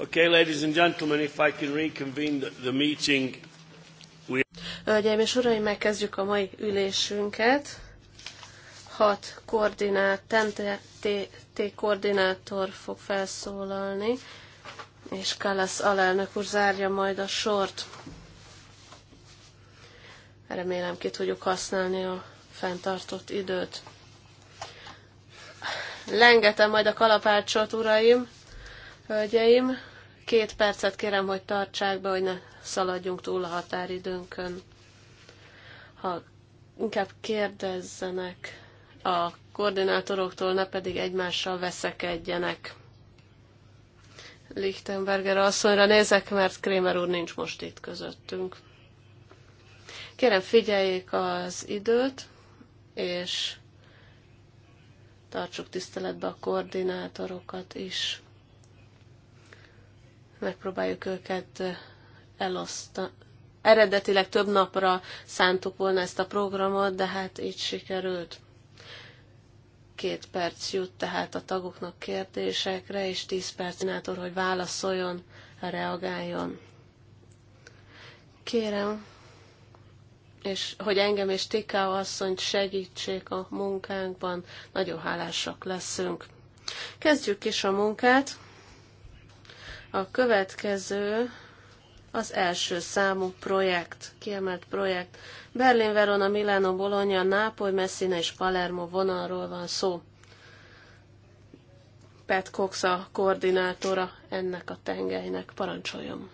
Okay, ladies and gentlemen, if I can reconvene the, the meeting. We... Hölgyeim és uraim, megkezdjük a mai ülésünket. Hat koordinát, koordinátor fog felszólalni, és Kalasz alelnök úr zárja majd a sort. Remélem ki tudjuk használni a fenntartott időt. Lengetem majd a kalapácsot, uraim, hölgyeim, Két percet kérem, hogy tartsák be, hogy ne szaladjunk túl a határidőnkön. Ha inkább kérdezzenek a koordinátoroktól, ne pedig egymással veszekedjenek. Lichtenberger asszonyra nézek, mert Krémer úr nincs most itt közöttünk. Kérem, figyeljék az időt, és tartsuk tiszteletbe a koordinátorokat is megpróbáljuk őket eh, elosztani. Eredetileg több napra szántuk volna ezt a programot, de hát így sikerült. Két perc jut tehát a tagoknak kérdésekre, és tíz perc nátor, hogy válaszoljon, reagáljon. Kérem, és hogy engem és Tika asszonyt segítsék a munkánkban, nagyon hálásak leszünk. Kezdjük is a munkát. A következő az első számú projekt, kiemelt projekt. Berlin, Verona, Milano, Bologna, Nápoly, Messina és Palermo vonalról van szó. Pet Cox a koordinátora ennek a tengelynek. Parancsoljon!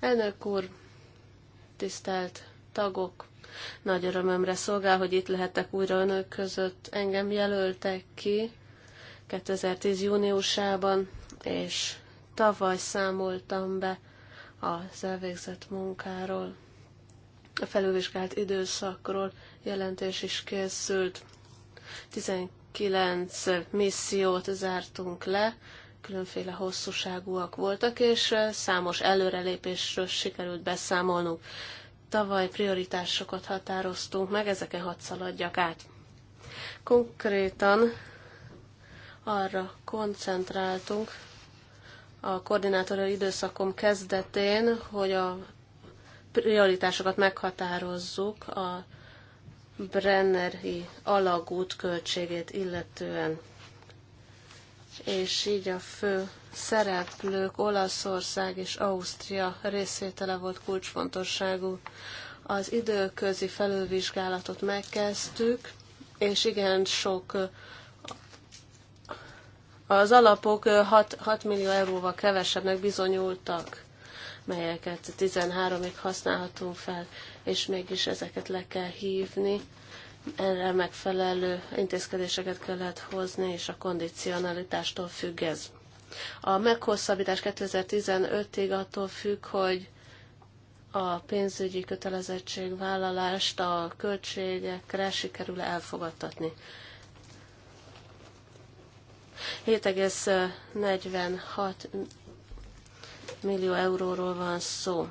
Elnök úr, tisztelt tagok, nagy örömömre szolgál, hogy itt lehetek újra önök között. Engem jelöltek ki 2010 júniusában, és tavaly számoltam be az elvégzett munkáról. A felülvizsgált időszakról jelentés is készült. 19 missziót zártunk le, különféle hosszúságúak voltak, és eh, számos előrelépésről sikerült beszámolnunk. Tavaly prioritásokat határoztunk meg, ezeken hadd szaladjak át. Konkrétan arra koncentráltunk a koordinátori időszakom kezdetén, hogy a prioritásokat meghatározzuk a Brenneri alagút költségét illetően. És így a fő szereplők Olaszország és Ausztria részvétele volt kulcsfontosságú. Az időközi felülvizsgálatot megkezdtük, és igen sok az alapok 6, 6 millió euróval kevesebbnek bizonyultak, melyeket 13-ig használhatunk fel, és mégis ezeket le kell hívni. Erre megfelelő intézkedéseket kellett hozni, és a kondicionalitástól függ ez. A meghosszabbítás 2015-ig attól függ, hogy a pénzügyi kötelezettségvállalást a költségekre sikerül elfogadtatni. 7,46 millió euróról van szó.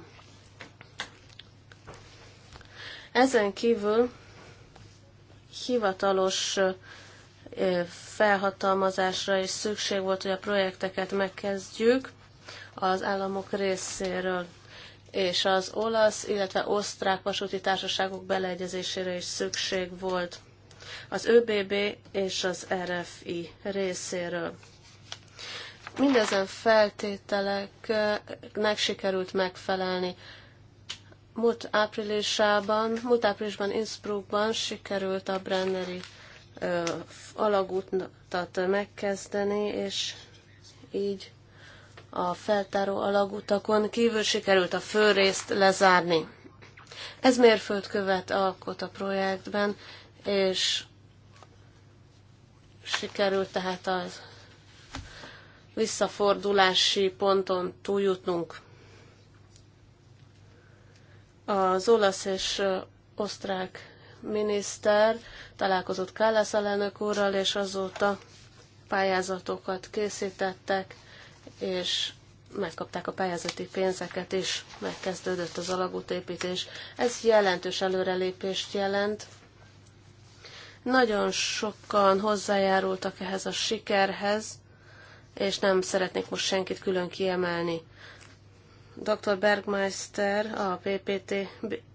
Ezen kívül hivatalos felhatalmazásra is szükség volt, hogy a projekteket megkezdjük az államok részéről, és az olasz, illetve osztrák vasúti társaságok beleegyezésére is szükség volt az ÖBB és az RFI részéről. Mindezen feltételeknek sikerült megfelelni. Múlt áprilisában, múlt áprilisban Innsbruckban sikerült a Brenneri alagútat megkezdeni, és így a feltáró alagutakon kívül sikerült a főrészt lezárni. Ez mérföldkövet alkot a projektben, és Sikerült tehát az visszafordulási ponton túljutnunk. Az olasz és osztrák miniszter találkozott Kállász elnök úrral, és azóta pályázatokat készítettek, és megkapták a pályázati pénzeket is, megkezdődött az alagútépítés. Ez jelentős előrelépést jelent, nagyon sokan hozzájárultak ehhez a sikerhez, és nem szeretnék most senkit külön kiemelni. Dr. Bergmeister a PPT,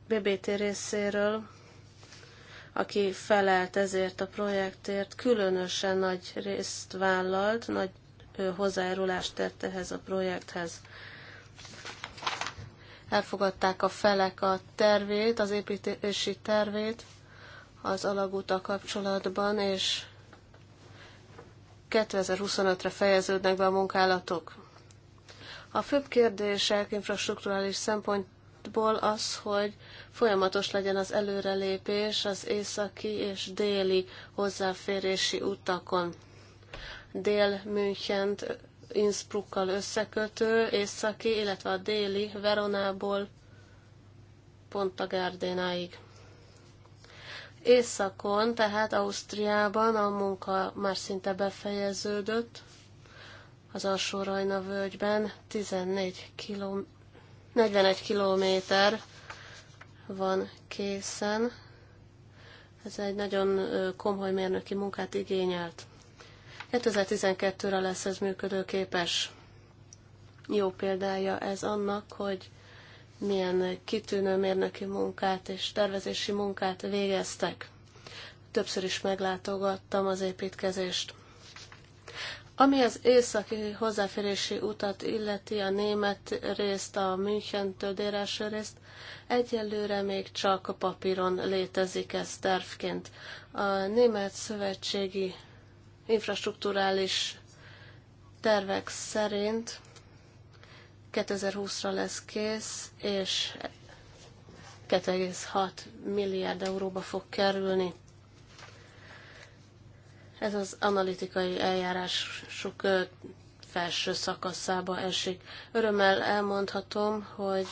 BBT részéről, aki felelt ezért a projektért, különösen nagy részt vállalt, nagy hozzájárulást tett ehhez a projekthez. Elfogadták a felek a tervét, az építési tervét, az alagúta kapcsolatban, és 2025-re fejeződnek be a munkálatok. A főbb kérdések infrastruktúrális szempontból az, hogy folyamatos legyen az előrelépés az északi és déli hozzáférési utakon. Dél-Münchent Innsbruckkal összekötő északi, illetve a déli Veronából Ponta Gárdénáig. Északon, tehát Ausztriában a munka már szinte befejeződött, az alsó Rajna völgyben 14 km 41 kilométer van készen. Ez egy nagyon komoly mérnöki munkát igényelt. 2012-re lesz ez működőképes. Jó példája ez annak, hogy milyen kitűnő mérnöki munkát és tervezési munkát végeztek. Többször is meglátogattam az építkezést. Ami az északi hozzáférési utat illeti a német részt, a München tödérás részt, egyelőre még csak a papíron létezik ez tervként. A német szövetségi infrastruktúrális tervek szerint 2020-ra lesz kész, és 2,6 milliárd euróba fog kerülni. Ez az analitikai eljárás sok felső szakaszába esik. Örömmel elmondhatom, hogy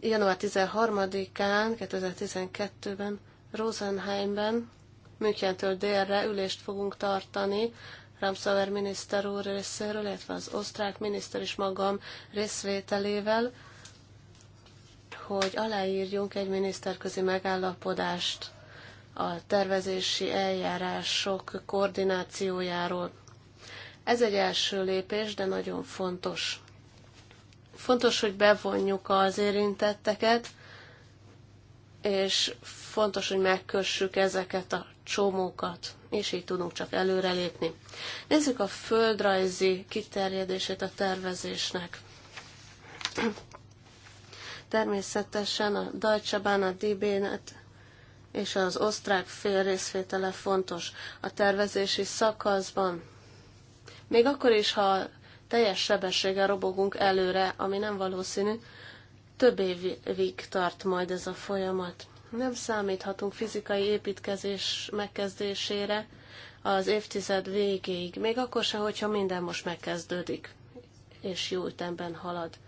január 13-án, 2012-ben Rosenheimben Münchentől délre ülést fogunk tartani Ramsauer miniszter úr részéről, illetve az osztrák miniszter is magam részvételével, hogy aláírjunk egy miniszterközi megállapodást a tervezési eljárások koordinációjáról. Ez egy első lépés, de nagyon fontos. Fontos, hogy bevonjuk az érintetteket, és Fontos, hogy megkössük ezeket a csomókat, és így tudunk csak előrelépni. Nézzük a földrajzi kiterjedését a tervezésnek. Természetesen a Deutsche Bahn, a db és az osztrák fél részvétele fontos a tervezési szakaszban. Még akkor is, ha teljes sebességgel robogunk előre, ami nem valószínű, több évig tart majd ez a folyamat. Nem számíthatunk fizikai építkezés megkezdésére az évtized végéig, még akkor sem, hogyha minden most megkezdődik, és jó ütemben halad.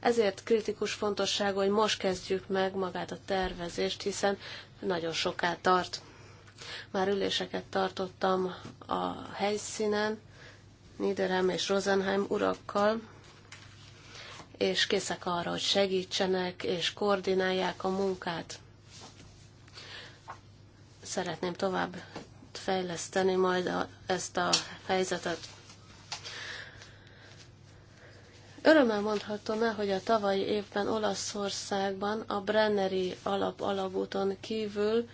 Ezért kritikus fontosság, hogy most kezdjük meg magát a tervezést, hiszen nagyon soká tart. Már üléseket tartottam a helyszínen, Niederem és Rosenheim urakkal, és készek arra, hogy segítsenek és koordinálják a munkát szeretném tovább fejleszteni majd a, ezt a helyzetet. Örömmel mondhatom el, hogy a tavalyi évben Olaszországban a Brenneri alap alagúton kívül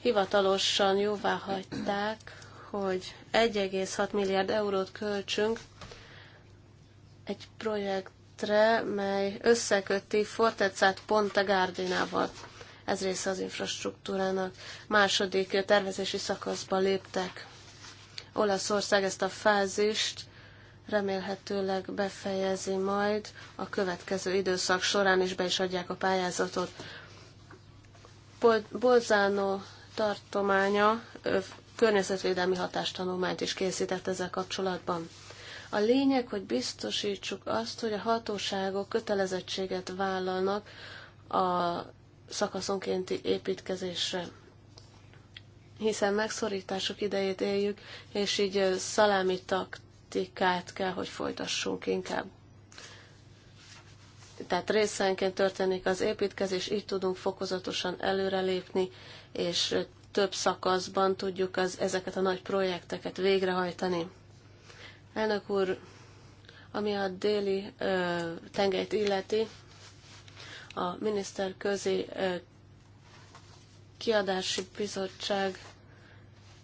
hivatalosan jóvá hagyták, hogy 1,6 milliárd eurót költsünk egy projektre, mely összeköti Fortecát Ponte Gárdinával ez része az infrastruktúrának. Második tervezési szakaszba léptek. Olaszország ezt a fázist remélhetőleg befejezi majd a következő időszak során, és be is adják a pályázatot. Bol Bolzánó tartománya környezetvédelmi hatástanulmányt is készített ezzel kapcsolatban. A lényeg, hogy biztosítsuk azt, hogy a hatóságok kötelezettséget vállalnak a szakaszonkénti építkezésre hiszen megszorítások idejét éljük, és így szalámi taktikát kell, hogy folytassunk inkább. Tehát részenként történik az építkezés, így tudunk fokozatosan előrelépni, és több szakaszban tudjuk az, ezeket a nagy projekteket végrehajtani. Elnök úr, ami a déli ö, tengelyt illeti, a miniszter közi kiadási bizottság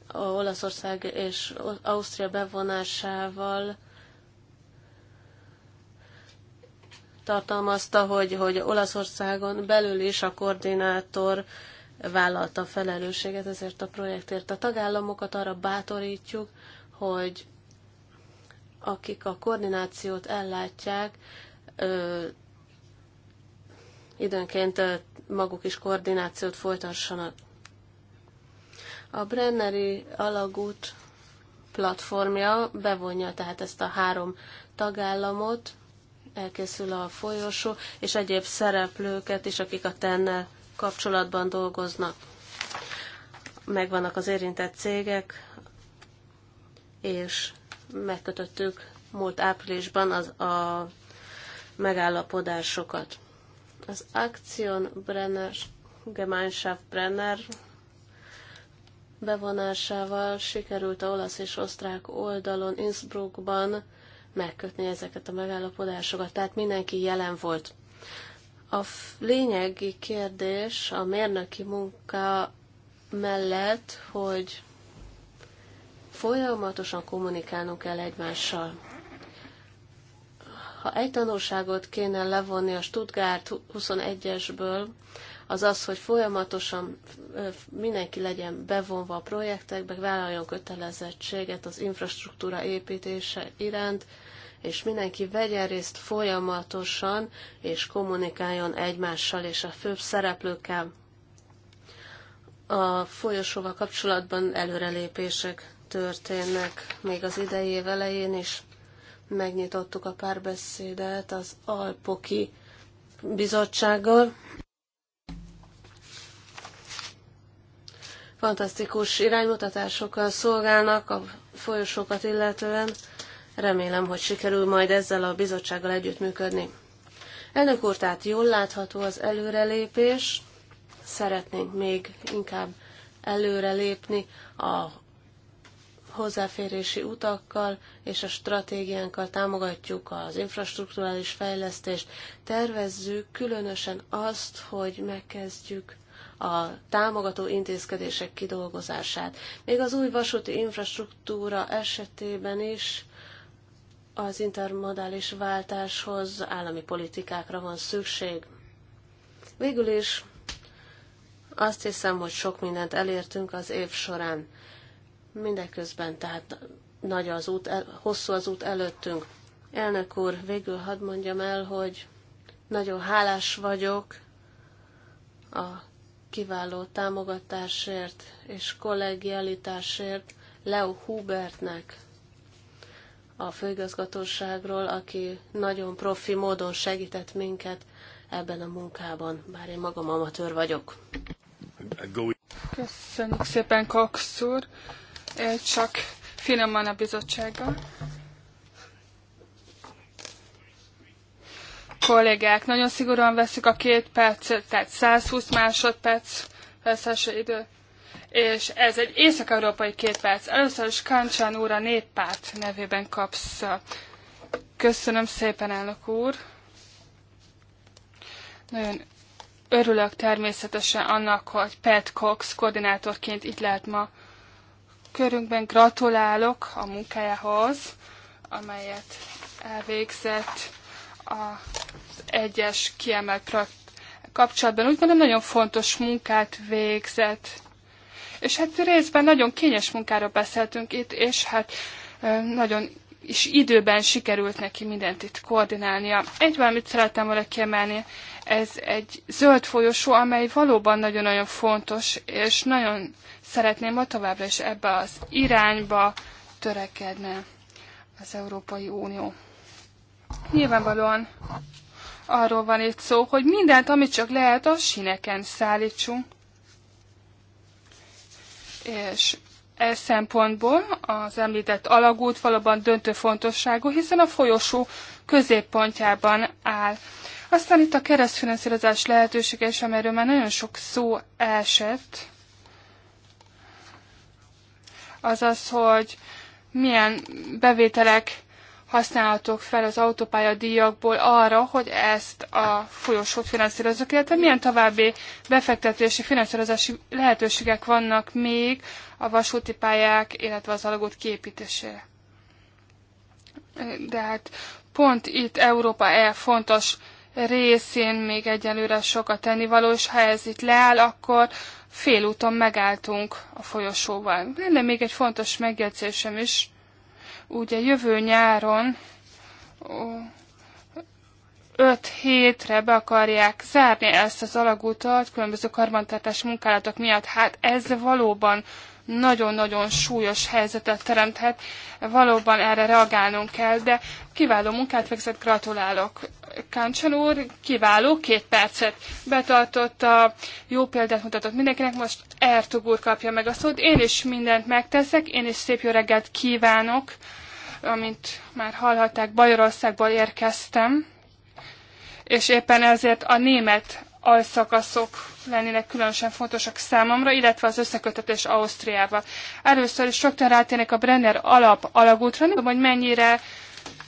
a Olaszország és Ausztria bevonásával tartalmazta, hogy, hogy Olaszországon belül is a koordinátor vállalta a felelősséget ezért a projektért. A tagállamokat arra bátorítjuk, hogy akik a koordinációt ellátják, időnként maguk is koordinációt folytassanak. A Brenneri alagút platformja bevonja tehát ezt a három tagállamot, elkészül a folyosó, és egyéb szereplőket is, akik a tennel kapcsolatban dolgoznak. Megvannak az érintett cégek, és megkötöttük múlt áprilisban az a megállapodásokat. Az Action Brenner, Gemeinschaft Brenner bevonásával sikerült a olasz és osztrák oldalon Innsbruckban megkötni ezeket a megállapodásokat, tehát mindenki jelen volt. A lényegi kérdés a mérnöki munka mellett, hogy folyamatosan kommunikálnunk kell egymással. Ha egy tanulságot kéne levonni a Stuttgart 21-esből, az az, hogy folyamatosan mindenki legyen bevonva a projektekbe, vállaljon kötelezettséget az infrastruktúra építése iránt, és mindenki vegyen részt folyamatosan, és kommunikáljon egymással és a főbb szereplőkkel. A folyosóval kapcsolatban előrelépések történnek még az idei év elején is megnyitottuk a párbeszédet az Alpoki bizottsággal. Fantasztikus iránymutatásokkal szolgálnak a folyosókat illetően. Remélem, hogy sikerül majd ezzel a bizottsággal együttműködni. Elnök úr, tehát jól látható az előrelépés. Szeretnénk még inkább előrelépni a hozzáférési utakkal és a stratégiánkkal támogatjuk az infrastruktúrális fejlesztést. Tervezzük különösen azt, hogy megkezdjük a támogató intézkedések kidolgozását. Még az új vasúti infrastruktúra esetében is az intermodális váltáshoz állami politikákra van szükség. Végül is azt hiszem, hogy sok mindent elértünk az év során. Mindeközben tehát nagy az út, el, hosszú az út előttünk. Elnök úr, végül hadd mondjam el, hogy nagyon hálás vagyok a kiváló támogatásért és kollegialitásért Leo Hubertnek a főigazgatóságról, aki nagyon profi módon segített minket ebben a munkában, bár én magam amatőr vagyok. Köszönjük szépen, Cox úr! csak finoman a bizottsággal. Kollégák, nagyon szigorúan veszük a két percet, tehát 120 másodperc első idő. És ez egy észak-európai két perc. Először is Kancsán úr a néppárt nevében kapsz. Köszönöm szépen, elnök úr. Nagyon örülök természetesen annak, hogy Pat Cox koordinátorként itt lehet ma körünkben gratulálok a munkájához, amelyet elvégzett az egyes kiemelt projekt kapcsolatban. Úgy gondolom, nagyon fontos munkát végzett. És hát részben nagyon kényes munkáról beszéltünk itt, és hát nagyon és időben sikerült neki mindent itt koordinálnia. Egy valamit szerettem volna kiemelni, ez egy zöld folyosó, amely valóban nagyon-nagyon fontos, és nagyon szeretném, ha továbbra is ebbe az irányba törekedne az Európai Unió. Nyilvánvalóan arról van itt szó, hogy mindent, amit csak lehet, a sineken szállítsunk. És E szempontból az említett alagút valóban döntő fontosságú, hiszen a folyosó középpontjában áll. Aztán itt a keresztfinanszírozás lehetősége is, amelyről már nagyon sok szó esett. Azaz, hogy milyen bevételek használhatók fel az autópálya díjakból arra, hogy ezt a folyosót finanszírozzuk, illetve milyen további befektetési, finanszírozási lehetőségek vannak még a vasúti pályák, illetve az alagút kiépítésére. De hát pont itt Európa el fontos részén még egyelőre sok a tennivaló, és ha ez itt leáll, akkor félúton megálltunk a folyosóval. Lenne még egy fontos megjegyzésem is, ugye jövő nyáron öt hétre be akarják zárni ezt az alagutat különböző karbantartás munkálatok miatt. Hát ez valóban nagyon-nagyon súlyos helyzetet teremthet, valóban erre reagálnunk kell, de kiváló munkát végzett, gratulálok. Káncsan úr, kiváló, két percet betartotta, jó példát mutatott mindenkinek, most Ertug úr kapja meg a szót, én is mindent megteszek, én is szép jó reggelt kívánok amint már hallhatták, Bajorországból érkeztem, és éppen ezért a német alszakaszok lennének különösen fontosak számomra, illetve az összekötetés Ausztriával. Először is rögtön rátérnek a Brenner alap alagútra, hogy mennyire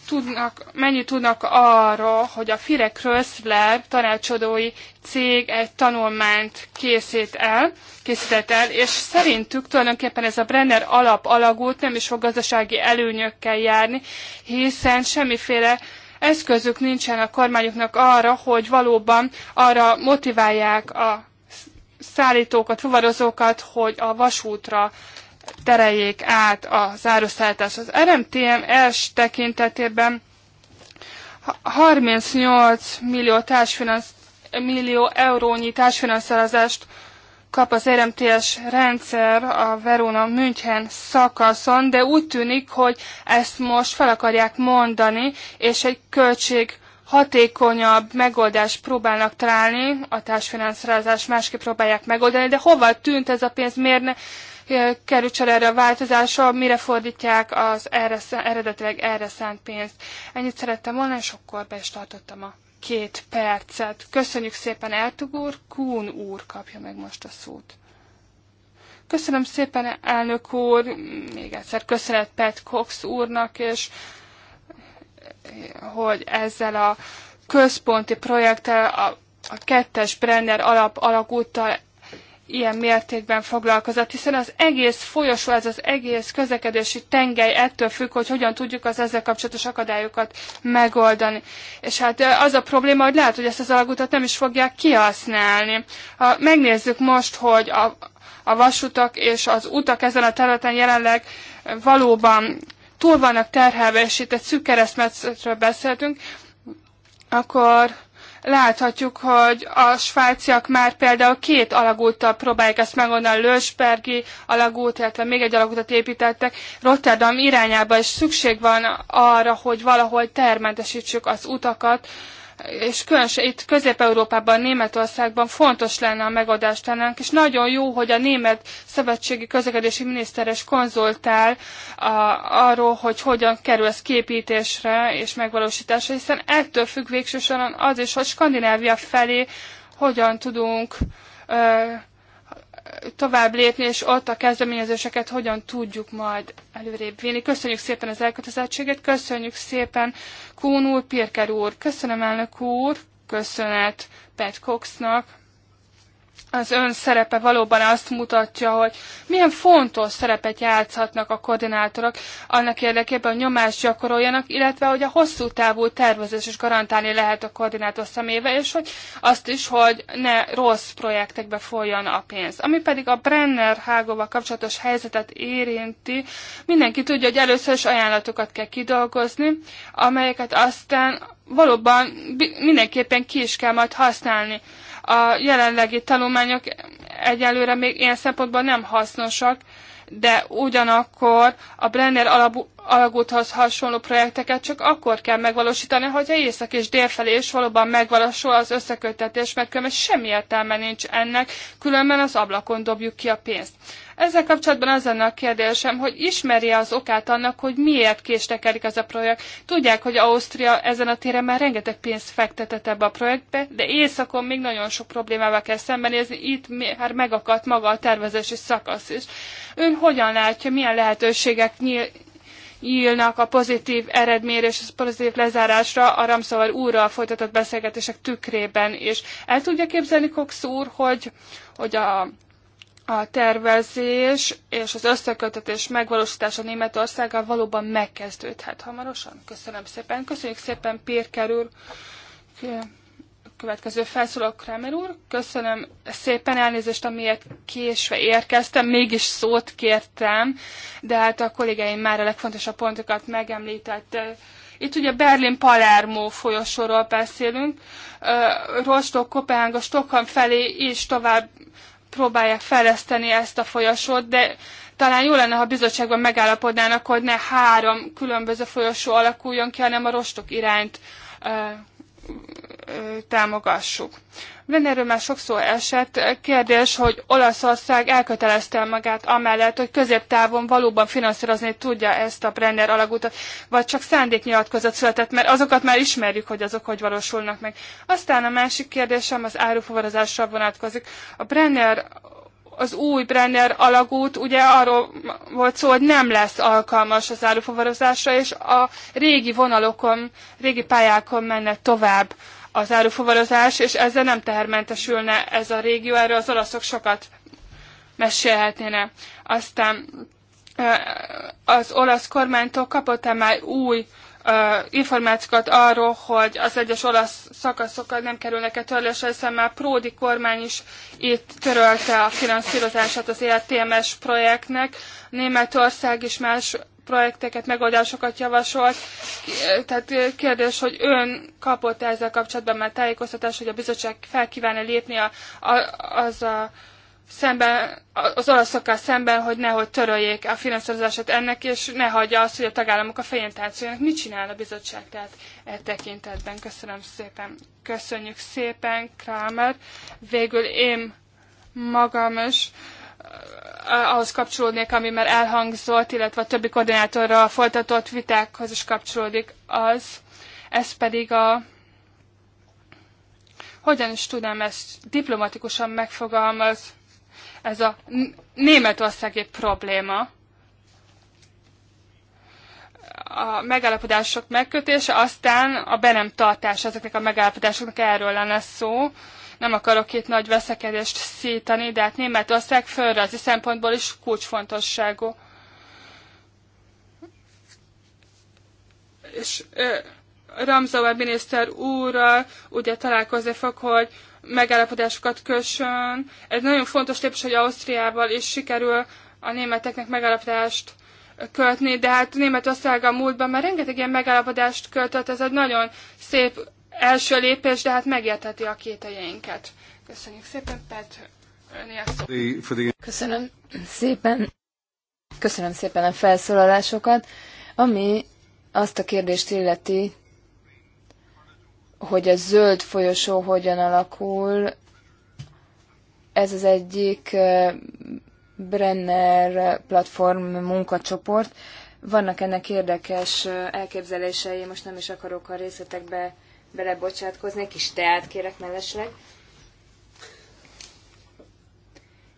tudnak, mennyi tudnak arra, hogy a Fire Kröszler tanácsadói cég egy tanulmányt készít el, készített el, és szerintük tulajdonképpen ez a Brenner alap alagút nem is fog gazdasági előnyökkel járni, hiszen semmiféle eszközük nincsen a kormányoknak arra, hogy valóban arra motiválják a szállítókat, fuvarozókat, hogy a vasútra tereljék át az áruszállítás. Az RMTMS tekintetében 38 millió, társfinansz, millió eurónyi társfinanszírozást kap az RMTS rendszer a Verona München szakaszon, de úgy tűnik, hogy ezt most fel akarják mondani, és egy költség hatékonyabb megoldást próbálnak találni, a társfinanszírozást másképp próbálják megoldani, de hova tűnt ez a pénz, miért ne kerül erre a változásra, mire fordítják az erre, eredetileg erre szánt pénzt. Ennyit szerettem volna, és akkor be is tartottam a két percet. Köszönjük szépen, Ertug úr. Kún úr kapja meg most a szót. Köszönöm szépen, elnök úr. Még egyszer köszönet Pet Cox úrnak, és hogy ezzel a központi projekttel a a kettes Brenner alap alagúttal ilyen mértékben foglalkozott, hiszen az egész folyosó, ez az egész közlekedési tengely ettől függ, hogy hogyan tudjuk az ezzel kapcsolatos akadályokat megoldani. És hát az a probléma, hogy lehet, hogy ezt az alagutat nem is fogják kihasználni. Ha megnézzük most, hogy a, a vasutak és az utak ezen a területen jelenleg valóban túl vannak terhelve, és itt egy szűk keresztmetszetről beszéltünk, akkor láthatjuk, hogy a svájciak már például két alagúttal próbálják ezt megoldani, Lösbergi alagút, illetve még egy alagútat építettek Rotterdam irányába, és szükség van arra, hogy valahol termentesítsük az utakat, és különösen itt Közép-Európában, Németországban fontos lenne a megoldást tennünk, és nagyon jó, hogy a német szövetségi közlekedési miniszteres konzultál a, arról, hogy hogyan kerül ez képítésre és megvalósításra, hiszen ettől függ végső soron az is, hogy Skandinávia felé hogyan tudunk ö, tovább lépni, és ott a kezdeményezéseket hogyan tudjuk majd előrébb vinni. Köszönjük szépen az elkötelezettséget, köszönjük szépen Kún úr, Pirker úr, köszönöm elnök úr, köszönet Pat Coxnak, az ön szerepe valóban azt mutatja, hogy milyen fontos szerepet játszhatnak a koordinátorok annak érdekében, hogy nyomást gyakoroljanak, illetve hogy a hosszú távú tervezés is garantálni lehet a koordinátor szemébe, és hogy azt is, hogy ne rossz projektekbe folyjon a pénz. Ami pedig a Brenner hágóval kapcsolatos helyzetet érinti, mindenki tudja, hogy először is ajánlatokat kell kidolgozni, amelyeket aztán valóban mindenképpen ki is kell majd használni a jelenlegi tanulmányok egyelőre még ilyen szempontból nem hasznosak, de ugyanakkor a Brenner alapú alagúthoz hasonló projekteket csak akkor kell megvalósítani, hogyha észak és dél felé is valóban megvalósul az összeköttetés, mert különben semmi értelme nincs ennek, különben az ablakon dobjuk ki a pénzt. Ezzel kapcsolatban az lenne a kérdésem, hogy ismeri az okát annak, hogy miért késlekedik ez a projekt. Tudják, hogy Ausztria ezen a téren már rengeteg pénzt fektetett ebbe a projektbe, de északon még nagyon sok problémával kell szembenézni, itt már megakadt maga a tervezési szakasz is. Ön hogyan látja, milyen lehetőségek nyíl, nyílnak a pozitív eredményre és a pozitív lezárásra a Ramszavar úrral folytatott beszélgetések tükrében is. El tudja képzelni Cox úr, hogy, hogy a a tervezés és az összekötetés megvalósítása Németországgal valóban megkezdődhet hamarosan. Köszönöm szépen. Köszönjük szépen, Pirker úr következő felszólaló Kramer úr. Köszönöm szépen elnézést, amiért késve érkeztem, mégis szót kértem, de hát a kollégáim már a legfontosabb pontokat megemlített. Itt ugye Berlin-Palermo folyosóról beszélünk, Rostov, Kopenhága, Stockholm felé is tovább próbálják fejleszteni ezt a folyosót, de talán jó lenne, ha a bizottságban megállapodnának, hogy ne három különböző folyosó alakuljon ki, hanem a rostok irányt támogassuk. Van erről már sokszor esett kérdés, hogy Olaszország elkötelezte magát amellett, hogy középtávon valóban finanszírozni tudja ezt a Brenner alagutat, vagy csak szándéknyilatkozat született, mert azokat már ismerjük, hogy azok hogy valósulnak meg. Aztán a másik kérdésem az árufuvarozásra vonatkozik. A Brenner az új Brenner alagút ugye arról volt szó, hogy nem lesz alkalmas az árufuvarozásra, és a régi vonalokon, régi pályákon menne tovább az árufavarozás, és ezzel nem tehermentesülne ez a régió, erről az olaszok sokat mesélhetnének. Aztán az olasz kormánytól kapott-e már új információkat arról, hogy az egyes olasz szakaszokat nem kerülnek-e törlésre, hiszen már Pródi kormány is itt törölte a finanszírozását az ERTMS projektnek. Németország is más projekteket, megoldásokat javasolt. Tehát kérdés, hogy ön kapott -e ezzel kapcsolatban már tájékoztatást, hogy a bizottság fel kívánja lépni a, a, az a szemben, az olaszokkal szemben, hogy nehogy töröljék a finanszírozását ennek, és ne hagyja azt, hogy a tagállamok a fején táncoljanak. Mit csinál a bizottság tehát e tekintetben? Köszönöm szépen. Köszönjük szépen, Kramer. Végül én magam is ahhoz kapcsolódnék, ami már elhangzott, illetve a többi koordinátorral folytatott vitákhoz is kapcsolódik az. Ez pedig a hogyan is tudnám ezt diplomatikusan megfogalmaz, ez a németországi probléma. A megállapodások megkötése, aztán a be nem tartás ezeknek a megállapodásoknak erről lenne szó nem akarok itt nagy veszekedést szítani, de hát Németország földrajzi szempontból is kulcsfontosságú. És Ramzauer miniszter úrral ugye találkozni fog, hogy megállapodásokat kössön. Ez nagyon fontos lépés, hogy Ausztriával is sikerül a németeknek megállapodást kötni, de hát Németország a múltban már rengeteg ilyen megállapodást kötött, ez egy nagyon szép első lépés, de hát megértheti a kételjeinket. Köszönjük szépen, Pet. Köszönöm szépen. Köszönöm szépen a felszólalásokat. Ami azt a kérdést illeti, hogy a zöld folyosó hogyan alakul, ez az egyik eh, Brenner platform munkacsoport. Vannak ennek érdekes eh, elképzelései, most nem is akarok a részletekbe egy kis teát kérek mellesleg.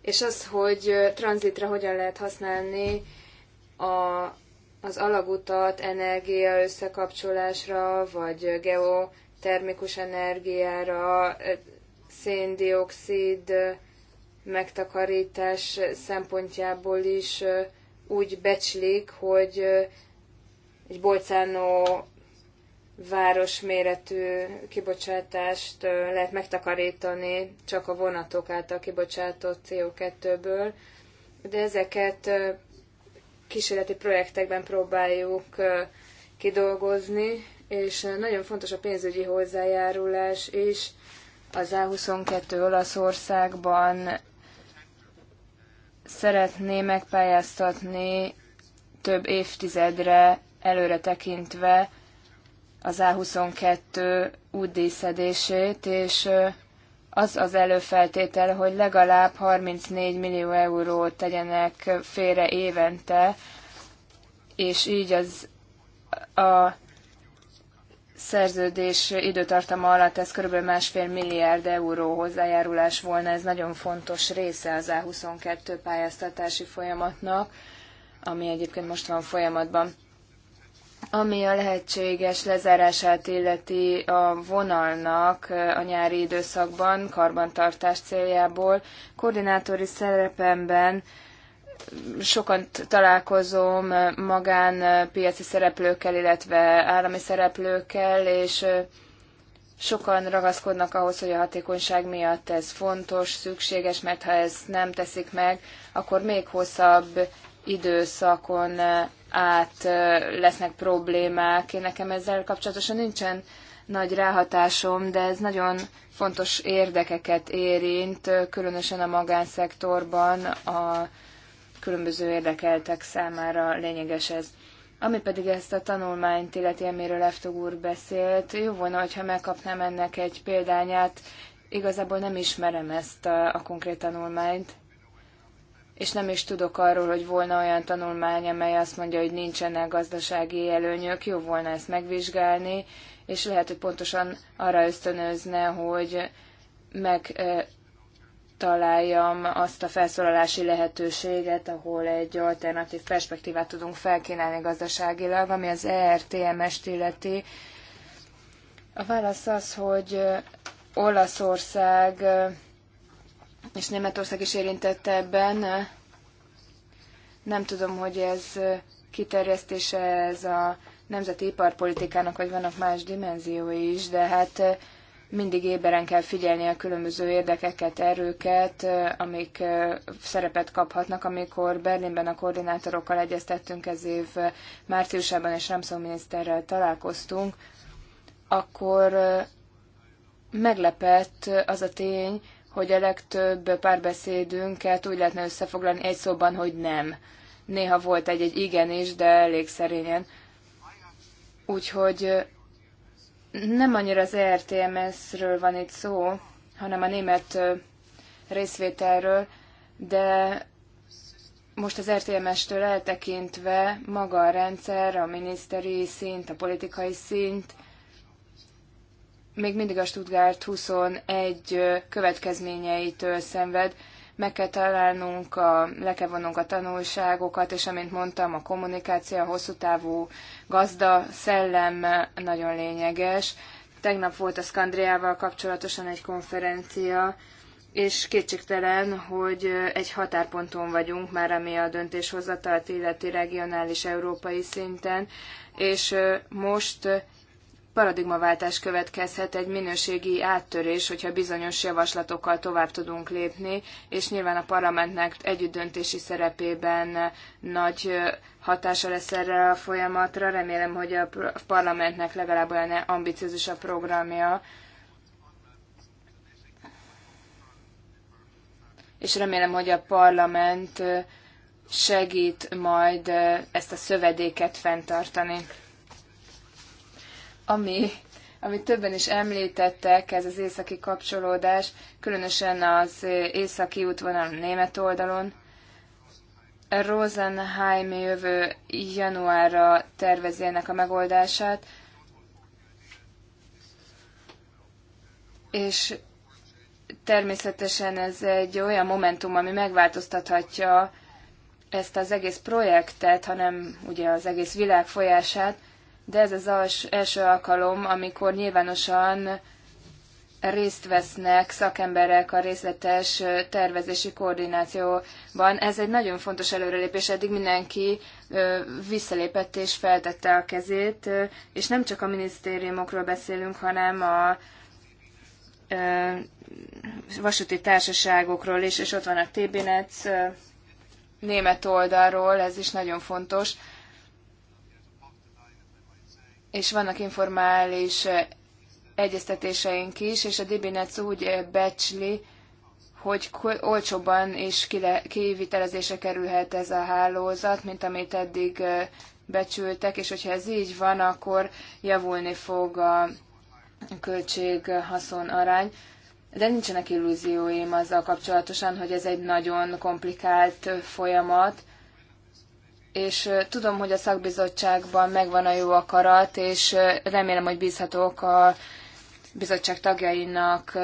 És az, hogy tranzitra hogyan lehet használni a, az alagutat energia összekapcsolásra, vagy geotermikus energiára, széndiokszid megtakarítás szempontjából is úgy becslik, hogy egy Bolcánó városméretű kibocsátást lehet megtakarítani csak a vonatok által kibocsátott CO2-ből, de ezeket kísérleti projektekben próbáljuk kidolgozni, és nagyon fontos a pénzügyi hozzájárulás is. Az A22 Olaszországban szeretné megpályáztatni több évtizedre előre tekintve az A22 útdíszedését, és az az előfeltétel, hogy legalább 34 millió eurót tegyenek félre évente, és így az a szerződés időtartama alatt ez kb. másfél milliárd euró hozzájárulás volna, ez nagyon fontos része az A22 pályáztatási folyamatnak, ami egyébként most van folyamatban. Ami a lehetséges lezárását illeti a vonalnak a nyári időszakban, karbantartás céljából, koordinátori szerepemben sokan találkozom magánpiaci szereplőkkel, illetve állami szereplőkkel, és sokan ragaszkodnak ahhoz, hogy a hatékonyság miatt ez fontos, szükséges, mert ha ezt nem teszik meg, akkor még hosszabb időszakon át lesznek problémák. Én nekem ezzel kapcsolatosan nincsen nagy ráhatásom, de ez nagyon fontos érdekeket érint, különösen a magánszektorban a különböző érdekeltek számára lényeges ez. Ami pedig ezt a tanulmányt illeti, amiről Leftog úr beszélt, jó volna, hogyha megkapnám ennek egy példányát. Igazából nem ismerem ezt a, a konkrét tanulmányt és nem is tudok arról, hogy volna olyan tanulmány, amely azt mondja, hogy nincsenek gazdasági előnyök, jó volna ezt megvizsgálni, és lehet, hogy pontosan arra ösztönözne, hogy megtaláljam azt a felszólalási lehetőséget, ahol egy alternatív perspektívát tudunk felkínálni gazdaságilag, ami az ERTMS-t illeti. A válasz az, hogy Olaszország és Németország is érintette ebben. Nem tudom, hogy ez kiterjesztése ez a nemzeti iparpolitikának, vagy vannak más dimenziói is, de hát eh, mindig éberen kell figyelni a különböző érdekeket, erőket, eh, amik eh, szerepet kaphatnak, amikor Berlinben a koordinátorokkal egyeztettünk ez év márciusában, és Ramszó miniszterrel találkoztunk, akkor meglepett az a tény, hogy a legtöbb párbeszédünket úgy lehetne összefoglalni egy szóban, hogy nem. Néha volt egy-egy igen is, de elég szerényen. Úgyhogy nem annyira az ERTMS-ről van itt szó, hanem a német részvételről, de most az RTMS-től eltekintve maga a rendszer, a miniszteri szint, a politikai szint, még mindig a Stuttgart 21 következményeitől szenved. Meg kell találnunk, a, le kell vonnunk a tanulságokat, és amint mondtam, a kommunikáció, a hosszú távú gazda szellem nagyon lényeges. Tegnap volt a Skandriával kapcsolatosan egy konferencia, és kétségtelen, hogy egy határponton vagyunk már, ami a döntéshozatalt illeti regionális európai szinten, és most paradigmaváltás következhet, egy minőségi áttörés, hogyha bizonyos javaslatokkal tovább tudunk lépni, és nyilván a parlamentnek együttdöntési szerepében nagy hatása lesz erre a folyamatra. Remélem, hogy a parlamentnek legalább olyan ambiciózus a programja, és remélem, hogy a parlament segít majd ezt a szövedéket fenntartani ami, ami többen is említettek, ez az északi kapcsolódás, különösen az északi útvonal német oldalon. Rosenheim jövő januárra tervezi ennek a megoldását, és természetesen ez egy olyan momentum, ami megváltoztathatja ezt az egész projektet, hanem ugye az egész világ folyását de ez az első alkalom, amikor nyilvánosan részt vesznek szakemberek a részletes tervezési koordinációban. Ez egy nagyon fontos előrelépés, eddig mindenki visszalépett és feltette a kezét, és nem csak a minisztériumokról beszélünk, hanem a vasúti társaságokról is, és ott van a TBNEC német oldalról, ez is nagyon fontos és vannak informális eh, egyeztetéseink is, és a DBNEC úgy eh, becsli, hogy olcsóban is kivitelezése kerülhet ez a hálózat, mint amit eddig eh, becsültek, és hogyha ez így van, akkor javulni fog a költség-haszon arány. De nincsenek illúzióim azzal kapcsolatosan, hogy ez egy nagyon komplikált folyamat, és tudom, hogy a szakbizottságban megvan a jó akarat, és remélem, hogy bízhatok a bizottság tagjainak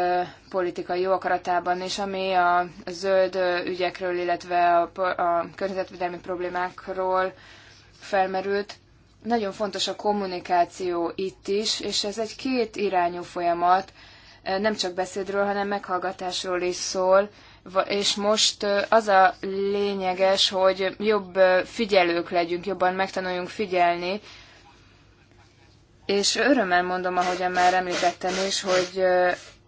politikai jó akaratában, és ami a zöld ügyekről, illetve a, a környezetvédelmi problémákról felmerült, nagyon fontos a kommunikáció itt is, és ez egy két irányú folyamat, nem csak beszédről, hanem meghallgatásról is szól, és most az a lényeges, hogy jobb figyelők legyünk, jobban megtanuljunk figyelni, és örömmel mondom, ahogyan már említettem is, hogy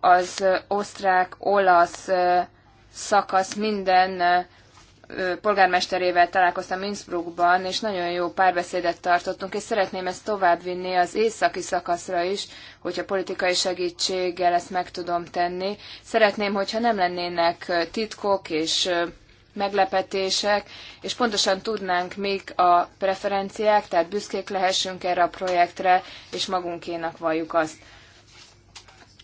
az osztrák-olasz szakasz minden polgármesterével találkoztam Innsbruckban, és nagyon jó párbeszédet tartottunk, és szeretném ezt továbbvinni az északi szakaszra is, hogyha politikai segítséggel ezt meg tudom tenni. Szeretném, hogyha nem lennének titkok és meglepetések, és pontosan tudnánk, mik a preferenciák, tehát büszkék lehessünk erre a projektre, és magunkénak valljuk azt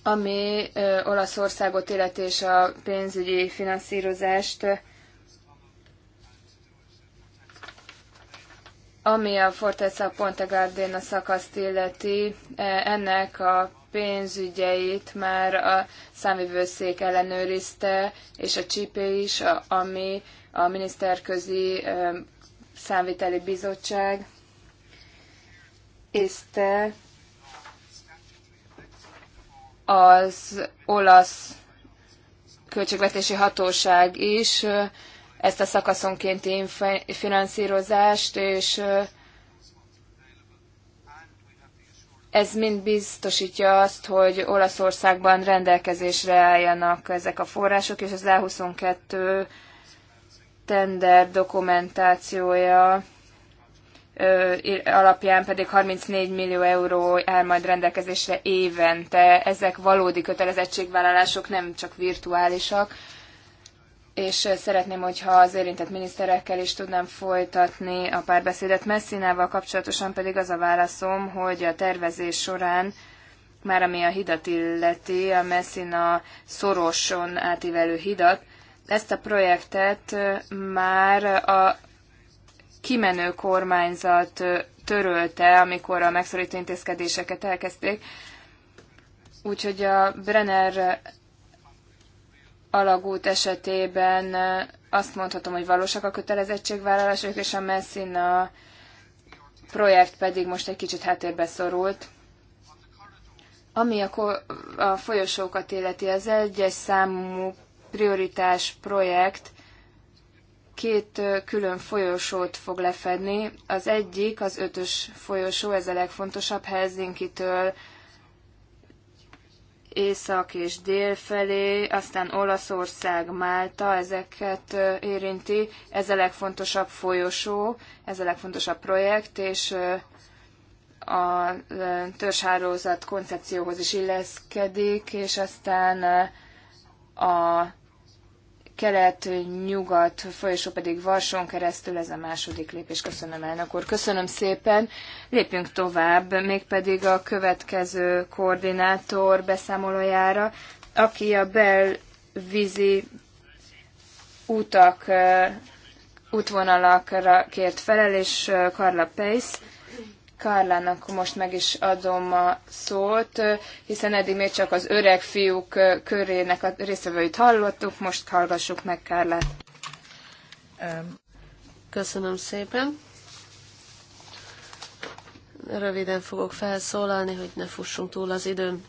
ami Olaszországot illeti és a pénzügyi finanszírozást Ami a Forteza Ponte Gardena szakaszt illeti, e, ennek a pénzügyeit már a számvivőszék ellenőrizte, és a csípé is, ami a miniszterközi e, számviteli bizottság észte az olasz költségvetési hatóság is ezt a szakaszonkénti finanszírozást, és ez mind biztosítja azt, hogy Olaszországban rendelkezésre álljanak ezek a források, és az A22 tender dokumentációja alapján pedig 34 millió euró áll majd rendelkezésre évente. Ezek valódi kötelezettségvállalások, nem csak virtuálisak és szeretném, hogyha az érintett miniszterekkel is tudnám folytatni a párbeszédet. Messinával kapcsolatosan pedig az a válaszom, hogy a tervezés során már ami a hidat illeti, a Messina szoroson átívelő hidat, ezt a projektet már a kimenő kormányzat törölte, amikor a megszorító intézkedéseket elkezdték. Úgyhogy a Brenner alagút esetében azt mondhatom, hogy valósak a kötelezettségvállalások, és a Messina projekt pedig most egy kicsit háttérbe szorult. Ami a, a folyosókat illeti, az egyes számú prioritás projekt két külön folyosót fog lefedni. Az egyik, az ötös folyosó, ez a legfontosabb Helsinki-től észak és dél felé, aztán Olaszország, Málta, ezeket érinti. Ez a legfontosabb folyosó, ez a legfontosabb projekt, és a törzshálózat koncepcióhoz is illeszkedik, és aztán a kelet-nyugat folyosó pedig Varson keresztül, ez a második lépés. Köszönöm, elnök úr. Köszönöm szépen. Lépjünk tovább, mégpedig a következő koordinátor beszámolójára, aki a belvízi utak, eh, útvonalakra kért felel, és eh, Karla Pace Kárlának most meg is adom a szót, hiszen eddig még csak az öreg fiúk körének a részvevőit hallottuk, most hallgassuk meg Kárlát. Köszönöm szépen. Röviden fogok felszólalni, hogy ne fussunk túl az időn.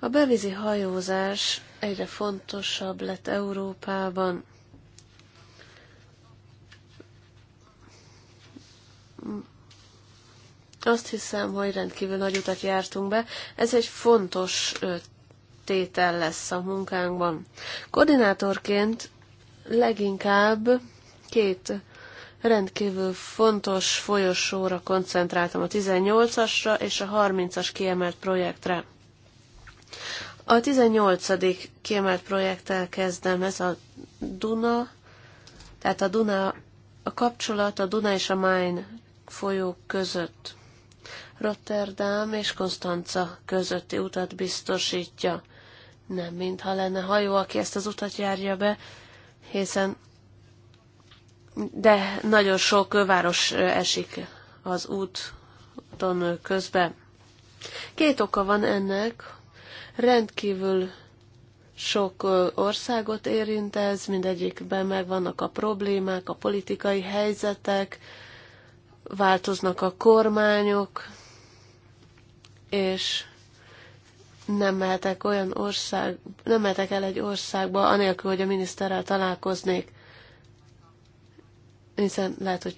A bevízi hajózás egyre fontosabb lett Európában. Azt hiszem, hogy rendkívül nagy utat jártunk be. Ez egy fontos tétel lesz a munkánkban. Koordinátorként leginkább két rendkívül fontos folyosóra koncentráltam, a 18-asra és a 30-as kiemelt projektre. A 18. kiemelt projekttel kezdem, ez a Duna, tehát a Duna, a kapcsolat a Duna és a Main folyók között. Rotterdam és Konstanca közötti utat biztosítja. Nem mintha lenne hajó, aki ezt az utat járja be, hiszen de nagyon sok város esik az úton közbe. Két oka van ennek. Rendkívül sok országot érint ez, mindegyikben megvannak a problémák, a politikai helyzetek, változnak a kormányok, és nem mehetek olyan ország, nem mehetek el egy országba, anélkül, hogy a miniszterrel találkoznék, hiszen lehet, hogy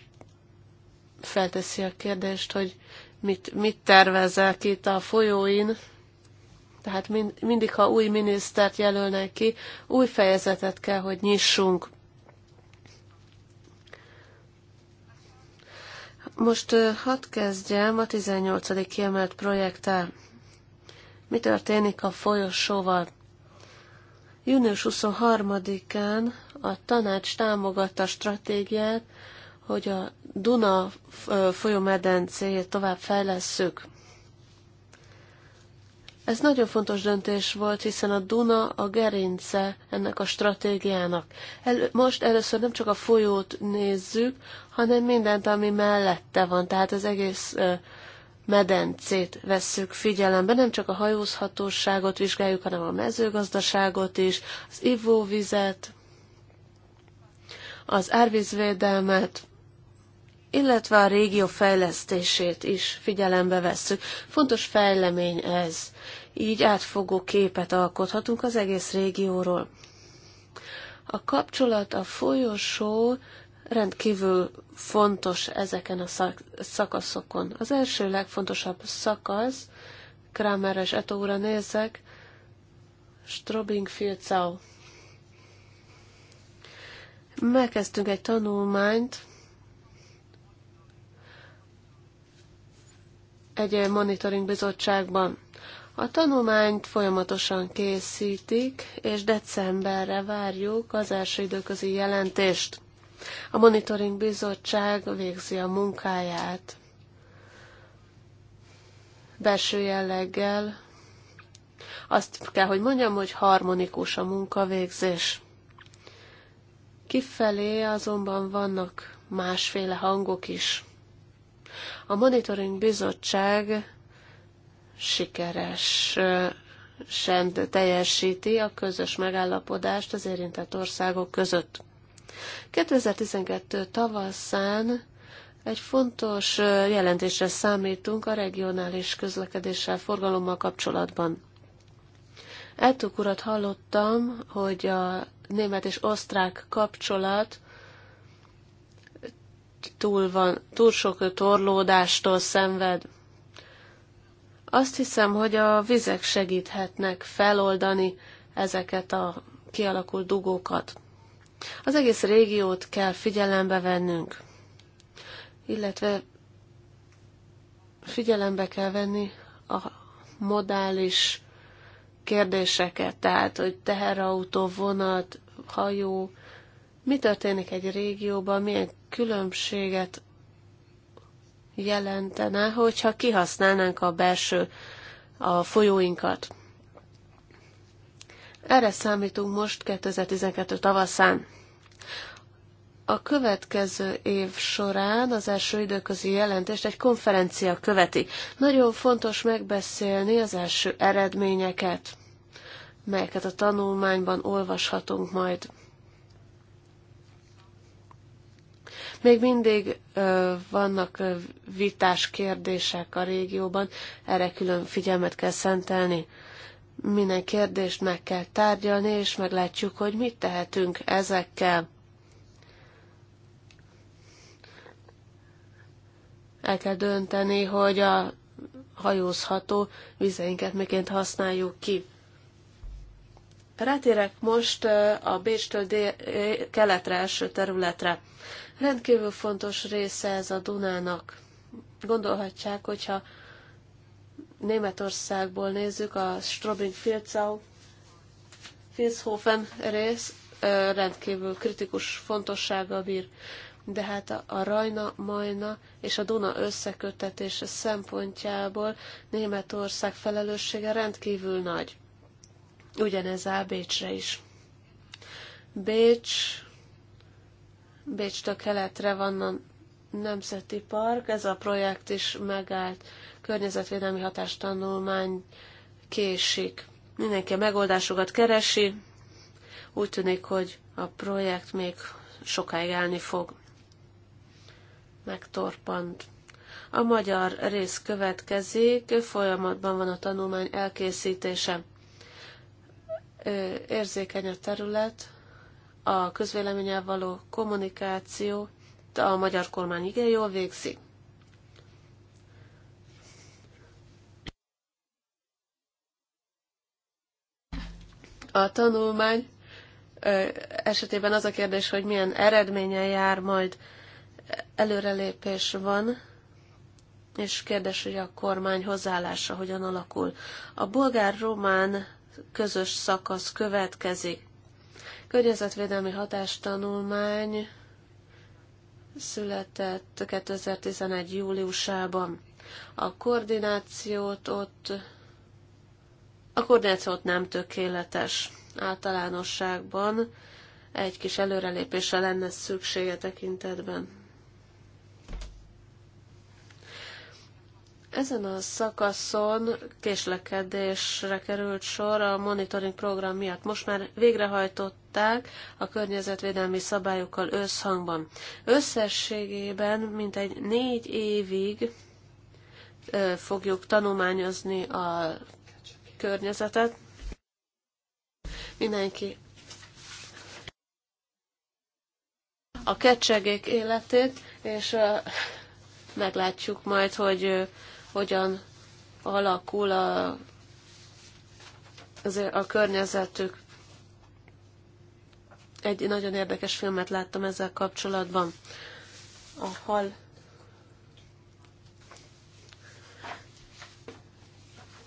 felteszi a kérdést, hogy mit, mit tervezek itt a folyóin, tehát mind, mindig, ha új minisztert jelölnek ki, új fejezetet kell, hogy nyissunk. Most hadd kezdjem a 18. kiemelt projekttel. Mi történik a folyosóval? Június 23-án a tanács támogatta a stratégiát, hogy a Duna folyómedencéjét tovább fejlesszük. Ez nagyon fontos döntés volt, hiszen a Duna a gerince ennek a stratégiának. El, most először nem csak a folyót nézzük, hanem mindent, ami mellette van, tehát az egész ö, medencét vesszük figyelembe. Nem csak a hajózhatóságot vizsgáljuk, hanem a mezőgazdaságot is, az ivóvizet, az árvízvédelmet, illetve a régió fejlesztését is figyelembe vesszük. Fontos fejlemény ez. Így átfogó képet alkothatunk az egész régióról. A kapcsolat, a folyosó rendkívül fontos ezeken a szak szakaszokon. Az első legfontosabb szakasz, Kramer és Etóra nézek, Strobing Filcau. Megkezdtünk egy tanulmányt, egy monitoring bizottságban. A tanulmányt folyamatosan készítik, és decemberre várjuk az első időközi jelentést. A monitoring bizottság végzi a munkáját. Belső jelleggel azt kell, hogy mondjam, hogy harmonikus a munkavégzés. Kifelé azonban vannak másféle hangok is. A Monitoring Bizottság sikeres sem teljesíti a közös megállapodást az érintett országok között. 2012 tavaszán egy fontos jelentésre számítunk a regionális közlekedéssel, forgalommal kapcsolatban. Eltúk urat hallottam, hogy a német és osztrák kapcsolat túl, van, túl sok torlódástól szenved. Azt hiszem, hogy a vizek segíthetnek feloldani ezeket a kialakult dugókat. Az egész régiót kell figyelembe vennünk, illetve figyelembe kell venni a modális kérdéseket, tehát hogy teherautó, vonat, hajó, mi történik egy régióban, milyen különbséget jelentene, hogyha kihasználnánk a belső a folyóinkat. Erre számítunk most 2012 tavaszán. A következő év során az első időközi jelentést egy konferencia követi. Nagyon fontos megbeszélni az első eredményeket, melyeket a tanulmányban olvashatunk majd. Még mindig vannak vitás kérdések a régióban, erre külön figyelmet kell szentelni. Minden kérdést meg kell tárgyalni, és meglátjuk, hogy mit tehetünk ezekkel. El kell dönteni, hogy a hajózható vizeinket miként használjuk ki. Rátérek most a Bécstől dél- keletre első területre. Rendkívül fontos része ez a Dunának. Gondolhatják, hogyha Németországból nézzük, a Strobing-Filzau, Filzhofen rész rendkívül kritikus fontossággal bír. De hát a, a Rajna, Majna és a Duna összekötetése szempontjából Németország felelőssége rendkívül nagy. Ugyanez áll Bécsre is. Bécs a keletre van a Nemzeti Park, ez a projekt is megállt, környezetvédelmi hatástanulmány késik. Mindenki a megoldásokat keresi, úgy tűnik, hogy a projekt még sokáig állni fog. Megtorpant. A magyar rész következik, folyamatban van a tanulmány elkészítése. Érzékeny a terület, a közvéleménnyel való kommunikáció a magyar kormány igen jól végzi. A tanulmány esetében az a kérdés, hogy milyen eredménnyel jár majd előrelépés van, és kérdés, hogy a kormány hozzáállása hogyan alakul. A bolgár-román közös szakasz következik környezetvédelmi hatástanulmány született 2011. júliusában. A koordinációt ott a koordinációt nem tökéletes általánosságban, egy kis előrelépésre lenne szüksége tekintetben. Ezen a szakaszon késlekedésre került sor a monitoring program miatt. Most már végrehajtották a környezetvédelmi szabályokkal összhangban. Összességében mintegy négy évig fogjuk tanulmányozni a környezetet. Mindenki a kecsegék életét, és meglátjuk majd, hogy hogyan alakul a, a környezetük. Egy nagyon érdekes filmet láttam ezzel kapcsolatban. A hal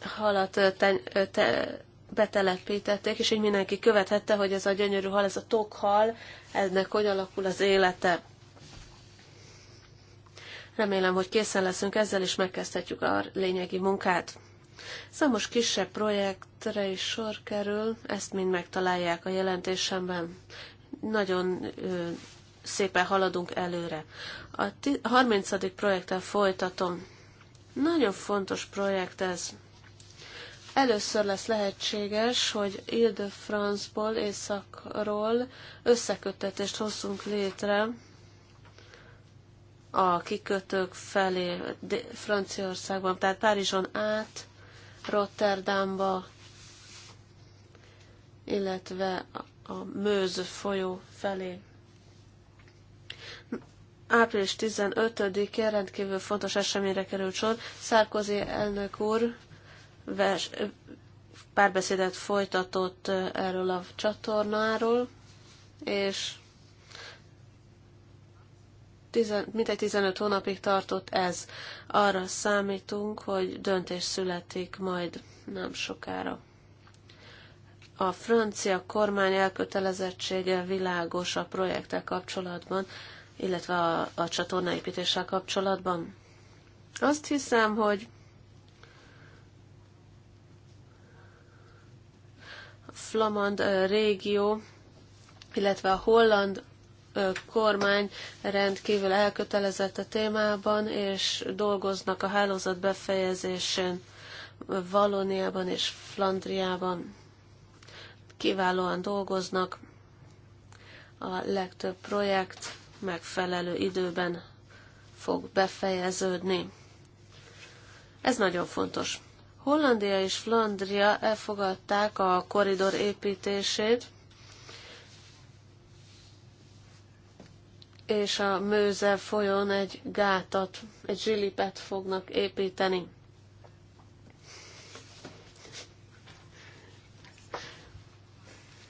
halat te, te, betelepítették, és így mindenki követhette, hogy ez a gyönyörű hal, ez a tokhal, ennek hogy alakul az élete. Remélem, hogy készen leszünk ezzel, és megkezdhetjük a lényegi munkát. Számos kisebb projektre is sor kerül, ezt mind megtalálják a jelentésemben. Nagyon ö, szépen haladunk előre. A 30. projekttel folytatom. Nagyon fontos projekt ez. Először lesz lehetséges, hogy Ile-de-France-ból, északról összeköttetést hozzunk létre a kikötők felé Franciaországban, tehát Párizson át, Rotterdamba, illetve a Mőz folyó felé. Április 15-én rendkívül fontos eseményre került sor. Szárkozi elnök úr vers, párbeszédet folytatott erről a csatornáról, és tizen, mintegy 15 hónapig tartott ez. Arra számítunk, hogy döntés születik majd nem sokára. A francia kormány elkötelezettsége világos a projekttel kapcsolatban, illetve a, a csatornaépítéssel kapcsolatban. Azt hiszem, hogy a Flamand régió, illetve a holland kormány rendkívül elkötelezett a témában, és dolgoznak a hálózat befejezésén Valóniában és Flandriában. Kiválóan dolgoznak. A legtöbb projekt megfelelő időben fog befejeződni. Ez nagyon fontos. Hollandia és Flandria elfogadták a koridor építését, és a Mőze folyón egy gátat, egy zsilipet fognak építeni.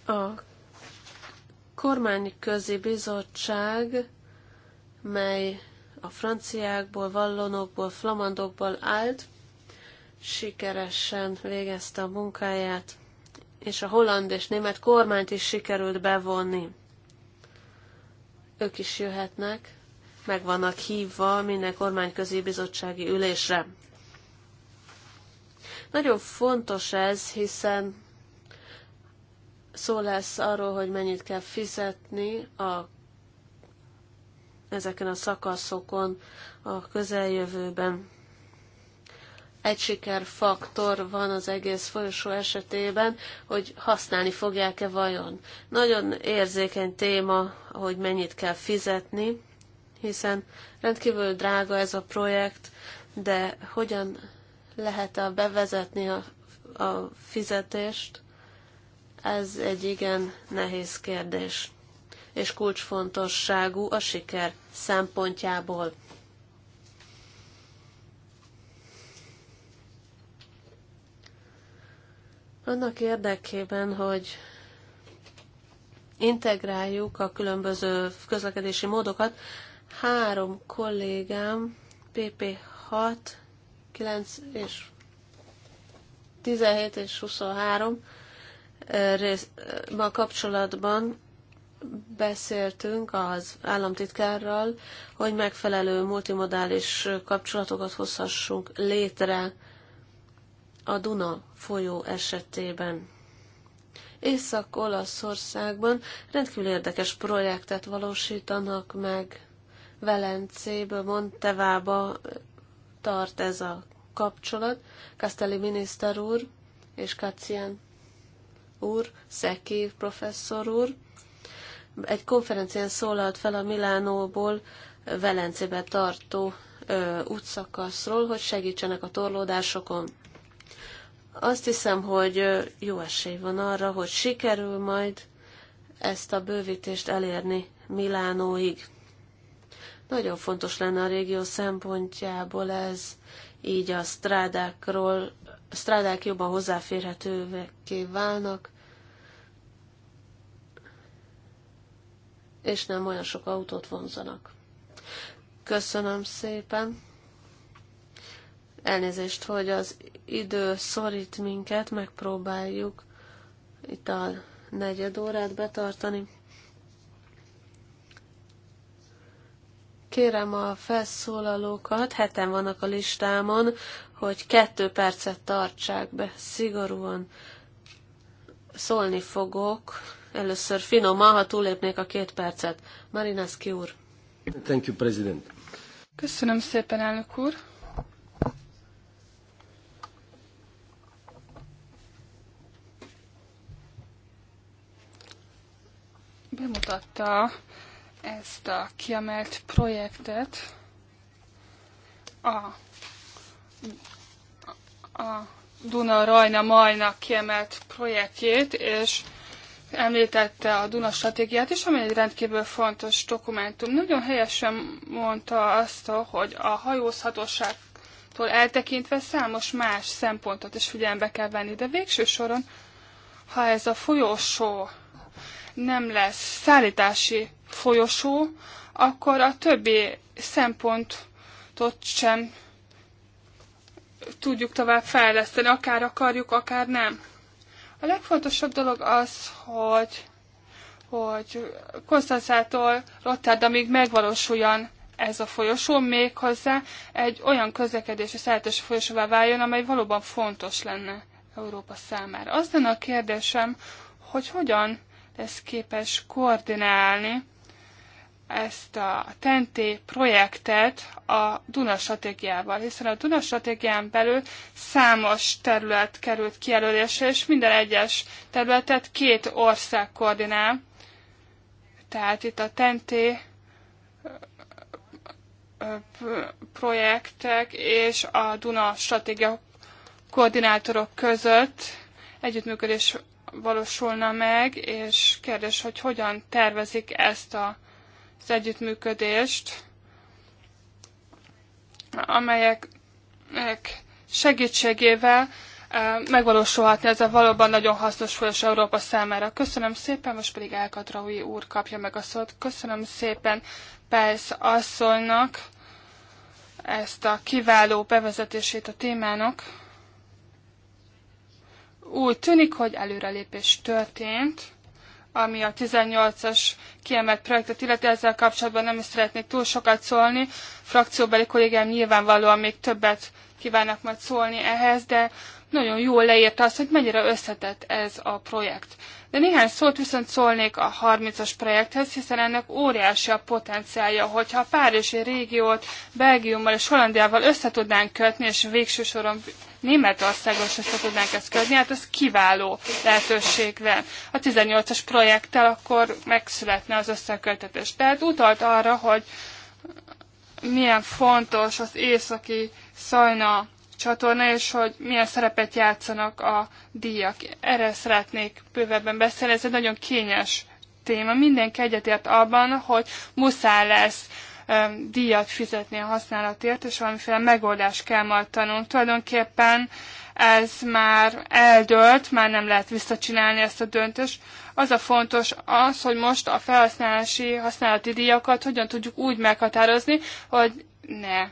A kormányközi bizottság, mely a franciákból, vallonokból, flamandokból állt, sikeresen végezte a munkáját, és a holland és német kormányt is sikerült bevonni. Ők is jöhetnek, meg vannak hívva minden kormányközi bizottsági ülésre. Nagyon fontos ez, hiszen szó lesz arról, hogy mennyit kell fizetni a, ezeken a szakaszokon a közeljövőben egy sikerfaktor van az egész folyosó esetében, hogy használni fogják-e vajon. Nagyon érzékeny téma, hogy mennyit kell fizetni, hiszen rendkívül drága ez a projekt, de hogyan lehet -e bevezetni a, a fizetést, ez egy igen nehéz kérdés, és kulcsfontosságú a siker szempontjából. Annak érdekében, hogy integráljuk a különböző közlekedési módokat, három kollégám PP6, 9 és 17 és 23 eh, rész, eh, ma kapcsolatban beszéltünk az államtitkárral, hogy megfelelő multimodális kapcsolatokat hozhassunk létre a Duna folyó esetében. Észak-Olaszországban rendkívül érdekes projektet valósítanak meg. Velencéből Montevába tart ez a kapcsolat. Kasteli miniszter úr és Kacian úr, Szeki professzor úr egy konferencián szólalt fel a Milánóból Velencébe tartó ö, útszakaszról, hogy segítsenek a torlódásokon. Azt hiszem, hogy jó esély van arra, hogy sikerül majd ezt a bővítést elérni Milánóig. Nagyon fontos lenne a régió szempontjából ez, így a strádákról, a strádák jobban hozzáférhetővé válnak, és nem olyan sok autót vonzanak. Köszönöm szépen! Elnézést, hogy az idő szorít minket, megpróbáljuk itt a negyed órát betartani. Kérem a felszólalókat, heten vannak a listámon, hogy kettő percet tartsák be. Szigorúan szólni fogok. Először finoman, ha túlépnék a két percet. Marinaszki úr. Thank you, President. Köszönöm szépen, elnök úr. bemutatta ezt a kiemelt projektet a, a duna rajna Majnak kiemelt projektjét, és említette a Duna stratégiát is, ami egy rendkívül fontos dokumentum. Nagyon helyesen mondta azt, hogy a hajózhatóságtól eltekintve számos más szempontot is figyelembe kell venni, de végső soron, ha ez a folyósó nem lesz szállítási folyosó, akkor a többi szempontot sem tudjuk tovább fejleszteni, akár akarjuk, akár nem. A legfontosabb dolog az, hogy, hogy Konstanzától Rotterdamig megvalósuljon ez a folyosó, méghozzá egy olyan közlekedési szállítási folyosóvá váljon, amely valóban fontos lenne Európa számára. Az lenne a kérdésem, hogy hogyan ez képes koordinálni ezt a TENTÉ projektet a Duna stratégiával, hiszen a Duna stratégián belül számos terület került kijelölésre, és minden egyes területet két ország koordinál. Tehát itt a TENTÉ projektek és a Duna stratégia koordinátorok között együttműködés valósulna meg, és kérdés, hogy hogyan tervezik ezt a, az együttműködést, amelyek segítségével eh, megvalósulhatni ez a valóban nagyon hasznos folyos Európa számára. Köszönöm szépen, most pedig Elkatraui úr kapja meg a szót. Köszönöm szépen Pels asszonynak ezt a kiváló bevezetését a témának úgy tűnik, hogy előrelépés történt, ami a 18-as kiemelt projektet illeti, ezzel kapcsolatban nem is szeretnék túl sokat szólni. Frakcióbeli kollégám nyilvánvalóan még többet kívánnak majd szólni ehhez, de nagyon jól leírta azt, hogy mennyire összetett ez a projekt. De néhány szót viszont szólnék a 30-as projekthez, hiszen ennek óriási a potenciálja, hogyha a Párizsi régiót Belgiummal és Hollandiával összetudnánk kötni, és végső soron Németországon sem tudnánk ezt közni, hát ez kiváló lehetőség lenne. A 18-as projekttel akkor megszületne az összeköltetés. Tehát utalt arra, hogy milyen fontos az északi szajna csatorna, és hogy milyen szerepet játszanak a díjak. Erre szeretnék bővebben beszélni, ez egy nagyon kényes téma. Mindenki egyetért abban, hogy muszáj lesz díjat fizetni a használatért, és valamiféle megoldást kell majd tanulni. Tulajdonképpen ez már eldőlt, már nem lehet visszacsinálni ezt a döntést. Az a fontos az, hogy most a felhasználási használati díjakat hogyan tudjuk úgy meghatározni, hogy ne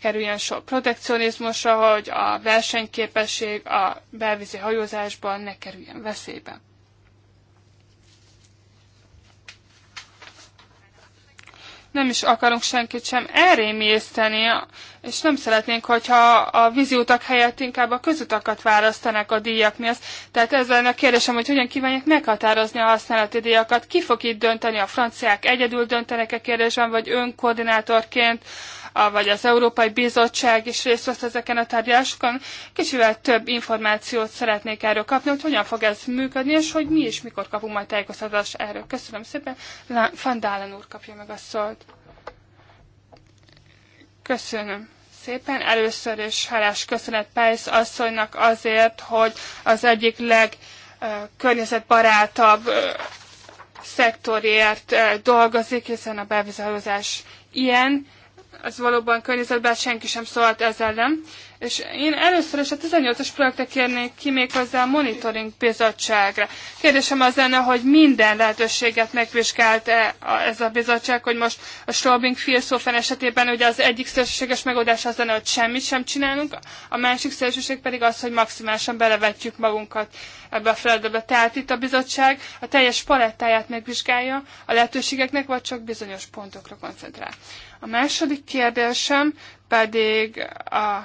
kerüljön sok protekcionizmusra, hogy a versenyképesség a belvízi hajózásban ne kerüljön veszélybe. nem is akarunk senkit sem elrémészteni, és nem szeretnénk, hogyha a víziutak helyett inkább a közutakat választanak a díjak miatt. Tehát ez lenne a kérdésem, hogy hogyan kívánják meghatározni a használati díjakat, ki fog itt dönteni, a franciák egyedül döntenek e kérdésben, vagy önkoordinátorként, vagy az Európai Bizottság is részt vesz ezeken a tárgyalásokon. Kicsivel több információt szeretnék erről kapni, hogy hogyan fog ez működni, és hogy mi is mikor kapunk majd tájékoztatást erről. Köszönöm szépen. Van úr kapja meg a szót. Köszönöm szépen. Először is hálás köszönet Pejsz asszonynak azért, hogy az egyik legkörnyezetbarátabb szektorért dolgozik, hiszen a bevizelőzés ilyen, ez valóban környezetben senki sem szólt ez ellen. És én először is a 18-as projektre kérnék ki még hozzá a monitoring bizottságra. Kérdésem az lenne, hogy minden lehetőséget megvizsgált -e ez a bizottság, hogy most a Strobing Filszófen esetében ugye az egyik szélsőséges megoldás az lenne, hogy semmit sem csinálunk, a másik szélsőség pedig az, hogy maximálisan belevetjük magunkat ebbe a feladatba. Tehát itt a bizottság a teljes palettáját megvizsgálja a lehetőségeknek, vagy csak bizonyos pontokra koncentrál. A második kérdésem pedig a,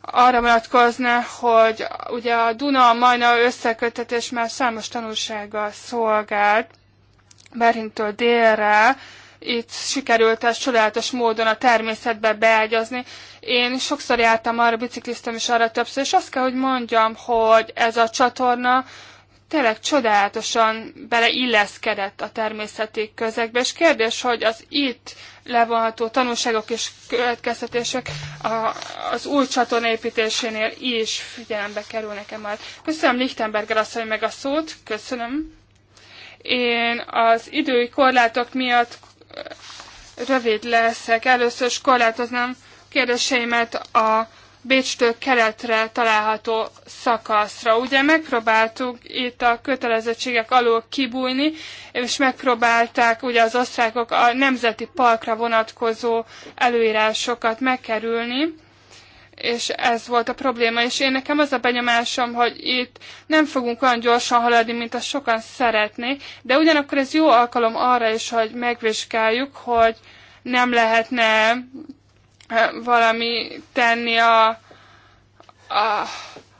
arra vonatkozna, hogy ugye a Duna-Majna összekötetés már számos tanulsággal szolgált, Berintől délre, itt sikerült ezt csodálatos módon a természetbe beágyazni. Én sokszor jártam arra, bicikliztem is arra többször, és azt kell, hogy mondjam, hogy ez a csatorna tényleg csodálatosan beleilleszkedett a természeti közegbe, és kérdés, hogy az itt levonható tanulságok és következtetések a, az új csatorna építésénél is figyelembe kerülnek-e majd. Köszönöm Lichtenberger asszony meg a szót, köszönöm. Én az idői korlátok miatt rövid leszek. Először is korlátoznám kérdéseimet a Bécstől keletre található szakaszra. Ugye megpróbáltuk itt a kötelezettségek alól kibújni, és megpróbálták ugye az osztrákok a nemzeti parkra vonatkozó előírásokat megkerülni, és ez volt a probléma. És én nekem az a benyomásom, hogy itt nem fogunk olyan gyorsan haladni, mint azt sokan szeretné, de ugyanakkor ez jó alkalom arra is, hogy megvizsgáljuk, hogy nem lehetne valami tenni a, a,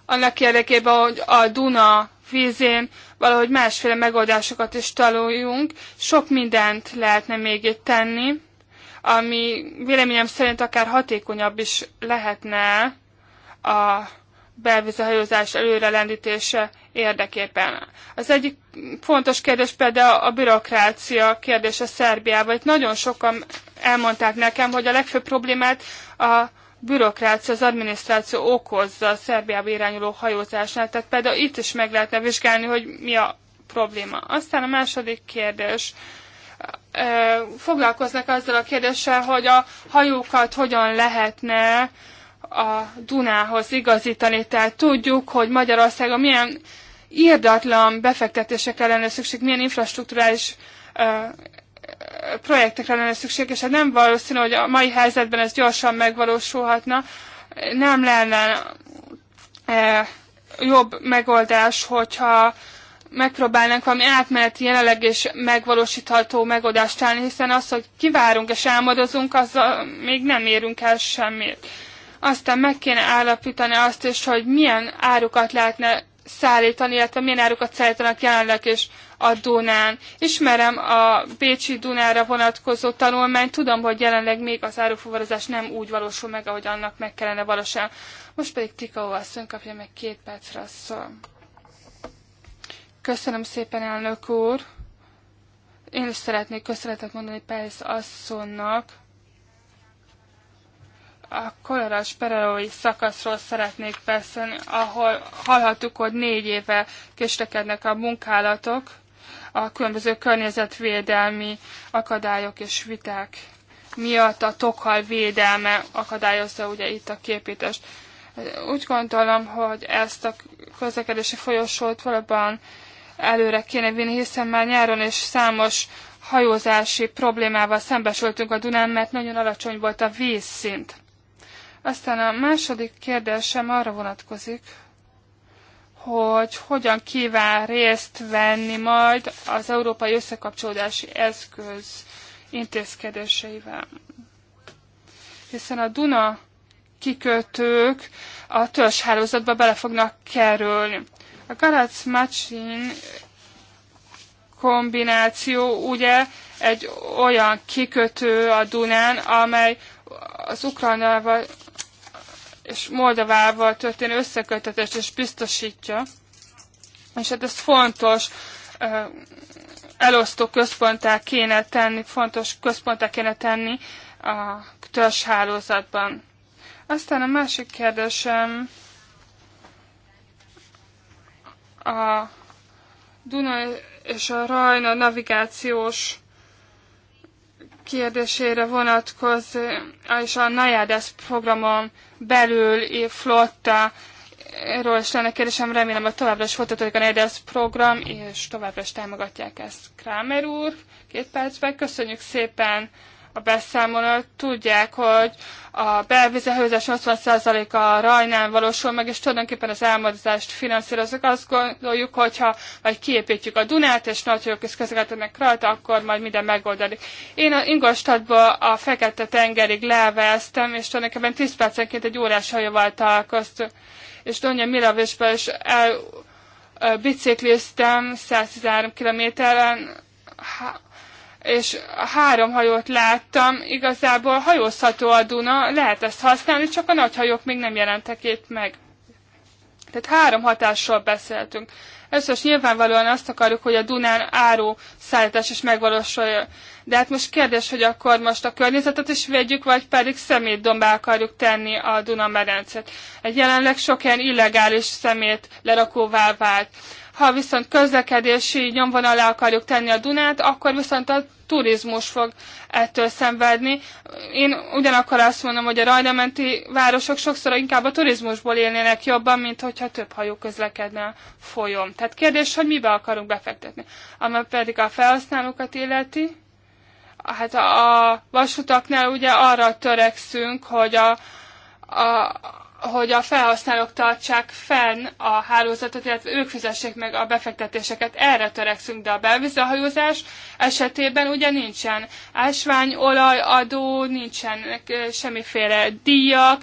annak érdekében, hogy a Duna vízén valahogy másféle megoldásokat is találjunk. Sok mindent lehetne még itt tenni, ami véleményem szerint akár hatékonyabb is lehetne a belvízhajózás előrelendítése érdekében. Az egyik fontos kérdés például a bürokrácia kérdése Szerbiában. Itt nagyon sokan elmondták nekem, hogy a legfőbb problémát a bürokrácia, az adminisztráció okozza a Szerbiába irányuló hajózásnál. Tehát például itt is meg lehetne vizsgálni, hogy mi a probléma. Aztán a második kérdés. Foglalkoznak azzal a kérdéssel, hogy a hajókat hogyan lehetne a Dunához igazítani. Tehát tudjuk, hogy Magyarországon milyen írdatlan befektetések lenne szükség, milyen infrastruktúrális projektekre lenne szükség, és hát nem valószínű, hogy a mai helyzetben ez gyorsan megvalósulhatna. Nem lenne eh, jobb megoldás, hogyha megpróbálnánk valami átmeneti, jelenleg és megvalósítható megoldást találni, hiszen az, hogy kivárunk és álmodozunk, azzal még nem érünk el semmit. Aztán meg kéne állapítani azt is, hogy milyen árukat lehetne szállítani, illetve milyen árukat szállítanak jelenleg is a Dunán. Ismerem a Bécsi Dunára vonatkozó tanulmányt, tudom, hogy jelenleg még az árufuvarozás nem úgy valósul meg, ahogy annak meg kellene valósulni. Most pedig Tika asszony kapja meg két percre a szó. Köszönöm szépen, elnök úr! Én is szeretnék köszönetet mondani Pálysz asszonynak, a kolerás perelói szakaszról szeretnék beszélni, ahol hallhattuk, hogy négy éve késlekednek a munkálatok, a különböző környezetvédelmi akadályok és viták miatt a tokhal védelme akadályozza ugye itt a képítést. Úgy gondolom, hogy ezt a közlekedési folyosót valóban előre kéne vinni, hiszen már nyáron és számos hajózási problémával szembesültünk a Dunán, mert nagyon alacsony volt a vízszint. Aztán a második kérdésem arra vonatkozik, hogy hogyan kíván részt venni majd az európai összekapcsolódási eszköz intézkedéseivel. Hiszen a Duna kikötők a törzshálózatba bele fognak kerülni. A Galac Machin kombináció ugye egy olyan kikötő a Dunán, amely az Ukrajnával és Moldovával történő összeköltetést is biztosítja. És hát ez fontos elosztó központtá kéne tenni, fontos központtá kéne tenni a törzshálózatban. Aztán a másik kérdésem a Duna és a Rajna navigációs kérdésére vonatkoz, és a NAJADESZ programon belül flotta erről is lenne kérdésem, remélem, hogy továbbra is folytatódik a NAJADESZ program, és továbbra is támogatják ezt Kramer úr. Két percben köszönjük szépen a beszámolók tudják, hogy a belvizehőzés 80%-a rajnán valósul meg, és tulajdonképpen az álmodozást finanszírozunk. Azt gondoljuk, hogyha vagy kiépítjük a Dunát, és nagy hajóköz közlekednek rajta, akkor majd minden megoldódik. Én a Ingolstadtból a Fekete tengerig leveztem, és tulajdonképpen 10 percenként egy órás hajóval találkoztunk. És Donya Miravisba is el, bicikliztem 113 kilométeren, és három hajót láttam, igazából hajózható a Duna, lehet ezt használni, csak a nagy hajók még nem jelentek itt meg. Tehát három hatásról beszéltünk. Először is nyilvánvalóan azt akarjuk, hogy a Dunán áru szállítás is megvalósulja. De hát most kérdés, hogy akkor most a környezetet is védjük, vagy pedig szemétdombá akarjuk tenni a Duna medencét. Egy jelenleg sok ilyen illegális szemét lerakóvá vált. Ha viszont közlekedési nyomvonalá akarjuk tenni a Dunát, akkor viszont a turizmus fog ettől szenvedni. Én ugyanakkor azt mondom, hogy a rajdamenti városok sokszor inkább a turizmusból élnének jobban, mint hogyha több hajó közlekedne a folyón. Tehát kérdés, hogy mibe akarunk befektetni. Ami pedig a felhasználókat illeti, hát a vasutaknál ugye arra törekszünk, hogy a, a, hogy a felhasználók tartsák fenn a hálózatot, illetve ők fizessék meg a befektetéseket. Erre törekszünk, de a belvízahajózás esetében ugye nincsen ásvány, adó, nincsenek semmiféle díjak,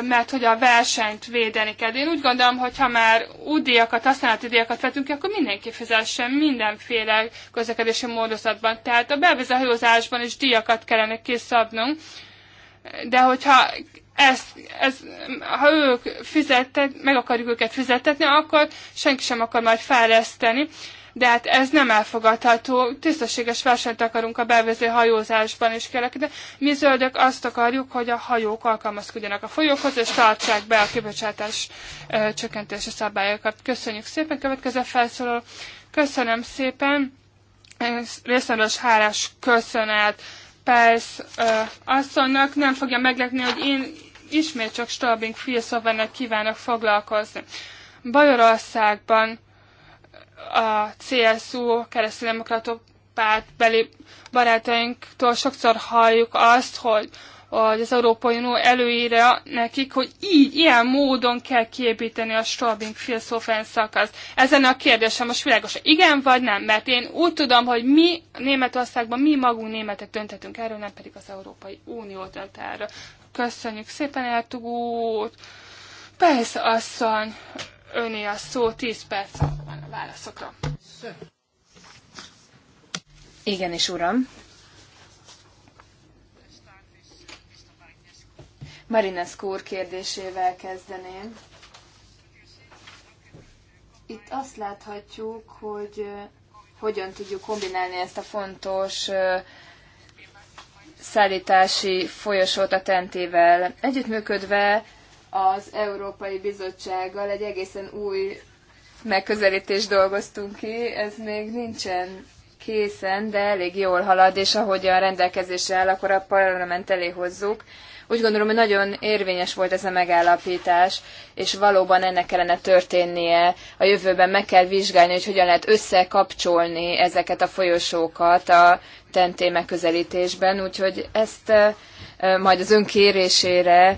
mert hogy a versenyt védeni kell. Én úgy gondolom, hogy ha már díjakat, használati díjakat vetünk ki, akkor mindenki fizessen mindenféle közlekedési módozatban. Tehát a belvízahajózásban is díjakat kellene kiszabnunk, de hogyha ez, ez, ha ők fizettet, meg akarjuk őket fizetetni, akkor senki sem akar majd fejleszteni. De hát ez nem elfogadható. Tisztességes versenyt akarunk a bevező hajózásban is de Mi zöldök azt akarjuk, hogy a hajók alkalmazkodjanak a folyókhoz, és tartsák be a kibocsátás ö, csökkentési szabályokat. Köszönjük szépen, következő felszóló. Köszönöm szépen. Részemről hálás köszönet Persz asszonynak. Nem fogja meglepni, hogy én ismét csak Stalbing Filszovennek kívánok foglalkozni. Bajorországban a CSU, kereszténydemokratok beli barátainktól sokszor halljuk azt, hogy, hogy az Európai Unió előírja nekik, hogy így, ilyen módon kell kiépíteni a Strobing Filszofen szakaszt. Ezen a kérdésem most világos, igen vagy nem, mert én úgy tudom, hogy mi Németországban, mi magunk németek döntetünk erről, nem pedig az Európai Unió dönt erről. Köszönjük szépen, Ertug Persze, asszony, öné a szó, 10 perc van a válaszokra. Igen, és uram. Marinescu úr kérdésével kezdeném. Itt azt láthatjuk, hogy eh, hogyan tudjuk kombinálni ezt a fontos eh, szállítási folyosót a tentével. Együttműködve az Európai Bizottsággal egy egészen új megközelítést dolgoztunk ki, ez még nincsen készen, de elég jól halad, és ahogy a rendelkezésre áll, akkor a parlament elé hozzuk. Úgy gondolom, hogy nagyon érvényes volt ez a megállapítás, és valóban ennek kellene történnie. A jövőben meg kell vizsgálni, hogy hogyan lehet összekapcsolni ezeket a folyosókat a tenté megközelítésben, úgyhogy ezt majd az önkérésére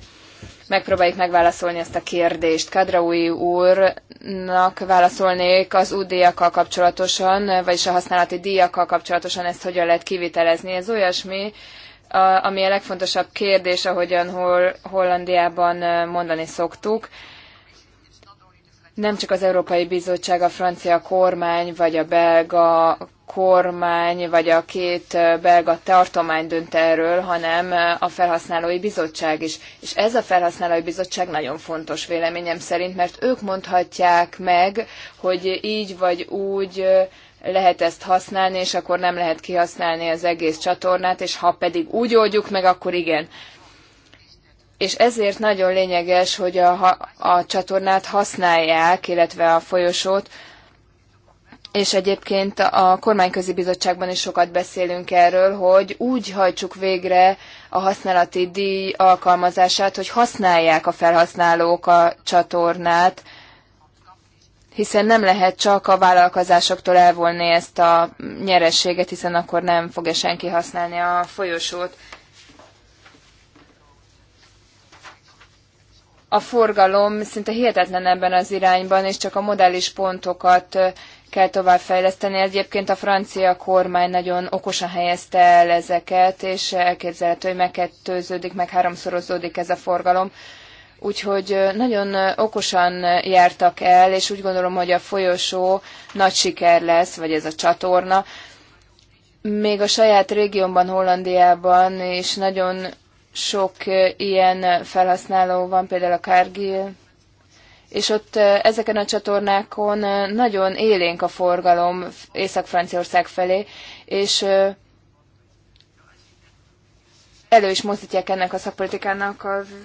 megpróbáljuk megválaszolni ezt a kérdést. Kadraui úrnak válaszolnék az útdíjakkal kapcsolatosan, vagyis a használati díjakkal kapcsolatosan ezt hogyan lehet kivitelezni. Ez olyasmi, a, ami a legfontosabb kérdés, ahogyan hol, Hollandiában mondani szoktuk. Nem csak az Európai Bizottság, a francia kormány, vagy a belga kormány, vagy a két belga tartomány dönt erről, hanem a felhasználói bizottság is. És ez a felhasználói bizottság nagyon fontos véleményem szerint, mert ők mondhatják meg, hogy így vagy úgy lehet ezt használni, és akkor nem lehet kihasználni az egész csatornát, és ha pedig úgy oldjuk meg, akkor igen. És ezért nagyon lényeges, hogy a, a csatornát használják, illetve a folyosót, és egyébként a kormányközi bizottságban is sokat beszélünk erről, hogy úgy hajtsuk végre a használati díj alkalmazását, hogy használják a felhasználók a csatornát, hiszen nem lehet csak a vállalkozásoktól elvolni ezt a nyerességet, hiszen akkor nem fogja senki használni a folyosót. A forgalom szinte hihetetlen ebben az irányban, és csak a modális pontokat kell továbbfejleszteni. Egyébként a francia kormány nagyon okosan helyezte el ezeket, és elképzelhető, hogy megkettőződik, meg háromszorozódik ez a forgalom Úgyhogy nagyon okosan jártak el, és úgy gondolom, hogy a folyosó nagy siker lesz, vagy ez a csatorna. Még a saját régiómban, Hollandiában is nagyon sok ilyen felhasználó van, például a Cargill, és ott ezeken a csatornákon nagyon élénk a forgalom Észak-Franciaország felé, és elő is mozdítják ennek a szakpolitikának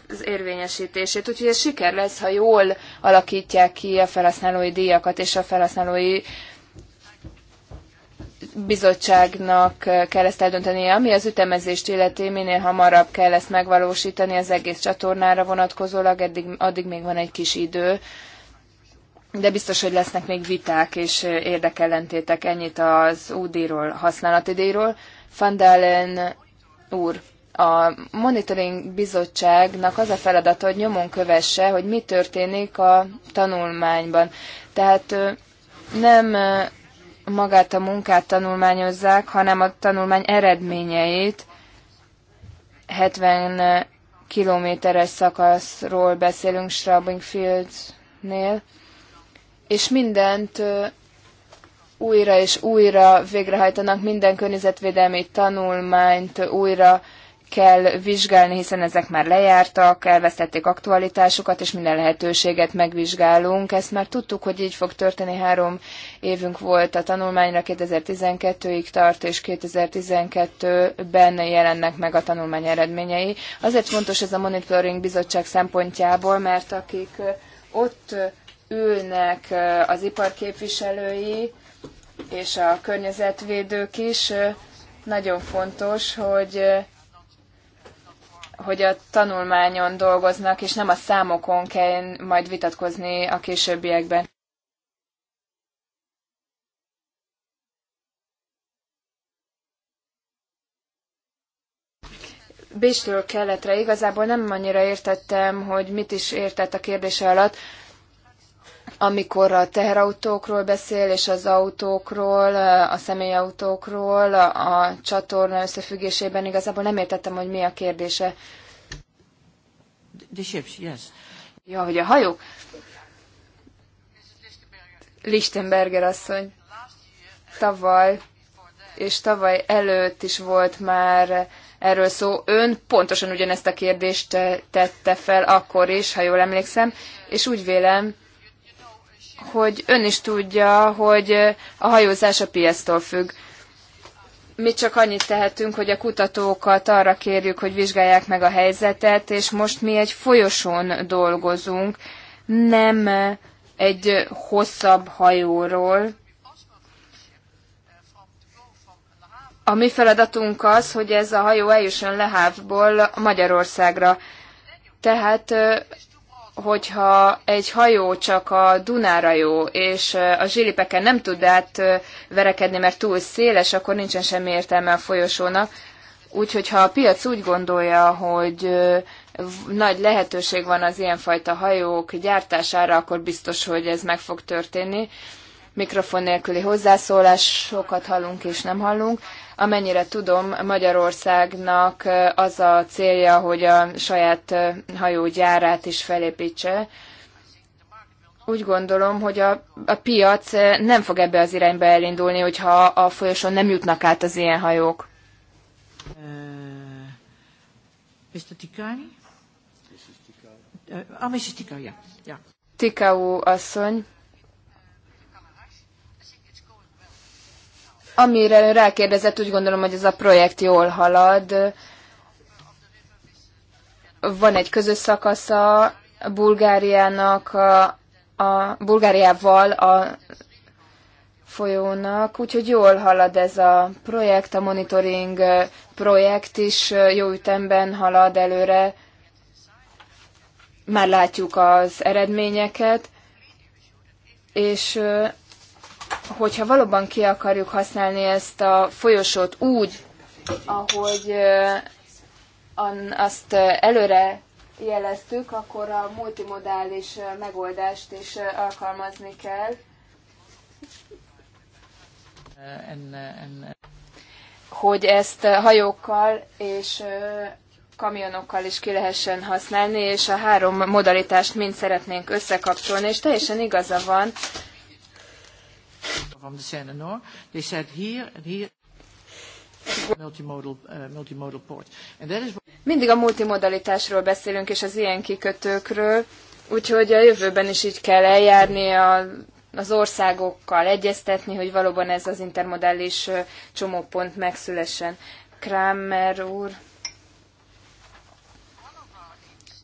az érvényesítését. Úgyhogy ez siker lesz, ha jól alakítják ki a felhasználói díjakat, és a felhasználói bizottságnak kell ezt eldöntenie, ami az ütemezést illeti, minél hamarabb kell ezt megvalósítani az egész csatornára vonatkozólag, eddig, addig még van egy kis idő, de biztos, hogy lesznek még viták és érdekellentétek ennyit az údíról, használati díjról. Van úr, a monitoring bizottságnak az a feladata, hogy nyomon kövesse, hogy mi történik a tanulmányban. Tehát nem magát a munkát tanulmányozzák, hanem a tanulmány eredményeit 70 kilométeres szakaszról beszélünk Schraubing nél. és mindent újra és újra végrehajtanak, minden környezetvédelmi tanulmányt újra kell vizsgálni, hiszen ezek már lejártak, elvesztették aktualitásukat, és minden lehetőséget megvizsgálunk. Ezt már tudtuk, hogy így fog történni. Három évünk volt a tanulmányra, 2012-ig tart, és 2012-ben jelennek meg a tanulmány eredményei. Azért fontos ez a Monitoring Bizottság szempontjából, mert akik ott ülnek az iparképviselői, és a környezetvédők is, nagyon fontos, hogy hogy a tanulmányon dolgoznak, és nem a számokon kell majd vitatkozni a későbbiekben. Bécsről keletre igazából nem annyira értettem, hogy mit is értett a kérdése alatt amikor a teherautókról beszél, és az autókról, a személyautókról, a csatorna összefüggésében igazából nem értettem, hogy mi a kérdése. The ships, yes. Ja, hogy a hajók? Lichtenberger asszony. Tavaly és tavaly előtt is volt már erről szó. Ön pontosan ugyanezt a kérdést tette fel akkor is, ha jól emlékszem, és úgy vélem, hogy ön is tudja, hogy a hajózás a piasztól függ. Mi csak annyit tehetünk, hogy a kutatókat arra kérjük, hogy vizsgálják meg a helyzetet, és most mi egy folyosón dolgozunk, nem egy hosszabb hajóról. A mi feladatunk az, hogy ez a hajó eljusson Lehávból Magyarországra. Tehát hogyha egy hajó csak a Dunára jó, és a zsilipeken nem tud átverekedni, mert túl széles, akkor nincsen semmi értelme a folyosónak. Úgyhogy ha a piac úgy gondolja, hogy nagy lehetőség van az ilyenfajta hajók gyártására, akkor biztos, hogy ez meg fog történni mikrofon nélküli hozzászólásokat hallunk és nem hallunk. Amennyire tudom, Magyarországnak az a célja, hogy a saját hajógyárát is felépítse. Úgy gondolom, hogy a, a piac nem fog ebbe az irányba elindulni, hogyha a folyosón nem jutnak át az ilyen hajók. Uh, uh, oh, Tikau asszony. Amire ön rákérdezett, úgy gondolom, hogy ez a projekt jól halad. Van egy közös szakasza Bulgáriának, a, a Bulgáriával a folyónak, úgyhogy jól halad ez a projekt, a monitoring projekt is jó ütemben halad előre. Már látjuk az eredményeket, és hogyha valóban ki akarjuk használni ezt a folyosót úgy, ahogy azt előre jeleztük, akkor a multimodális megoldást is alkalmazni kell. Uh, uh, uh, Hogy ezt hajókkal és kamionokkal is ki lehessen használni, és a három modalitást mind szeretnénk összekapcsolni, és teljesen igaza van, From Seine they said here and here multimodal, uh, multimodal port. And that is... Mindig a multimodalitásról beszélünk, és az ilyen kikötőkről, úgyhogy a jövőben is így kell eljárni a az országokkal egyeztetni, hogy valóban ez az intermodális eh, csomópont megszülessen. Kramer úr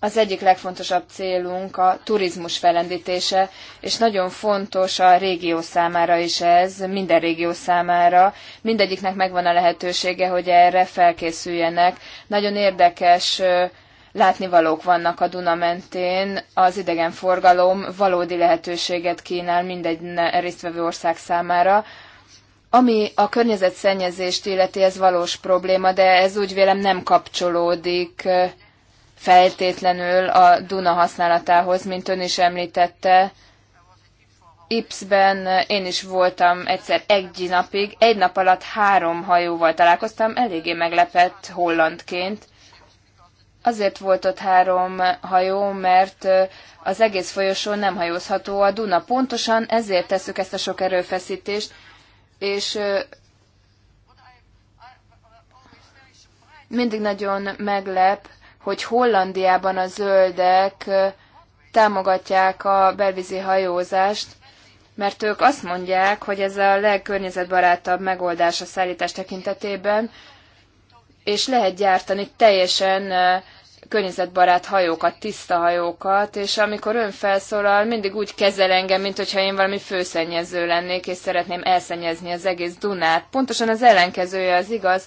az egyik legfontosabb célunk a turizmus felendítése, és nagyon fontos a régió számára is ez, minden régió számára. Mindegyiknek megvan a lehetősége, hogy erre felkészüljenek. Nagyon érdekes látnivalók vannak a Duna mentén. Az idegenforgalom valódi lehetőséget kínál mindegy résztvevő ország számára. Ami a környezetszennyezést illeti, ez valós probléma, de ez úgy vélem nem kapcsolódik feltétlenül a Duna használatához, mint ön is említette. Ipsben én is voltam egyszer egy napig, egy nap alatt három hajóval találkoztam, eléggé meglepett hollandként. Azért volt ott három hajó, mert az egész folyosón nem hajózható a Duna. Pontosan ezért tesszük ezt a sok erőfeszítést, és mindig nagyon meglep, hogy Hollandiában a zöldek támogatják a belvízi hajózást, mert ők azt mondják, hogy ez a legkörnyezetbarátabb megoldás a szállítás tekintetében, és lehet gyártani teljesen környezetbarát hajókat, tiszta hajókat, és amikor ön felszólal, mindig úgy kezel engem, mint hogyha én valami főszennyező lennék, és szeretném elszennyezni az egész Dunát. Pontosan az ellenkezője az igaz,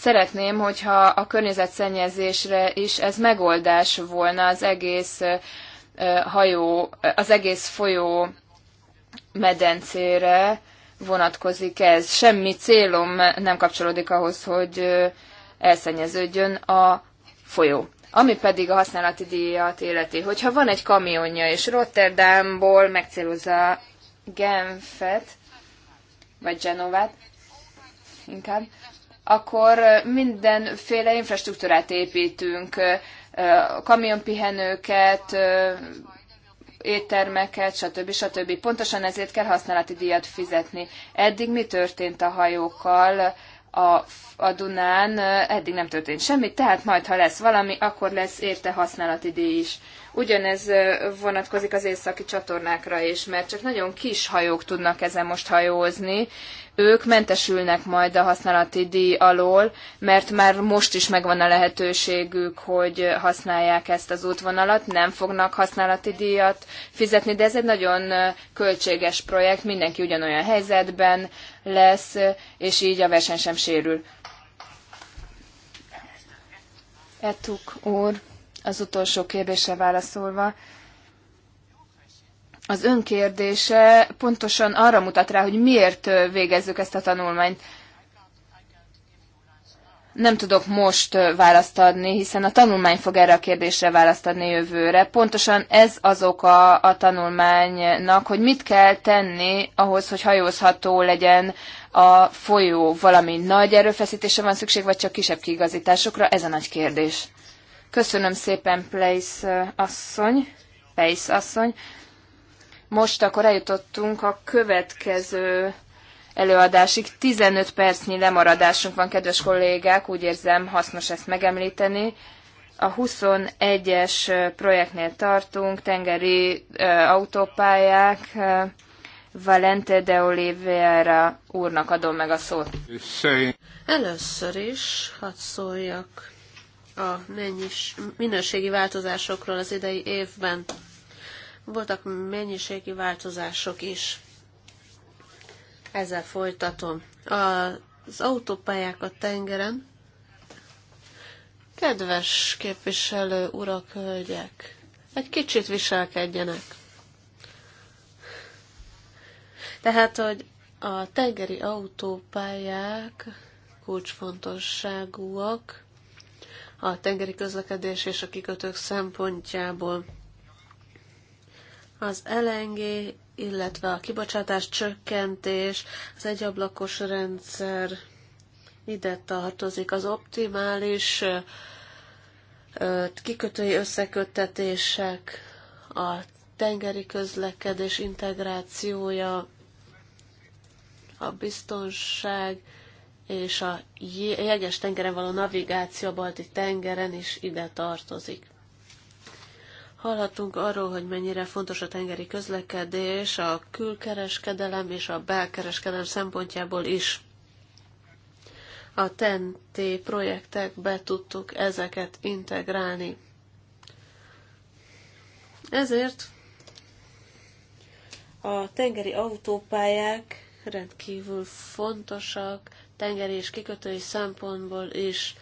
Szeretném, hogyha a környezetszennyezésre is ez megoldás volna az egész hajó, az egész folyó medencére vonatkozik ez. Semmi célom nem kapcsolódik ahhoz, hogy elszennyeződjön a folyó. Ami pedig a használati díjat életi. Hogyha van egy kamionja, és Rotterdamból megcélozza Genfet, vagy Genovát, inkább, akkor mindenféle infrastruktúrát építünk, kamionpihenőket, éttermeket, stb. stb. Pontosan ezért kell használati díjat fizetni. Eddig mi történt a hajókkal a, a Dunán? Eddig nem történt semmi, tehát majd, ha lesz valami, akkor lesz érte használati díj is. Ugyanez vonatkozik az északi csatornákra is, mert csak nagyon kis hajók tudnak ezen most hajózni, ők mentesülnek majd a használati díj alól, mert már most is megvan a lehetőségük, hogy használják ezt az útvonalat, nem fognak használati díjat fizetni, de ez egy nagyon költséges projekt, mindenki ugyanolyan helyzetben lesz, és így a verseny sem sérül. Etuk úr, az utolsó kérdésre válaszolva, az önkérdése pontosan arra mutat rá, hogy miért végezzük ezt a tanulmányt. Nem tudok most választ adni, hiszen a tanulmány fog erre a kérdésre választ adni jövőre. Pontosan ez az oka a tanulmánynak, hogy mit kell tenni ahhoz, hogy hajózható legyen a folyó. Valami nagy erőfeszítése van szükség, vagy csak kisebb kiigazításokra? Ez a nagy kérdés. Köszönöm szépen, Place asszony. Place asszony. Most akkor eljutottunk a következő előadásig. 15 percnyi lemaradásunk van, kedves kollégák, úgy érzem hasznos ezt megemlíteni. A 21-es projektnél tartunk, tengeri uh, autópályák. Uh, Valente de Oliveira úrnak adom meg a szót. Először is hadd szóljak a mennyis, minőségi változásokról az idei évben voltak mennyiségi változások is. Ezzel folytatom. Az a tengeren. Kedves képviselő urak, hölgyek, egy kicsit viselkedjenek. Tehát, hogy a tengeri autópályák kulcsfontosságúak a tengeri közlekedés és a kikötők szempontjából. Az LNG, illetve a kibocsátás csökkentés, az egyablakos rendszer ide tartozik. Az optimális kikötői összeköttetések, a tengeri közlekedés integrációja, a biztonság és a jeges tengeren való navigáció a balti tengeren is ide tartozik. Hallhattunk arról, hogy mennyire fontos a tengeri közlekedés a külkereskedelem és a belkereskedelem szempontjából is. A TNT projektekbe tudtuk ezeket integrálni. Ezért a tengeri autópályák rendkívül fontosak, tengeri és kikötői szempontból is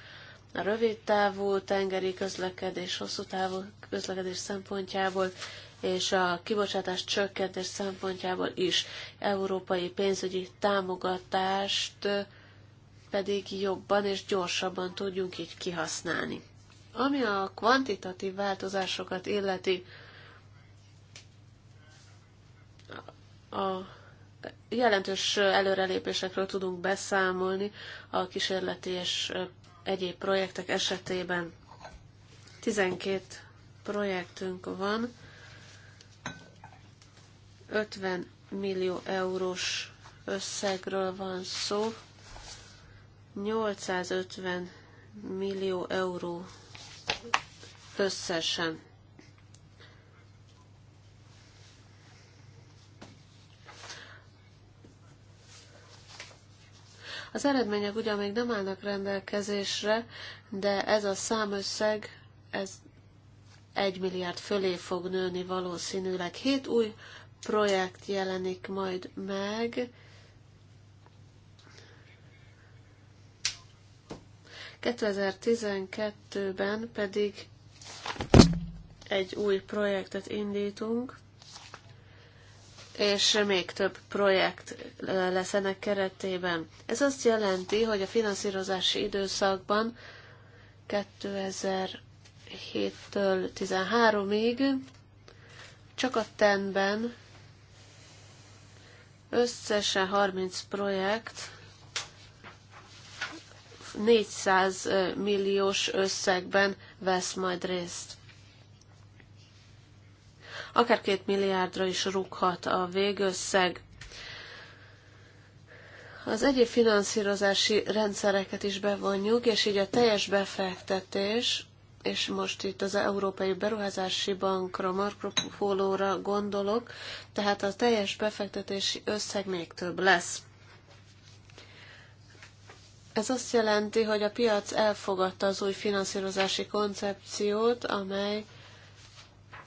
a rövid távú tengeri közlekedés, hosszú távú közlekedés szempontjából és a kibocsátás csökkentés szempontjából is európai pénzügyi támogatást pedig jobban és gyorsabban tudjunk így kihasználni. Ami a kvantitatív változásokat illeti, a jelentős előrelépésekről tudunk beszámolni a kísérleti és egyéb projektek esetében. 12 projektünk van, 50 millió eurós összegről van szó, 850 millió euró összesen. Az eredmények ugyan még nem állnak rendelkezésre, de ez a számösszeg, ez egy milliárd fölé fog nőni valószínűleg. Hét új projekt jelenik majd meg. 2012-ben pedig egy új projektet indítunk, és még több projekt lesz ennek keretében. Ez azt jelenti, hogy a finanszírozási időszakban 2007-től 13-ig csak a TEN-ben összesen 30 projekt 400 milliós összegben vesz majd részt akár két milliárdra is rúghat a végösszeg. Az egyéb finanszírozási rendszereket is bevonjuk, és így a teljes befektetés, és most itt az Európai Beruházási Bankra, Marco Polo-ra gondolok, tehát a teljes befektetési összeg még több lesz. Ez azt jelenti, hogy a piac elfogadta az új finanszírozási koncepciót, amely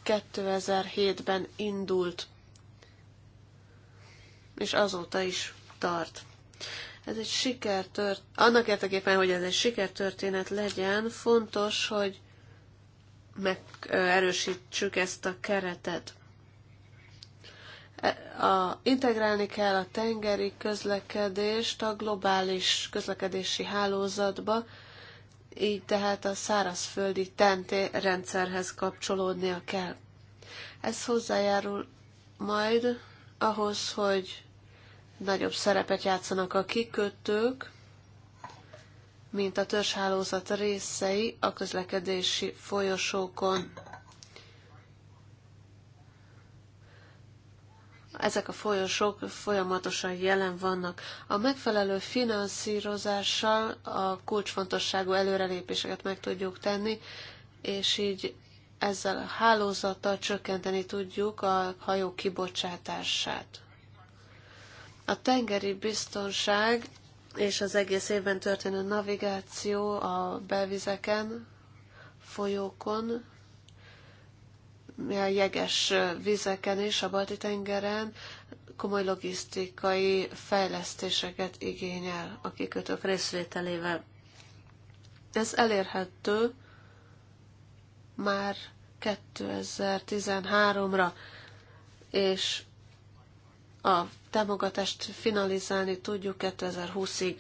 2007-ben indult, és azóta is tart. Ez egy sikertörténet, Annak érdekében, hogy ez egy sikertörténet legyen, fontos, hogy megerősítsük ezt a keretet. E, a, integrálni kell a tengeri közlekedést a globális közlekedési hálózatba, így tehát a szárazföldi TNT rendszerhez kapcsolódnia kell. Ez hozzájárul majd ahhoz, hogy nagyobb szerepet játszanak a kikötők, mint a törzshálózat részei a közlekedési folyosókon. ezek a folyosók folyamatosan jelen vannak. A megfelelő finanszírozással a kulcsfontosságú előrelépéseket meg tudjuk tenni, és így ezzel a hálózattal csökkenteni tudjuk a hajó kibocsátását. A tengeri biztonság és az egész évben történő navigáció a belvizeken, folyókon jeges vizeken és a Balti-tengeren komoly logisztikai fejlesztéseket igényel a kikötők részvételével. Ez elérhető már 2013-ra, és a támogatást finalizálni tudjuk 2020-ig.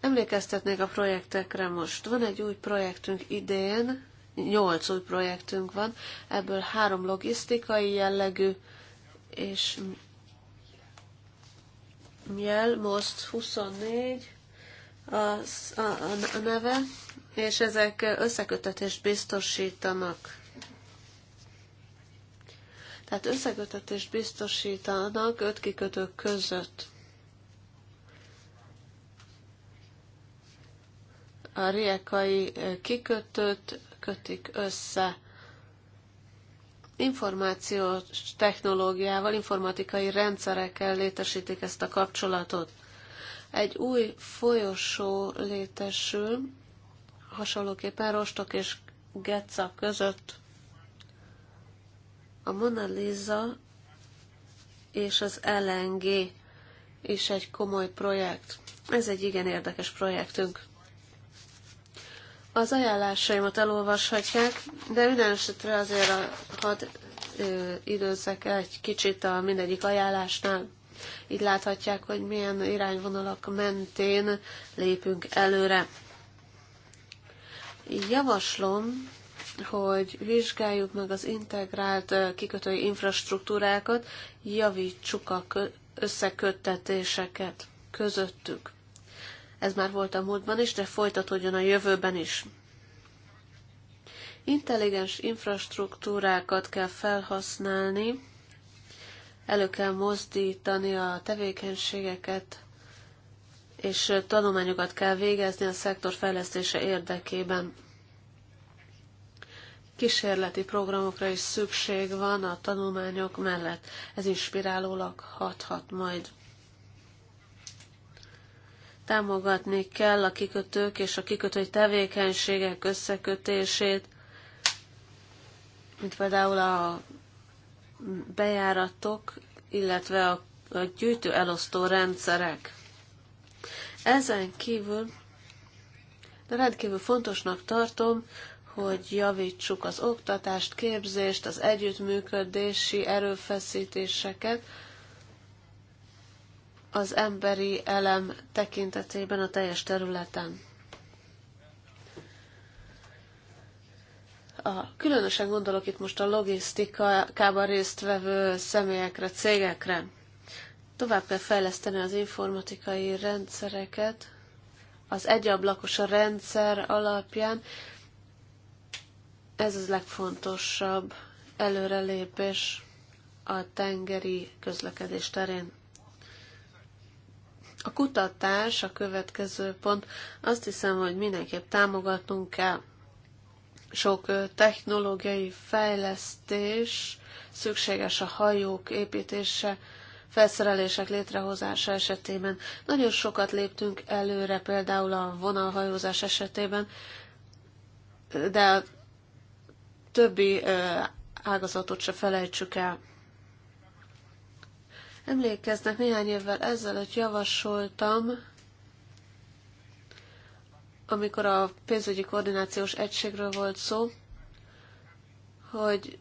Emlékeztetnék a projektekre most. Van egy új projektünk idén, nyolc új projektünk van, ebből három logisztikai jellegű, és Miel, most 24 a, a, a neve, és ezek összekötetést biztosítanak. Tehát összekötetést biztosítanak öt kikötők között. a riekai kikötőt, kötik össze információs technológiával, informatikai rendszerekkel létesítik ezt a kapcsolatot. Egy új folyosó létesül, hasonlóképpen Rostok és Getza között. A Mona Lisa és az LNG is egy komoly projekt. Ez egy igen érdekes projektünk. Az ajánlásaimat elolvashatják, de minden esetre azért a, hadd időzzek egy kicsit a mindegyik ajánlásnál. Így láthatják, hogy milyen irányvonalak mentén lépünk előre. Javaslom, hogy vizsgáljuk meg az integrált kikötői infrastruktúrákat, javítsuk a összeköttetéseket közöttük ez már volt a múltban is, de folytatódjon a jövőben is. Intelligens infrastruktúrákat kell felhasználni, elő kell mozdítani a tevékenységeket, és tanulmányokat kell végezni a szektor fejlesztése érdekében. Kísérleti programokra is szükség van a tanulmányok mellett. Ez inspirálólag hathat majd. Támogatni kell a kikötők és a kikötői tevékenységek összekötését, mint például a bejáratok, illetve a, a gyűjtő-elosztó rendszerek. Ezen kívül de rendkívül fontosnak tartom, hogy javítsuk az oktatást, képzést, az együttműködési erőfeszítéseket, az emberi elem tekintetében a teljes területen. A, különösen gondolok itt most a logisztikában résztvevő személyekre, cégekre. Tovább kell fejleszteni az informatikai rendszereket, az egyablakos rendszer alapján. Ez az legfontosabb előrelépés a tengeri közlekedés terén. A kutatás a következő pont. Azt hiszem, hogy mindenképp támogatnunk kell. Sok technológiai fejlesztés szükséges a hajók építése, felszerelések létrehozása esetében. Nagyon sokat léptünk előre, például a vonalhajózás esetében, de a többi ágazatot se felejtsük el. Emlékeznek, néhány évvel ezelőtt javasoltam, amikor a pénzügyi koordinációs egységről volt szó, hogy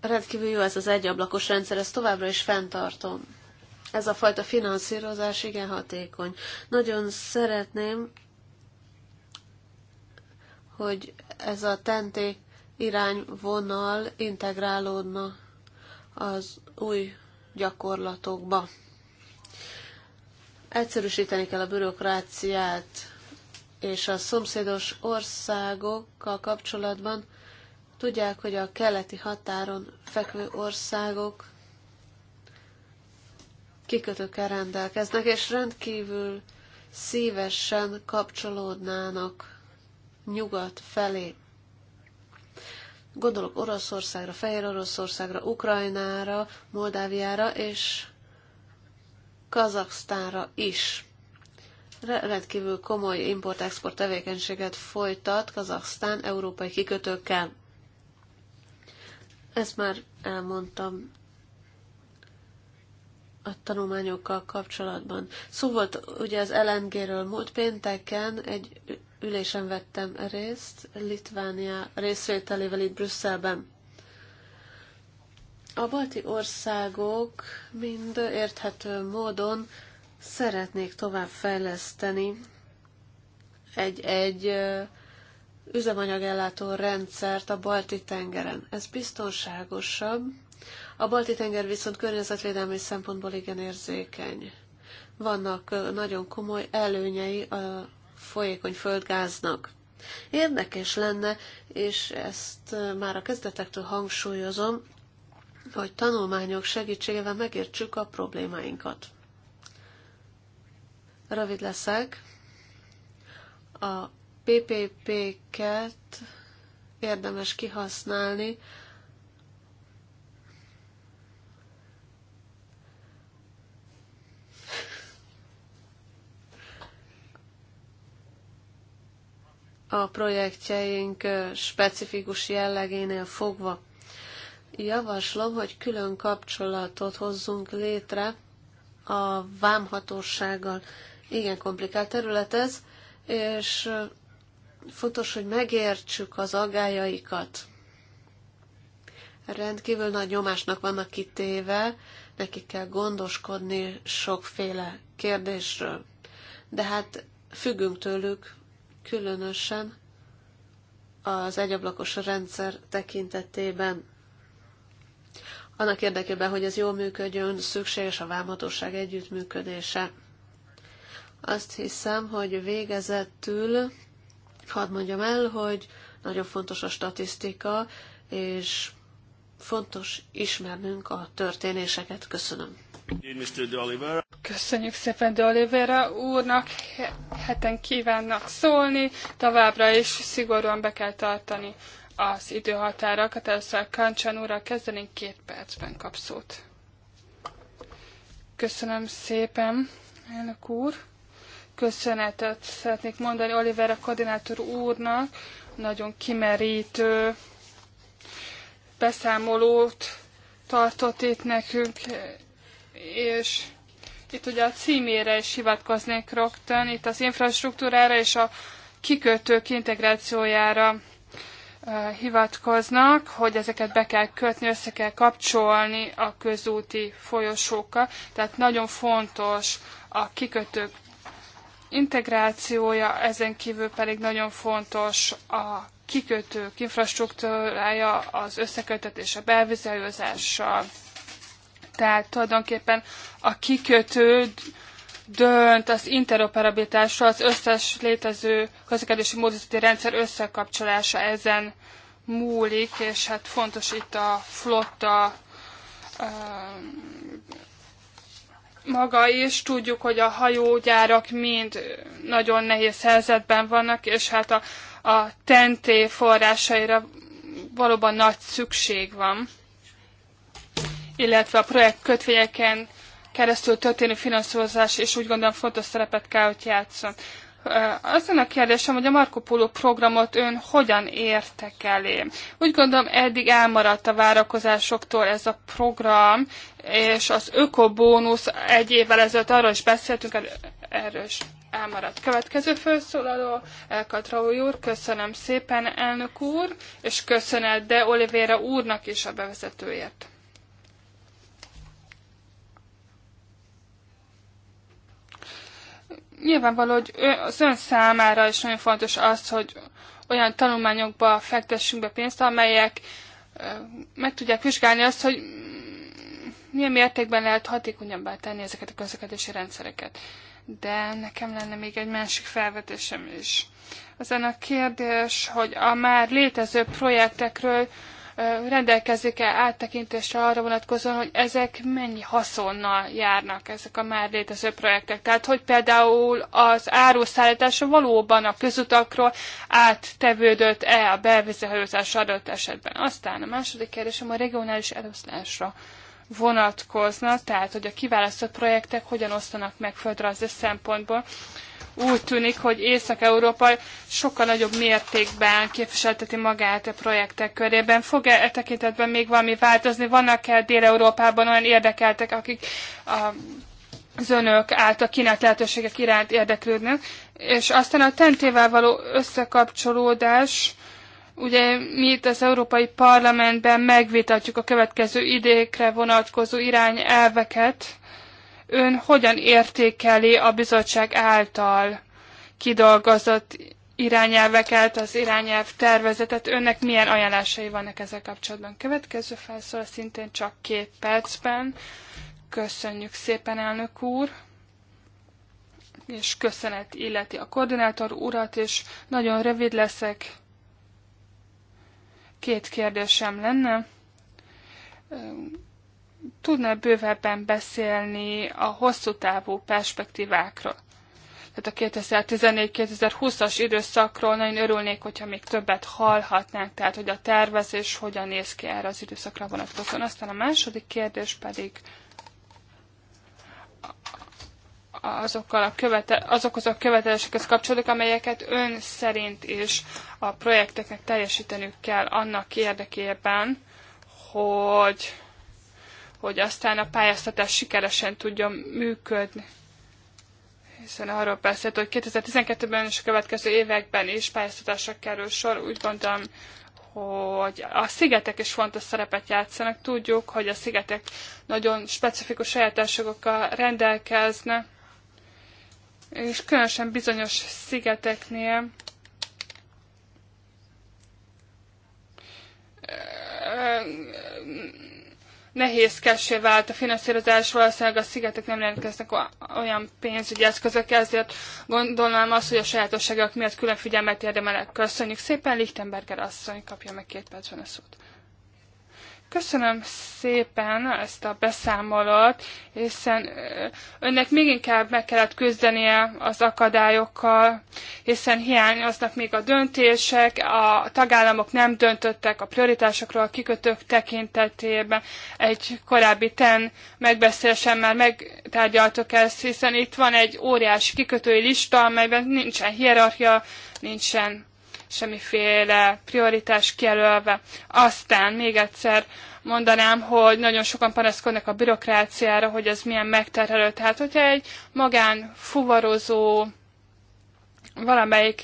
rendkívül jó ez az egyablakos rendszer, ezt továbbra is fenntartom. Ez a fajta finanszírozás igen hatékony. Nagyon szeretném, hogy ez a tenté irányvonal integrálódna az új gyakorlatokba. Egyszerűsíteni kell a bürokráciát, és a szomszédos országokkal kapcsolatban tudják, hogy a keleti határon fekvő országok kikötőkkel rendelkeznek, és rendkívül szívesen kapcsolódnának nyugat felé. Gondolok Oroszországra, Fehér Oroszországra, Ukrajnára, Moldáviára és Kazaksztánra is. Rendkívül komoly import-export tevékenységet folytat Kazaksztán európai kikötőkkel. Ezt már elmondtam a tanulmányokkal kapcsolatban. Szó volt ugye az LNG-ről múlt pénteken egy ülésen vettem részt, Litvánia részvételével itt Brüsszelben. A balti országok mind érthető módon szeretnék tovább fejleszteni egy-egy üzemanyagellátó rendszert a balti tengeren. Ez biztonságosabb, a balti tenger viszont környezetvédelmi szempontból igen érzékeny. Vannak nagyon komoly előnyei a folyékony földgáznak. Érdekes lenne, és ezt már a kezdetektől hangsúlyozom, hogy tanulmányok segítségével megértsük a problémáinkat. Rövid leszek. A PPP-ket érdemes kihasználni a projektjeink specifikus jellegénél fogva. Javaslom, hogy külön kapcsolatot hozzunk létre a vámhatósággal. Igen komplikált terület ez, és fontos, hogy megértsük az agájaikat. Rendkívül nagy nyomásnak vannak kitéve, nekik kell gondoskodni sokféle kérdésről. De hát függünk tőlük, különösen az egyablakos rendszer tekintetében. Annak érdekében, hogy ez jól működjön, szükséges a vámhatóság együttműködése. Azt hiszem, hogy végezettül, hadd mondjam el, hogy nagyon fontos a statisztika, és fontos ismernünk a történéseket. Köszönöm. Köszönjük szépen de Olivera úrnak, heten kívánnak szólni, továbbra is szigorúan be kell tartani az időhatárakat. Először Kancsán úrral kezdenénk, két percben kap szót. Köszönöm szépen, elnök úr. Köszönetet szeretnék mondani Olivera koordinátor úrnak, nagyon kimerítő beszámolót tartott itt nekünk, és itt ugye a címére is hivatkoznék rögtön, itt az infrastruktúrára és a kikötők integrációjára hivatkoznak, hogy ezeket be kell kötni, össze kell kapcsolni a közúti folyosókkal. Tehát nagyon fontos a kikötők integrációja, ezen kívül pedig nagyon fontos a kikötők infrastruktúrája, az összekötetés a belvizelőzással, tehát tulajdonképpen a kikötő dönt az interoperabilitásra, az összes létező közlekedési módozati rendszer összekapcsolása ezen múlik, és hát fontos itt a flotta maga is. Tudjuk, hogy a hajógyárak mind nagyon nehéz helyzetben vannak, és hát a, a tenté forrásaira valóban nagy szükség van illetve a projekt kötvényeken keresztül történő finanszírozás, és úgy gondolom fontos szerepet kell, hogy játszon. Az a kérdésem, hogy a Marco Polo programot ön hogyan értek elé? Úgy gondolom, eddig elmaradt a várakozásoktól ez a program, és az ökobónusz egy évvel ezelőtt arról is beszéltünk, erről is elmaradt. Következő felszólaló, Elkatra úr, köszönöm szépen, elnök úr, és köszönet de Olivéra úrnak is a bevezetőért. nyilvánvaló, hogy az ön számára is nagyon fontos az, hogy olyan tanulmányokba fektessünk be pénzt, amelyek meg tudják vizsgálni azt, hogy milyen mértékben lehet hatékonyabbá tenni ezeket a közlekedési rendszereket. De nekem lenne még egy másik felvetésem is. Ezen a kérdés, hogy a már létező projektekről rendelkezik-e áttekintésre arra vonatkozóan, hogy ezek mennyi haszonnal járnak ezek a már létező projektek. Tehát, hogy például az áruszállítása valóban a közutakról áttevődött-e a belvízi adott esetben. Aztán a második kérdésem a regionális eloszlásra vonatkozna, tehát hogy a kiválasztott projektek hogyan osztanak meg földrajzi szempontból úgy tűnik, hogy Észak-Európa sokkal nagyobb mértékben képviselteti magát a projektek körében. Fog-e e tekintetben még valami változni? Vannak-e Dél-Európában olyan érdekeltek, akik a az önök által kínált lehetőségek iránt érdeklődnek, és aztán a tentével való összekapcsolódás, ugye mi itt az Európai Parlamentben megvitatjuk a következő idékre vonatkozó irányelveket, ön hogyan értékeli a bizottság által kidolgozott irányelveket, az irányelv tervezetet, önnek milyen ajánlásai vannak ezzel kapcsolatban? Következő felszól szintén csak két percben. Köszönjük szépen, elnök úr! És köszönet illeti a koordinátor urat, és nagyon rövid leszek. Két kérdésem lenne tudna bővebben beszélni a hosszú távú perspektívákról? Tehát a 2014-2020-as időszakról nagyon örülnék, hogyha még többet hallhatnánk, tehát hogy a tervezés hogyan néz ki erre az időszakra vonatkozóan. Aztán a második kérdés pedig azokkal a követel, azokhoz a követelésekhez kapcsolódik, amelyeket ön szerint is a projekteknek teljesíteniük kell annak érdekében, hogy hogy aztán a pályáztatás sikeresen tudjon működni. Hiszen arról beszélt, hogy 2012-ben és a következő években is pályáztatásra kerül sor. Úgy gondolom, hogy a szigetek is fontos szerepet játszanak. Tudjuk, hogy a szigetek nagyon specifikus sajátosságokkal rendelkeznek, és különösen bizonyos szigeteknél nehézkessé vált a finanszírozás, valószínűleg a szigetek nem rendelkeznek olyan pénzügyi eszközök, ezért gondolnám azt, hogy a sajátosságok miatt külön figyelmet érdemelnek. Köszönjük szépen, Lichtenberger asszony kapja meg két percben a szót. Köszönöm szépen ezt a beszámolót, hiszen önnek még inkább meg kellett küzdenie az akadályokkal, hiszen hiányoznak még a döntések, a tagállamok nem döntöttek a prioritásokról a kikötők tekintetében. Egy korábbi ten megbeszélésen már megtárgyaltok ezt, hiszen itt van egy óriási kikötői lista, amelyben nincsen hierarchia, nincsen semmiféle prioritás kijelölve. Aztán még egyszer mondanám, hogy nagyon sokan panaszkodnak a bürokráciára, hogy ez milyen megterhelő. Tehát, hogyha egy magán fuvarozó valamelyik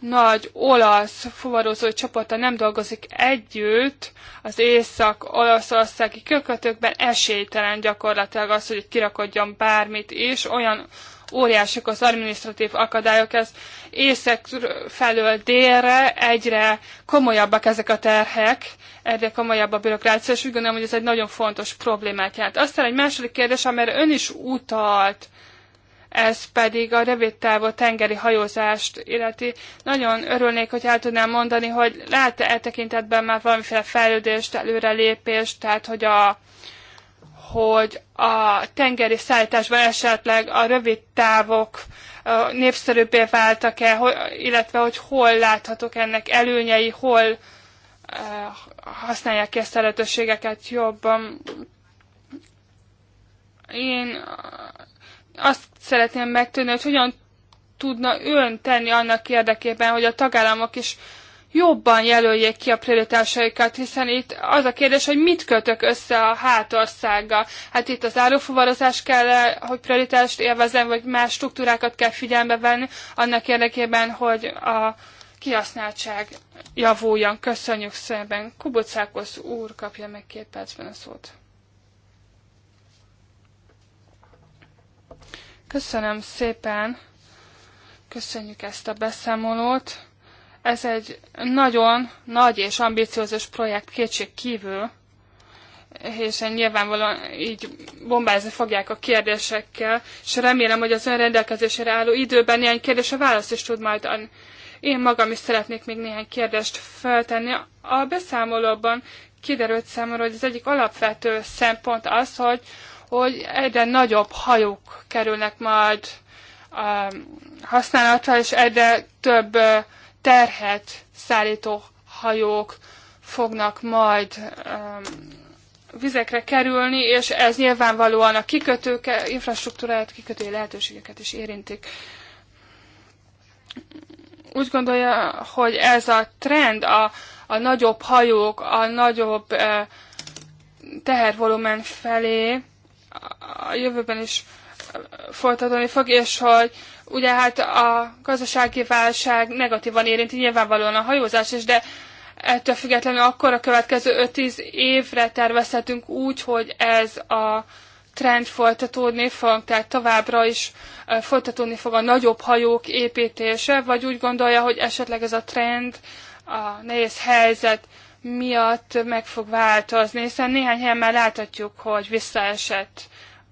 nagy olasz fuvarozó csoporta nem dolgozik együtt az észak-olaszországi kökötőkben, esélytelen gyakorlatilag az, hogy kirakadjon bármit is, olyan óriások az administratív akadályok, ez észak felől délre egyre komolyabbak ezek a terhek, egyre komolyabb a bürokrácia, és úgy gondolom, hogy ez egy nagyon fontos problémát jelent. Aztán egy második kérdés, amire ön is utalt, ez pedig a távú tengeri hajózást illeti. Nagyon örülnék, hogy el tudnám mondani, hogy lát-e e tekintetben már valamiféle fejlődést, előrelépést, tehát hogy a, hogy a tengeri szállításban esetleg a rövid távok népszerűbbé váltak-e, illetve hogy hol láthatók ennek előnyei, hol használják ki ezt a lehetőségeket jobban. Én azt szeretném megtudni, hogy hogyan tudna ön tenni annak érdekében, hogy a tagállamok is jobban jelöljék ki a prioritásaikat, hiszen itt az a kérdés, hogy mit kötök össze a hátországgal. Hát itt az árufuvarozás kell, hogy prioritást élvezem, vagy más struktúrákat kell figyelembe venni annak érdekében, hogy a kihasználtság javuljon. Köszönjük szépen. Kubucákos úr kapja meg két percben a szót. Köszönöm szépen. Köszönjük ezt a beszámolót ez egy nagyon nagy és ambiciózus projekt kétség kívül, és nyilvánvalóan így bombázni fogják a kérdésekkel, és remélem, hogy az ön rendelkezésére álló időben néhány a választ is tud majd adni. Én magam is szeretnék még néhány kérdést feltenni. A beszámolóban kiderült számomra, hogy az egyik alapvető szempont az, hogy, hogy egyre nagyobb hajók kerülnek majd um, használatra, és egyre több uh, terhet szállító hajók fognak majd um, vizekre kerülni, és ez nyilvánvalóan a kikötők infrastruktúráját, kikötői lehetőségeket is érintik. Úgy gondolja, hogy ez a trend, a, a nagyobb hajók, a nagyobb uh, tehervolumen felé a jövőben is folytatódni fog, és hogy ugye hát a gazdasági válság negatívan érinti nyilvánvalóan a hajózás is, de ettől függetlenül akkor a következő 5-10 évre tervezhetünk úgy, hogy ez a trend folytatódni fog, tehát továbbra is folytatódni fog a nagyobb hajók építése, vagy úgy gondolja, hogy esetleg ez a trend a nehéz helyzet miatt meg fog változni, hiszen néhány helyen már láthatjuk, hogy visszaesett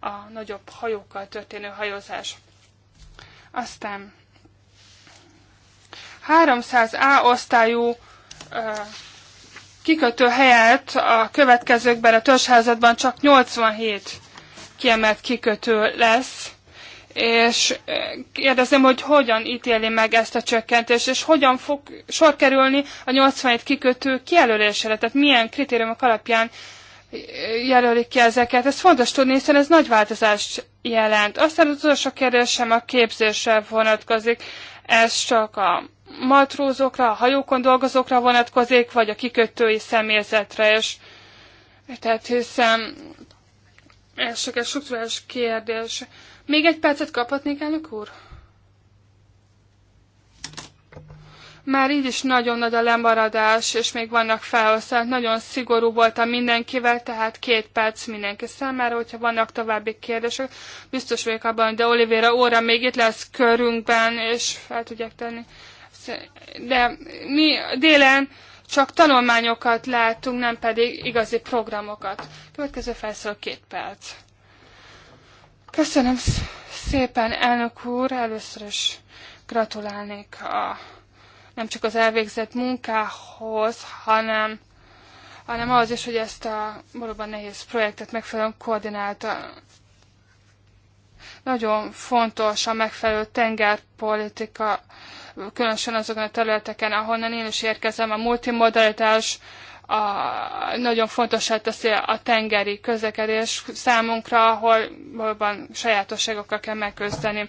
a nagyobb hajókkal történő hajózás. Aztán 300A osztályú kikötő helyett a következőkben a törzsházatban csak 87 kiemelt kikötő lesz, és kérdezem, hogy hogyan ítéli meg ezt a csökkentést, és hogyan fog sor kerülni a 87 kikötő kijelölésére, tehát milyen kritériumok alapján jelölik ki ezeket. Ez fontos tudni, hiszen ez nagy változást jelent. Aztán az utolsó sem a képzésre vonatkozik. Ez csak a matrózokra, a hajókon dolgozókra vonatkozik, vagy a kikötői személyzetre is. Tehát hiszen ez csak egy struktúrás kérdés. Még egy percet kaphatnék, elnök úr? már így is nagyon nagy a lemaradás, és még vannak felhasznált, Nagyon szigorú voltam mindenkivel, tehát két perc mindenki számára, hogyha vannak további kérdések. Biztos vagyok abban, de Olivéra óra még itt lesz körünkben, és fel tudják tenni. De mi délen csak tanulmányokat láttunk, nem pedig igazi programokat. Következő felszól két perc. Köszönöm szépen, elnök úr, először is gratulálnék a nem csak az elvégzett munkához, hanem, hanem az is, hogy ezt a valóban nehéz projektet megfelelően koordinálta. Nagyon fontos a megfelelő tengerpolitika, különösen azokon a területeken, ahonnan én is érkezem, a multimodalitás, a, nagyon hát teszi a tengeri közlekedés számunkra, ahol valóban sajátosságokkal kell megküzdeni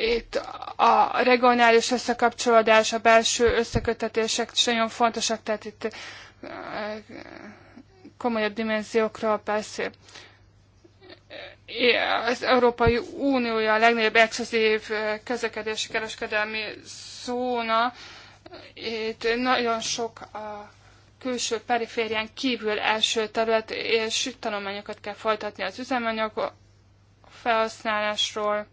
itt a regionális összekapcsolódás, a belső összekötetések is nagyon fontosak, tehát itt komolyabb dimenziókról beszél. Az Európai Uniója a legnagyobb exkluzív közlekedési kereskedelmi zóna, itt nagyon sok a külső periférián kívül első terület, és tanulmányokat kell folytatni az üzemanyag felhasználásról,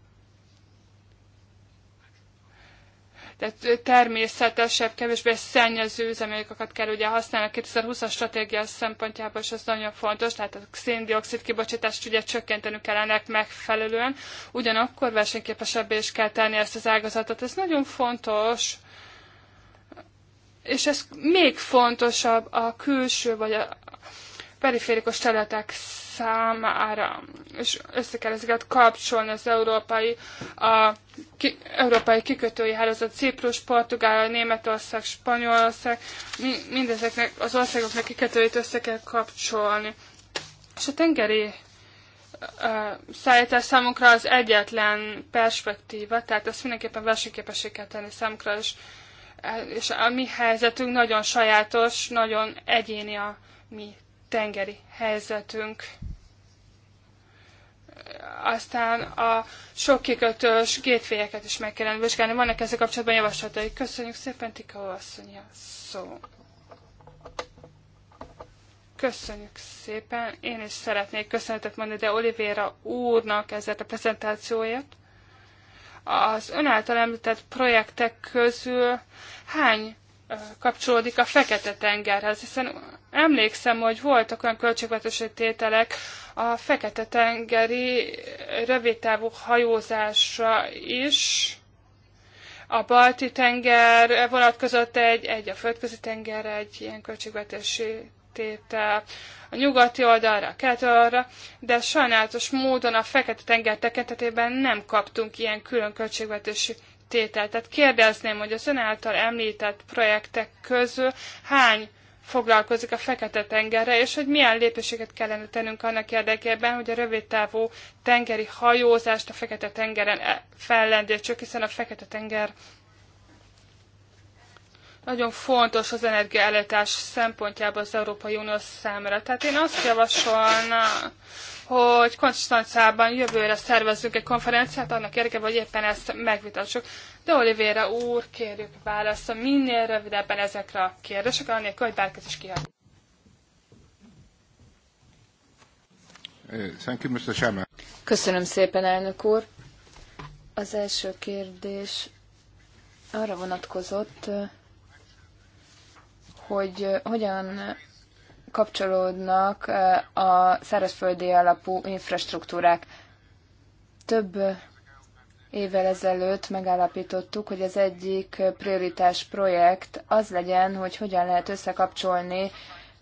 tehát természetesebb, kevésbé szennyező üzemanyagokat kell ugye használni. A 2020-as stratégia szempontjából is ez nagyon fontos, tehát a széndiokszid kibocsátást ugye csökkentenünk kell ennek megfelelően. Ugyanakkor versenyképesebbé is kell tenni ezt az ágazatot. Ez nagyon fontos, és ez még fontosabb a külső vagy a periférikus területek számára, és össze kell ezeket kapcsolni az európai, a, ki, európai kikötői hálózat, Ciprus, Portugál, Németország, Spanyolország, mi, mindezeknek az országoknak kikötőit össze kell kapcsolni. És a tengeri szállítás számunkra az egyetlen perspektíva, tehát ezt mindenképpen versenyképesség kell tenni számunkra, és, és a mi helyzetünk nagyon sajátos, nagyon egyéni a mi tengeri helyzetünk. Aztán a sok kikötős gétfélyeket is meg kellene vizsgálni. Vannak ezzel kapcsolatban javaslatai. Köszönjük szépen, Tika asszony, szó. Köszönjük szépen. Én is szeretnék köszönetet mondani, de Olivéra úrnak ezért a prezentációját. Az ön által említett projektek közül hány kapcsolódik a Fekete-tengerhez, hiszen emlékszem, hogy voltak olyan költségvetési tételek a Fekete-tengeri rövidtávú hajózásra is, a Balti-tenger vonatkozott egy, egy a Földközi-tengerre egy ilyen költségvetési tétel, a nyugati oldalra, a keleti oldalra, de sajnálatos módon a Fekete-tenger tekintetében nem kaptunk ilyen külön költségvetési tétel. Tehát kérdezném, hogy az ön által említett projektek közül hány foglalkozik a Fekete-tengerre, és hogy milyen lépéseket kellene tennünk annak érdekében, hogy a rövidtávú tengeri hajózást a Fekete-tengeren e- fellendítsük, hiszen a Fekete-tenger nagyon fontos az energiaellátás szempontjából az Európai Unió számára. Tehát én azt javasolnám, hogy Konstancában jövőre szervezzünk egy konferenciát, annak érdekében, hogy éppen ezt megvitassuk. De Olivéra úr, kérjük választ minél rövidebben ezekre a kérdésekre, annélkül, hogy bárkit is kihagy. Eh, Köszönöm szépen, elnök úr. Az első kérdés arra vonatkozott, eh, hogy eh, hogyan kapcsolódnak a szárazföldi alapú infrastruktúrák. Több évvel ezelőtt megállapítottuk, hogy az egyik prioritás projekt az legyen, hogy hogyan lehet összekapcsolni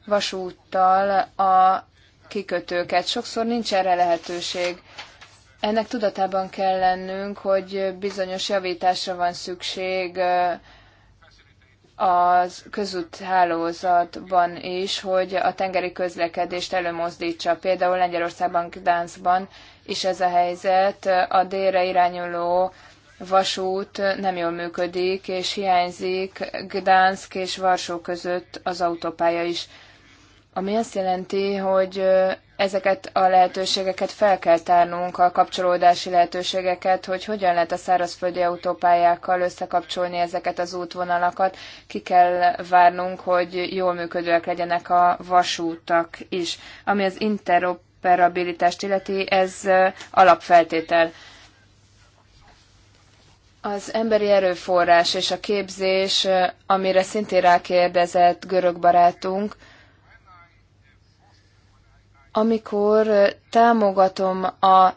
vasúttal a kikötőket. Sokszor nincs erre lehetőség. Ennek tudatában kell lennünk, hogy bizonyos javításra van szükség az közút hálózatban is, hogy a tengeri közlekedést előmozdítsa. Például Lengyelországban, Gdanszban is ez a helyzet. A délre irányuló vasút nem jól működik, és hiányzik Gdansk és Varsó között az autópálya is. Ami azt jelenti, hogy ezeket a lehetőségeket fel kell tárnunk, a kapcsolódási lehetőségeket, hogy hogyan lehet a szárazföldi autópályákkal összekapcsolni ezeket az útvonalakat. Ki kell várnunk, hogy jól működőek legyenek a vasútak is. Ami az interoperabilitást illeti, ez alapfeltétel. Az emberi erőforrás és a képzés, amire szintén rákérdezett görög barátunk, amikor támogatom a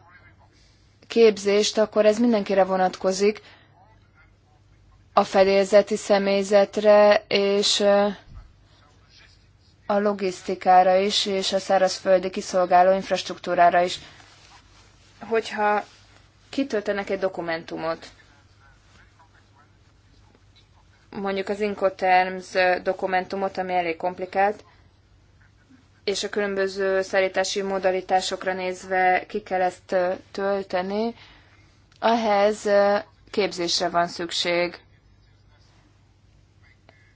képzést, akkor ez mindenkire vonatkozik, a fedélzeti személyzetre és a logisztikára is, és a szárazföldi kiszolgáló infrastruktúrára is. Hogyha kitöltenek egy dokumentumot, mondjuk az Incoterms dokumentumot, ami elég komplikált, és a különböző szállítási modalitásokra nézve ki kell ezt tölteni, ahhez képzésre van szükség,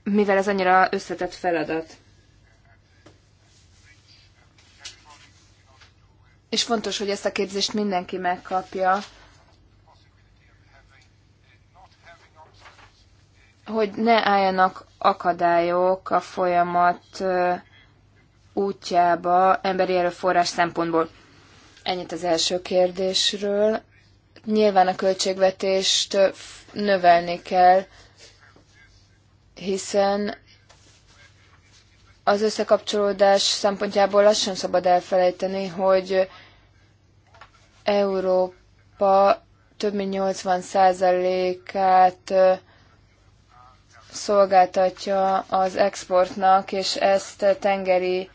mivel ez annyira összetett feladat. És fontos, hogy ezt a képzést mindenki megkapja, hogy ne álljanak akadályok a folyamat útjába emberi erőforrás szempontból. Ennyit az első kérdésről. Nyilván a költségvetést növelni kell, hiszen az összekapcsolódás szempontjából azt sem szabad elfelejteni, hogy Európa több mint 80%-át szolgáltatja az exportnak, és ezt tengeri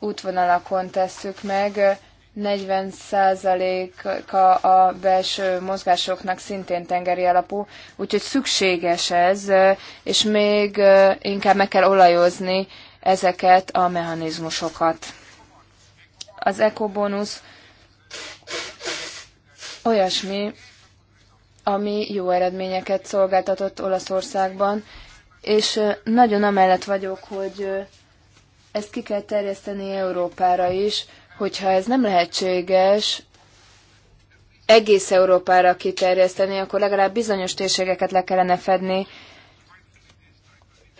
útvonalakon tesszük meg. 40%-a a belső mozgásoknak szintén tengeri alapú, úgyhogy szükséges ez, és még inkább meg kell olajozni ezeket a mechanizmusokat. Az ekobónusz olyasmi, ami jó eredményeket szolgáltatott Olaszországban, és nagyon amellett vagyok, hogy ezt ki kell terjeszteni Európára is, hogyha ez nem lehetséges, egész Európára kiterjeszteni, akkor legalább bizonyos térségeket le kellene fedni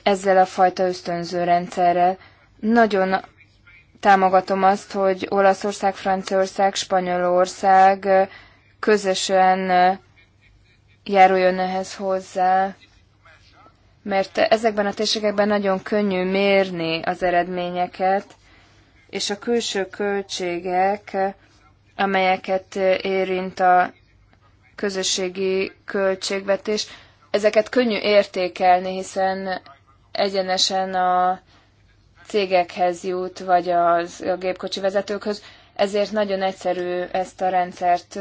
ezzel a fajta ösztönző rendszerrel. Nagyon támogatom azt, hogy Olaszország, Franciaország, Spanyolország közösen járuljon ehhez hozzá mert ezekben a térségekben nagyon könnyű mérni az eredményeket, és a külső költségek, amelyeket érint a közösségi költségvetés, ezeket könnyű értékelni, hiszen egyenesen a cégekhez jut, vagy az, a gépkocsi vezetőkhöz, ezért nagyon egyszerű ezt a rendszert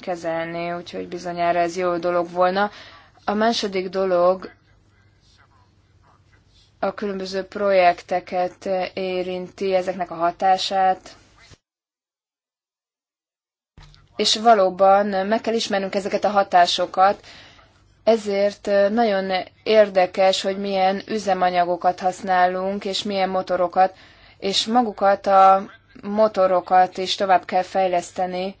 kezelni, úgyhogy bizonyára ez jó dolog volna. A második dolog a különböző projekteket érinti, ezeknek a hatását. És valóban meg kell ismernünk ezeket a hatásokat, ezért nagyon érdekes, hogy milyen üzemanyagokat használunk, és milyen motorokat, és magukat a motorokat is tovább kell fejleszteni.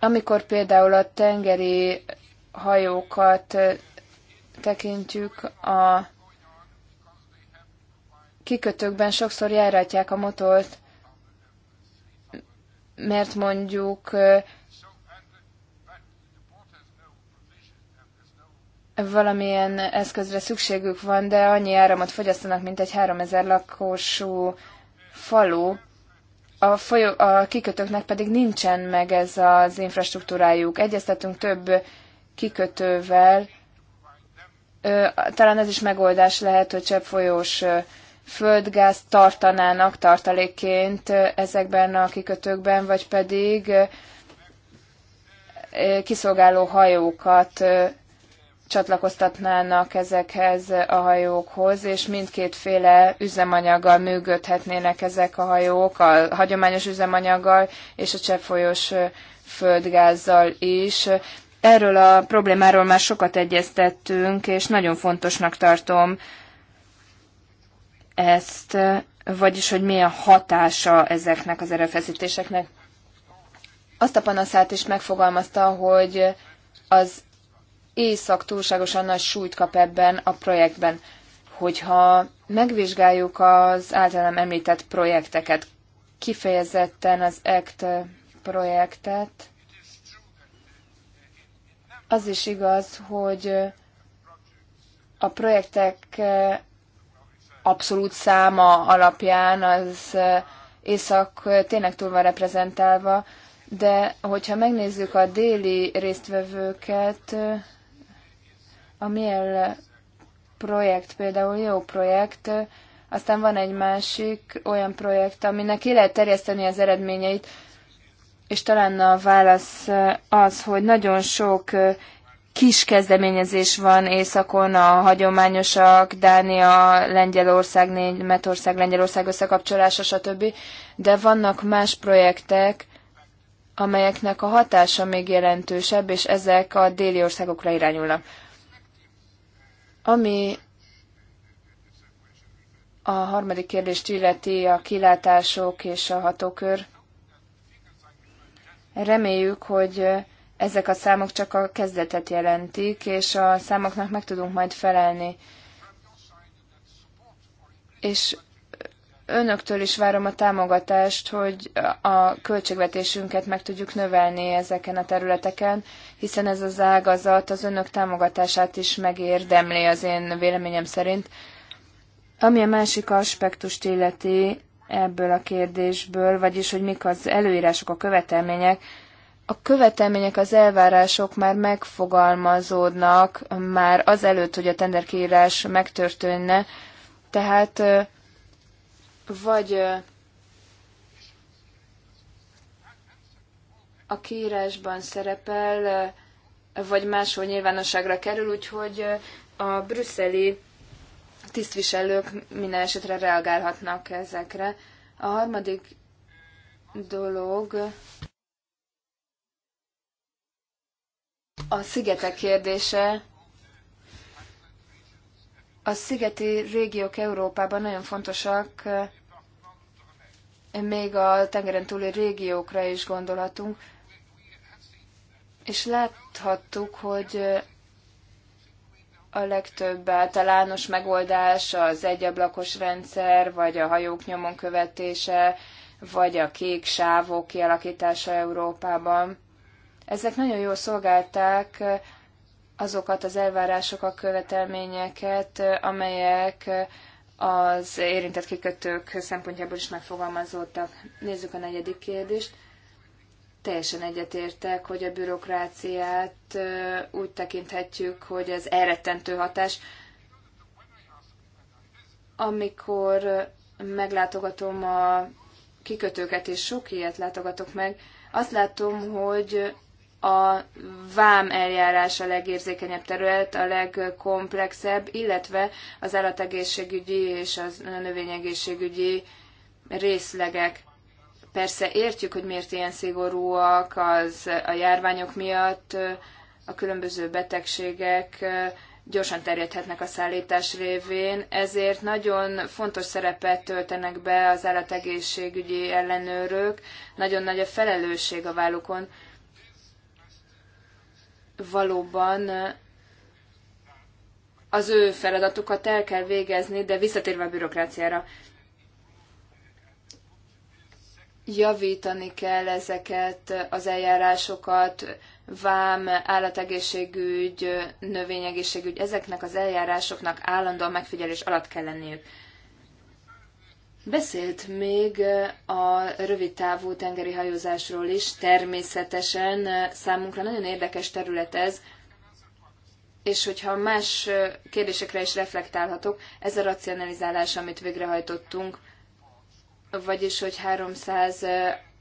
Amikor például a tengeri hajókat tekintjük, a kikötőkben sokszor járatják a motort, mert mondjuk valamilyen eszközre szükségük van, de annyi áramot fogyasztanak, mint egy 3000 lakosú falu. A, folyó, a kikötőknek pedig nincsen meg ez az infrastruktúrájuk. Egyeztetünk több kikötővel, talán ez is megoldás lehet, hogy cseppfolyós földgáz tartanának tartalékként ezekben a kikötőkben, vagy pedig kiszolgáló hajókat csatlakoztatnának ezekhez a hajókhoz, és mindkétféle üzemanyaggal működhetnének ezek a hajók, a hagyományos üzemanyaggal és a cseppfolyós földgázzal is. Erről a problémáról már sokat egyeztettünk, és nagyon fontosnak tartom ezt, vagyis hogy milyen hatása ezeknek az erőfeszítéseknek. Azt a panaszát is megfogalmazta, hogy az éjszak túlságosan nagy súlyt kap ebben a projektben. Hogyha megvizsgáljuk az általam említett projekteket, kifejezetten az ECT projektet, az is igaz, hogy a projektek abszolút száma alapján az észak tényleg túl van reprezentálva, de hogyha megnézzük a déli résztvevőket, a Miel projekt például jó projekt, aztán van egy másik olyan projekt, aminek ki lehet terjeszteni az eredményeit, és talán a válasz eh, az, hogy nagyon sok eh, kis kezdeményezés van északon, a hagyományosak, Dánia, Lengyelország, Németország, Lengyelország összekapcsolása, stb. De vannak más projektek, amelyeknek a hatása még jelentősebb, és ezek a déli országokra irányulnak. Ami a harmadik kérdést illeti a kilátások és a hatókör, Reméljük, hogy ezek a számok csak a kezdetet jelentik, és a számoknak meg tudunk majd felelni. És önöktől is várom a támogatást, hogy a költségvetésünket meg tudjuk növelni ezeken a területeken, hiszen ez az ágazat az önök támogatását is megérdemli az én véleményem szerint. Ami a másik aspektust illeti, ebből a kérdésből, vagyis hogy mik az előírások, a követelmények. A követelmények, az elvárások már megfogalmazódnak, már azelőtt, hogy a tenderkiírás megtörténne, tehát vagy a kiírásban szerepel, vagy máshol nyilvánosságra kerül, úgyhogy a brüsszeli tisztviselők minden esetre reagálhatnak ezekre. A harmadik dolog a szigetek kérdése. A szigeti régiók Európában nagyon fontosak, még a tengeren túli régiókra is gondolhatunk, és láthattuk, hogy a legtöbb általános megoldás az egyablakos rendszer, vagy a hajók nyomon követése, vagy a kék sávok kialakítása Európában. Ezek nagyon jól szolgálták azokat az elvárásokat, követelményeket, amelyek az érintett kikötők szempontjából is megfogalmazódtak. Nézzük a negyedik kérdést teljesen egyetértek, hogy a bürokráciát úgy tekinthetjük, hogy ez elrettentő hatás. Amikor meglátogatom a kikötőket, és sok ilyet látogatok meg, azt látom, hogy a vám eljárás a legérzékenyebb terület, a legkomplexebb, illetve az állategészségügyi és az növényegészségügyi részlegek Persze értjük, hogy miért ilyen szigorúak az a járványok miatt, a különböző betegségek gyorsan terjedhetnek a szállítás révén, ezért nagyon fontos szerepet töltenek be az állategészségügyi ellenőrök, nagyon nagy a felelősség a vállukon. Valóban az ő feladatukat el kell végezni, de visszatérve a bürokráciára javítani kell ezeket az eljárásokat, vám, állategészségügy, növényegészségügy, ezeknek az eljárásoknak állandóan megfigyelés alatt kell lenniük. Beszélt még a rövidtávú tengeri hajózásról is, természetesen számunkra nagyon érdekes terület ez, és hogyha más kérdésekre is reflektálhatok, ez a racionalizálás, amit végrehajtottunk, vagyis hogy 300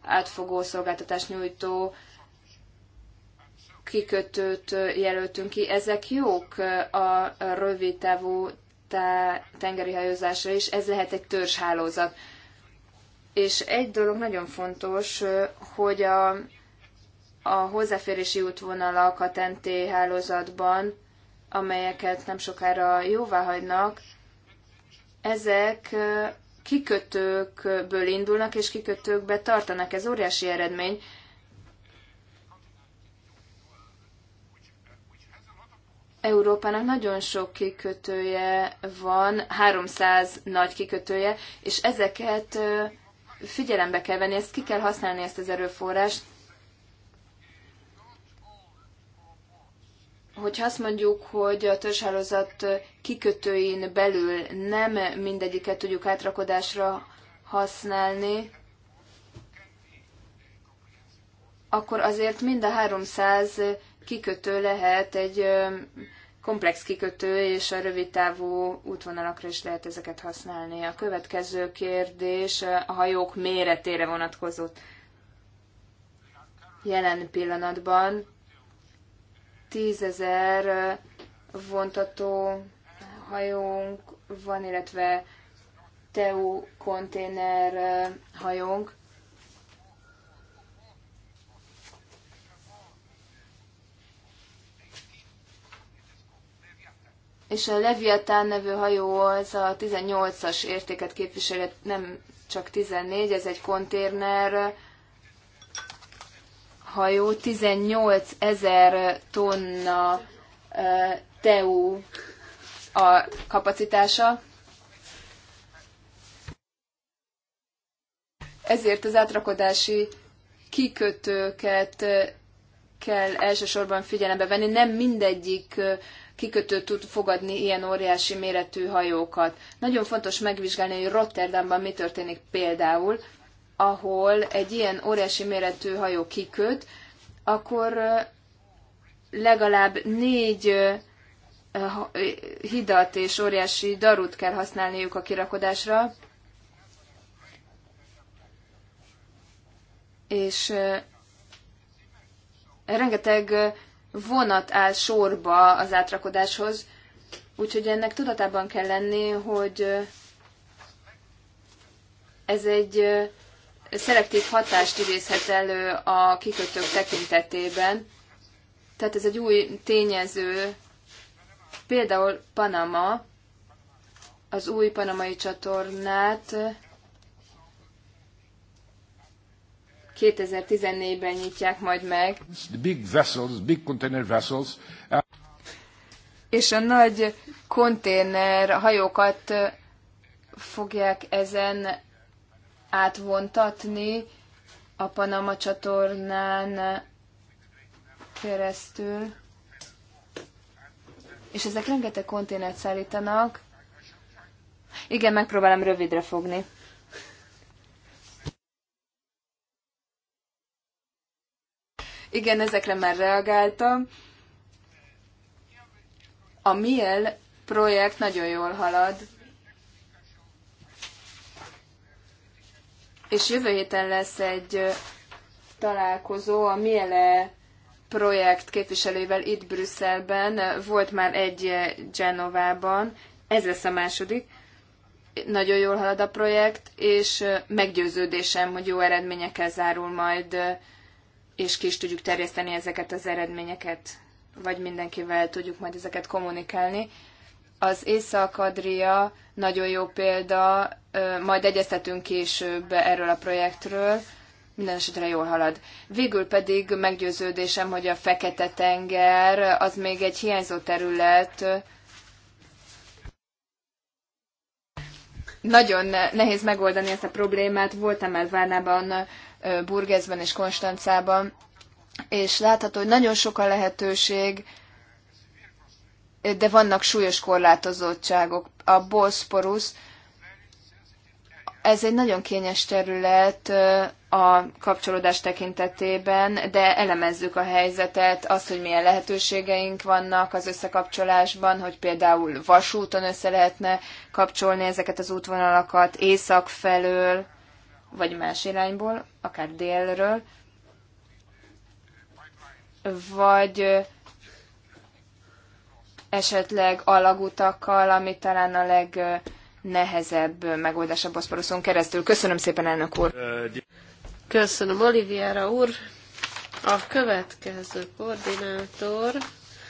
átfogó szolgáltatást nyújtó kikötőt jelöltünk ki. Ezek jók a rövid távú tengeri hajózásra is, ez lehet egy törzshálózat. És egy dolog nagyon fontos, hogy a, a hozzáférési útvonalak a TNT hálózatban, amelyeket nem sokára jóvá hagynak, ezek kikötőkből indulnak, és kikötőkbe tartanak. Ez óriási eredmény. Európának nagyon sok kikötője van, 300 nagy kikötője, és ezeket figyelembe kell venni, ezt ki kell használni, ezt az erőforrást. hogyha azt mondjuk, hogy a törzshálózat kikötőin belül nem mindegyiket tudjuk átrakodásra használni, akkor azért mind a 300 kikötő lehet egy komplex kikötő, és a távú útvonalakra is lehet ezeket használni. A következő kérdés a hajók méretére vonatkozott. Jelen pillanatban tízezer vontató hajónk van, illetve TEU konténer hajónk. És a Leviatán nevű hajó az a 18-as értéket képviselett, nem csak 14, ez egy konténer hajó 18 ezer tonna TEU a kapacitása. Ezért az átrakodási kikötőket kell elsősorban figyelembe venni. Nem mindegyik kikötő tud fogadni ilyen óriási méretű hajókat. Nagyon fontos megvizsgálni, hogy Rotterdamban mi történik például, ahol egy ilyen óriási méretű hajó kiköt, akkor legalább négy hidat és óriási darut kell használniuk a kirakodásra, és rengeteg vonat áll sorba az átrakodáshoz, úgyhogy ennek tudatában kell lenni, hogy ez egy szelektív hatást idézhet elő a kikötők tekintetében. Tehát ez egy új tényező, például Panama, az új panamai csatornát 2014-ben nyitják majd meg. The big vessels, big container vessels. És a nagy konténer hajókat fogják ezen átvontatni a Panama csatornán keresztül. És ezek rengeteg konténert szállítanak. Igen, megpróbálom rövidre fogni. Igen, ezekre már reagáltam. A Miel projekt nagyon jól halad. és jövő héten lesz egy találkozó a Miele projekt képviselővel itt Brüsszelben, volt már egy Genovában, ez lesz a második. Nagyon jól halad a projekt, és meggyőződésem, hogy jó eredményekkel zárul majd, és ki is tudjuk terjeszteni ezeket az eredményeket, vagy mindenkivel tudjuk majd ezeket kommunikálni. Az Észak-Adria nagyon jó példa, majd egyeztetünk később erről a projektről, minden esetre jól halad. Végül pedig meggyőződésem, hogy a Fekete-tenger az még egy hiányzó terület, nagyon nehéz megoldani ezt a problémát. Voltam már Várnában, Burgeszben és Konstancában, és látható, hogy nagyon sok a lehetőség, de vannak súlyos korlátozottságok. A Bosporus, ez egy nagyon kényes terület a kapcsolódás tekintetében, de elemezzük a helyzetet, azt, hogy milyen lehetőségeink vannak az összekapcsolásban, hogy például vasúton össze lehetne kapcsolni ezeket az útvonalakat észak felől, vagy más irányból, akár délről, vagy esetleg alagutakkal, ami talán a legnehezebb megoldás a Boszporuszon keresztül. Köszönöm szépen, elnök úr! Köszönöm, Oliviára úr! A következő koordinátor,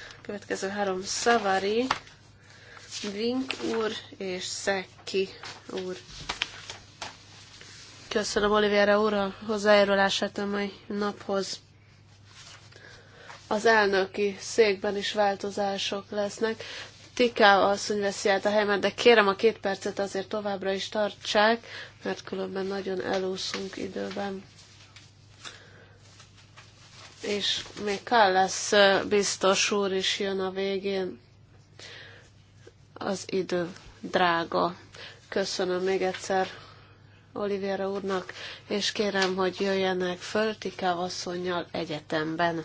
a következő három Szavari, Vink úr és Szekki úr. Köszönöm Oliviára úr a hozzájárulását a mai naphoz az elnöki székben is változások lesznek. Tiká asszony veszi át a helyemet, de kérem a két percet azért továbbra is tartsák, mert különben nagyon elúszunk időben. És még lesz biztos úr is jön a végén. Az idő drága. Köszönöm még egyszer Olivéra úrnak, és kérem, hogy jöjjenek föl Tiká asszonynal egyetemben.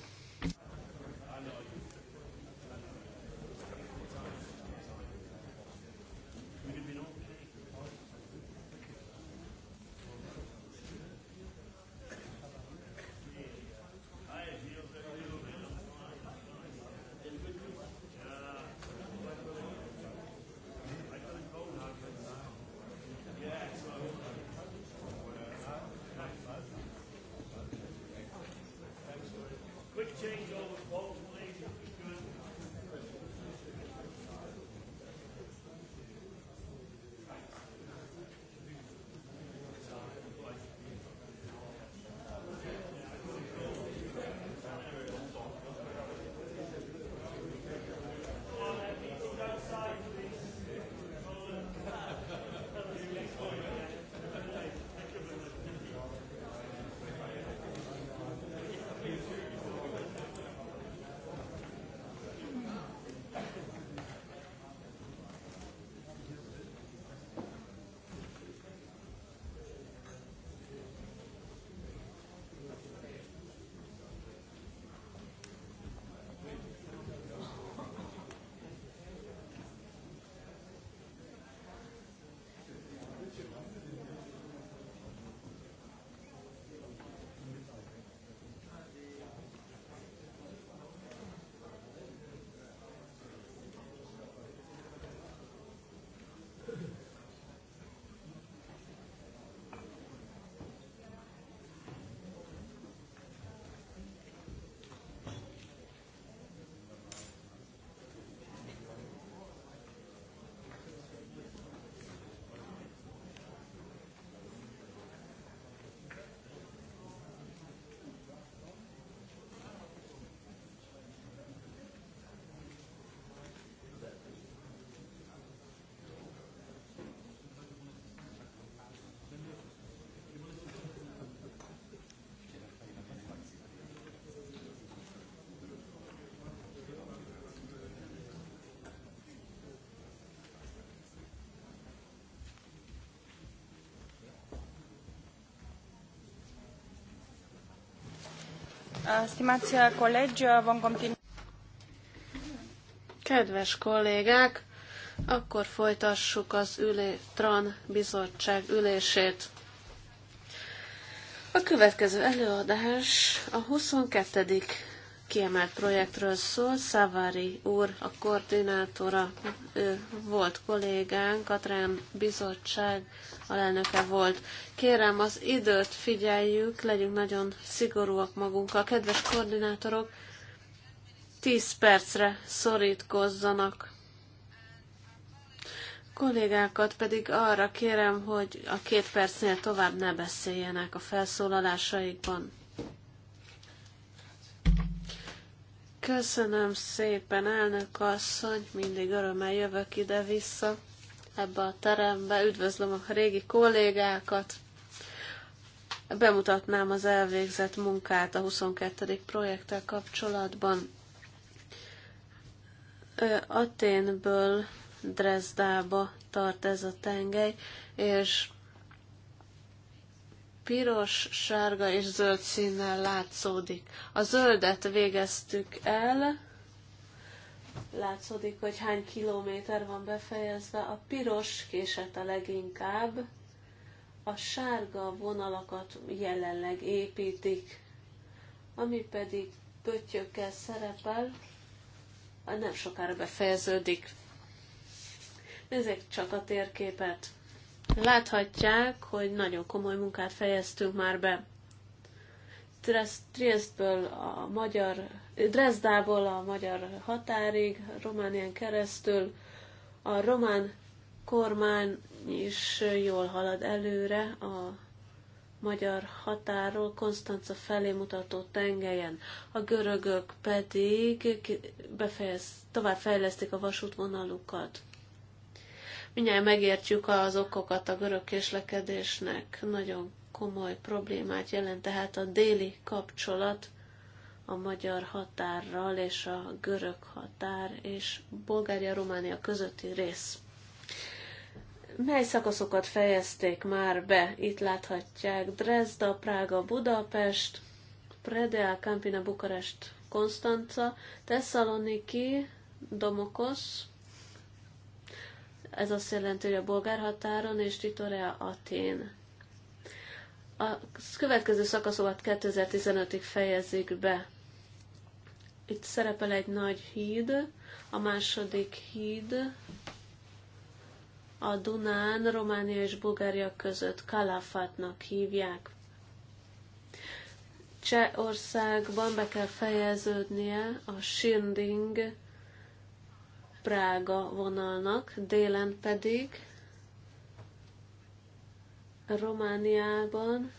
Uh, stimați uh, colegi, uh, vom continua. Kedves kollégák, akkor folytassuk az ülé, TRAN bizottság ülését. A következő előadás a 22. kiemelt projektről szól. Szavári úr, a koordinátora, ő volt kollégánk a TRAN bizottság alelnöke volt. Kérem, az időt figyeljük, legyünk nagyon szigorúak magunkkal. Kedves koordinátorok, 10 percre szorítkozzanak. Kollégákat pedig arra kérem, hogy a két percnél tovább ne beszéljenek a felszólalásaikban. Köszönöm szépen, elnök asszony, mindig örömmel jövök ide-vissza ebbe a terembe. Üdvözlöm a régi kollégákat. Bemutatnám az elvégzett munkát a 22. projekttel kapcsolatban. Aténből Dresdába tart ez a tengely, és piros, sárga és zöld színnel látszódik. A zöldet végeztük el, Látszódik, hogy hány kilométer van befejezve. A piros késett a leginkább. A sárga vonalakat jelenleg építik. Ami pedig pöttyökkel szerepel, nem sokára befejeződik. Nézzék csak a térképet. Láthatják, hogy nagyon komoly munkát fejeztünk már be. Triestből a magyar Dresdából a magyar határig, Románián keresztül. A román kormány is jól halad előre a magyar határól Konstanca felé mutató tengelyen. A görögök pedig befejez, tovább fejlesztik a vasútvonalukat. Mindjárt megértjük az okokat a görög késlekedésnek. Nagyon komoly problémát jelent tehát a déli kapcsolat a magyar határral és a görög határ és Bulgária-Románia közötti rész. Mely szakaszokat fejezték már be? Itt láthatják Dresda, Prága, Budapest, Predea, Campina, Bukarest, Konstanca, Tessaloniki, Domokos. ez azt jelenti, hogy a bolgár határon és Titorea Atén. A következő szakaszokat 2015-ig fejezik be. Itt szerepel egy nagy híd, a második híd a Dunán, Románia és Bulgária között Kalafatnak hívják. Csehországban be kell fejeződnie a Sinding Prága vonalnak, délen pedig Romániában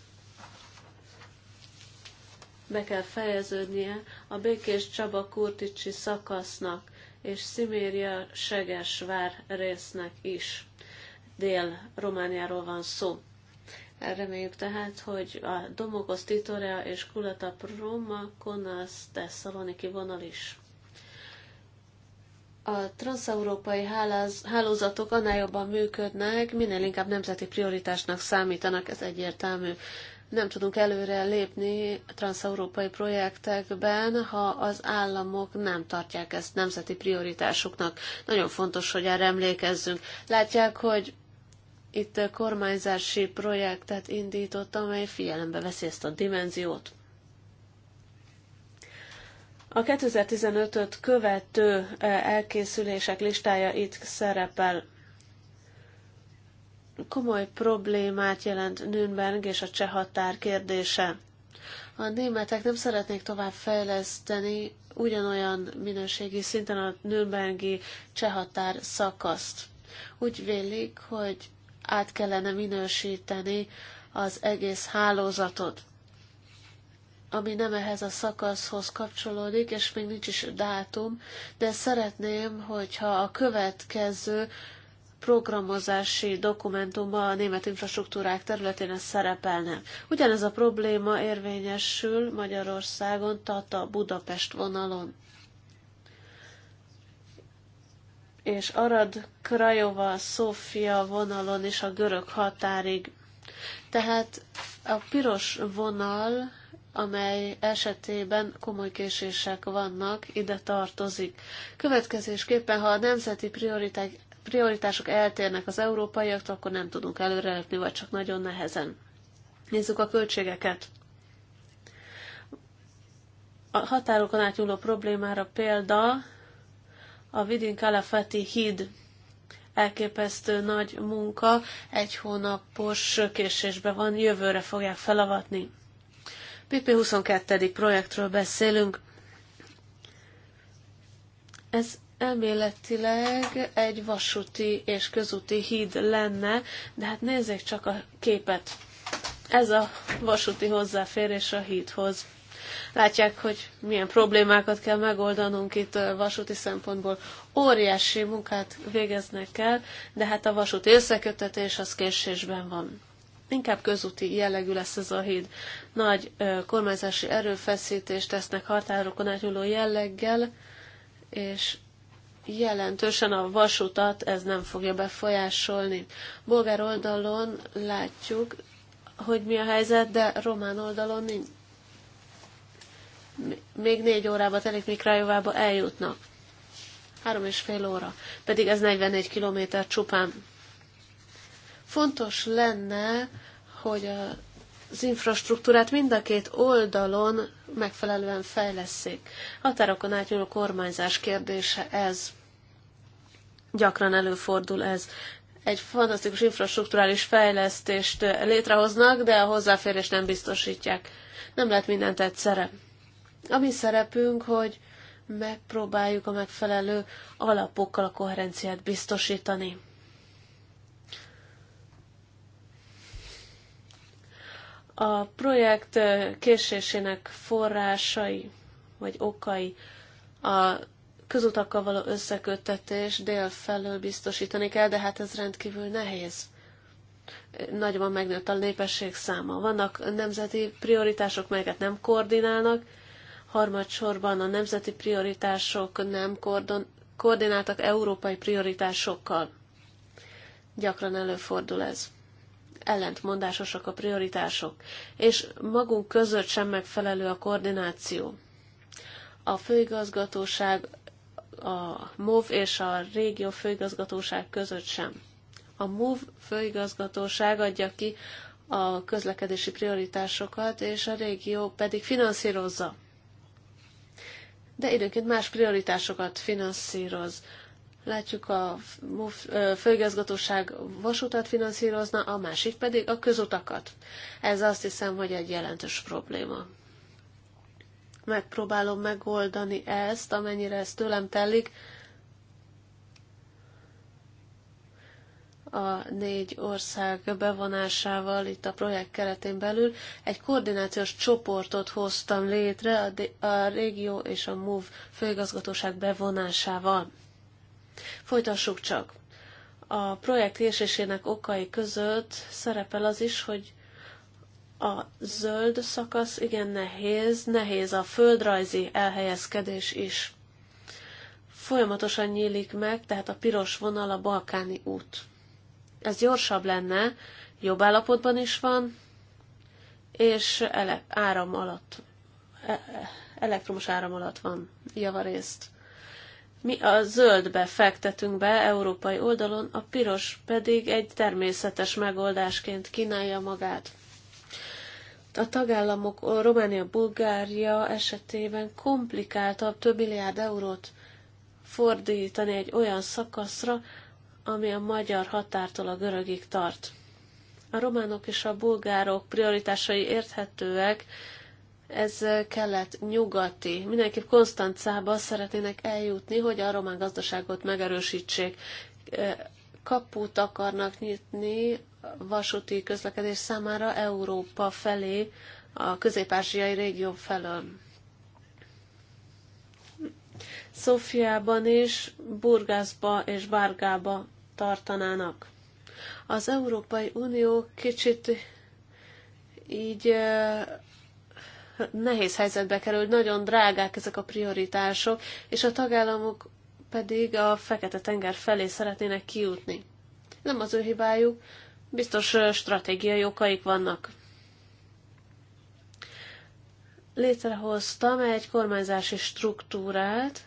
be kell fejeződnie a Békés Csaba Kurticsi szakasznak és Sziméria Segesvár résznek is. Dél-Romániáról van szó. Reméljük tehát, hogy a Domokos Titorea és Kulata Proma Konasz Tesszaloniki vonal is. A transeurópai hálózatok annál jobban működnek, minél inkább nemzeti prioritásnak számítanak, ez egyértelmű nem tudunk előre lépni transeurópai projektekben, ha az államok nem tartják ezt nemzeti prioritásuknak. Nagyon fontos, hogy erre emlékezzünk. Látják, hogy itt kormányzási projektet indított, amely figyelembe veszi ezt a dimenziót. A 2015-öt követő eh, elkészülések listája itt szerepel komoly problémát jelent Nürnberg és a cseh határ kérdése. A németek nem szeretnék tovább fejleszteni ugyanolyan minőségi szinten a Nürnbergi cseh határ szakaszt. Úgy vélik, hogy át kellene minősíteni az egész hálózatot, ami nem ehhez a szakaszhoz kapcsolódik, és még nincs is dátum, de szeretném, hogyha a következő programozási dokumentumban a német infrastruktúrák területén ez szerepelne. Ugyanez a probléma érvényesül Magyarországon, Tata-Budapest vonalon. És Arad, Krajova, Szófia vonalon és a görög határig. Tehát a piros vonal, amely esetében komoly késések vannak, ide tartozik. Következésképpen, ha a nemzeti prioritá prioritások eltérnek az európaiaktól, akkor nem tudunk előrelépni, vagy csak nagyon nehezen. Nézzük a költségeket. A határokon átnyúló problémára példa a Vidin Kalafati híd elképesztő nagy munka, egy hónapos késésben van, jövőre fogják felavatni. PP22. projektről beszélünk. Ez elméletileg egy vasúti és közúti híd lenne, de hát nézzék csak a képet. Ez a vasúti hozzáférés a hídhoz. Látják, hogy milyen problémákat kell megoldanunk itt a vasúti szempontból. Óriási munkát végeznek el, de hát a vasúti összekötetés az késésben van. Inkább közúti jellegű lesz ez a híd. Nagy kormányzási erőfeszítést tesznek határokon átnyúló jelleggel, és jelentősen a vasutat ez nem fogja befolyásolni. Bolgár oldalon látjuk, hogy mi a helyzet, de román oldalon nincs. Még négy órába telik, míg Krajovába eljutnak. Három és fél óra. Pedig ez 44 kilométer csupán. Fontos lenne, hogy a az infrastruktúrát mind a két oldalon megfelelően fejleszik. Határokon átnyúló kormányzás kérdése ez. Gyakran előfordul ez. Egy fantasztikus infrastruktúrális fejlesztést eh, létrehoznak, de a hozzáférést nem biztosítják. Nem lehet mindent egyszerre. A mi szerepünk, hogy megpróbáljuk a megfelelő alapokkal a koherenciát biztosítani. A projekt eh, késésének forrásai vagy okai a közutakkal való összeköttetés dél felől biztosítani kell, de hát ez rendkívül nehéz. Nagyban megnőtt a népesség száma. Vannak nemzeti prioritások, melyeket nem koordinálnak, harmadsorban a nemzeti prioritások nem kordon, koordináltak európai prioritásokkal. Gyakran előfordul ez. Ellentmondásosak a prioritások, és magunk között sem megfelelő a koordináció. A főigazgatóság a MOV és a régió főigazgatóság között sem. A MOV főigazgatóság adja ki a közlekedési prioritásokat, és a régió pedig finanszírozza. De időnként más prioritásokat finanszíroz. Látjuk, a főigazgatóság vasutat finanszírozna, a másik pedig a közutakat. Ez azt hiszem, hogy egy jelentős probléma megpróbálom megoldani ezt, amennyire ez tőlem telik. a négy ország bevonásával itt a projekt keretén belül egy koordinációs csoportot hoztam létre a, a régió és a MOV főigazgatóság bevonásával. Folytassuk csak. A projekt érsésének okai között szerepel az is, hogy a zöld szakasz igen nehéz, nehéz a földrajzi elhelyezkedés is. Folyamatosan nyílik meg, tehát a piros vonal a balkáni út. Ez gyorsabb lenne, jobb állapotban is van, és ele- áram alatt, e- e- elektromos áram alatt van javarészt. Mi a zöldbe fektetünk be európai oldalon, a piros pedig egy természetes megoldásként kínálja magát a tagállamok a Románia, Bulgária esetében komplikáltabb több milliárd eurót fordítani egy olyan szakaszra, ami a magyar határtól a görögig tart. A románok és a bulgárok prioritásai érthetőek, ez kellett nyugati Mindenképp Konstancába szeretnének eljutni, hogy a román gazdaságot megerősítsék. Kaput akarnak nyitni vasúti közlekedés számára Európa felé, a közép-ázsiai régió felől. Szofiában is, Burgászba és Bárgába tartanának. Az Európai Unió kicsit így nehéz helyzetbe kerül, nagyon drágák ezek a prioritások, és a tagállamok pedig a Fekete-tenger felé szeretnének kijutni. Nem az ő hibájuk, Biztos stratégiai okaik vannak. Létrehoztam egy kormányzási struktúrát,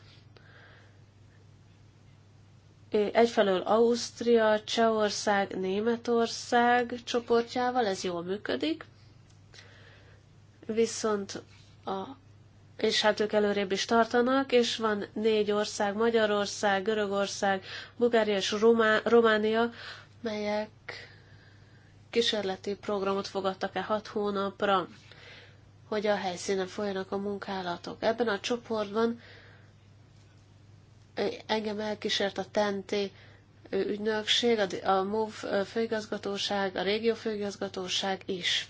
egyfelől Ausztria, Csehország, Németország csoportjával, ez jól működik, viszont a, és hát ők előrébb is tartanak, és van négy ország, Magyarország, Görögország, Bulgária és Romá, Románia, melyek kísérleti programot fogadtak el hat hónapra, hogy a helyszínen folyanak a munkálatok. Ebben a csoportban engem elkísért a TENTI ügynökség, a MOV főigazgatóság, a régió főigazgatóság is.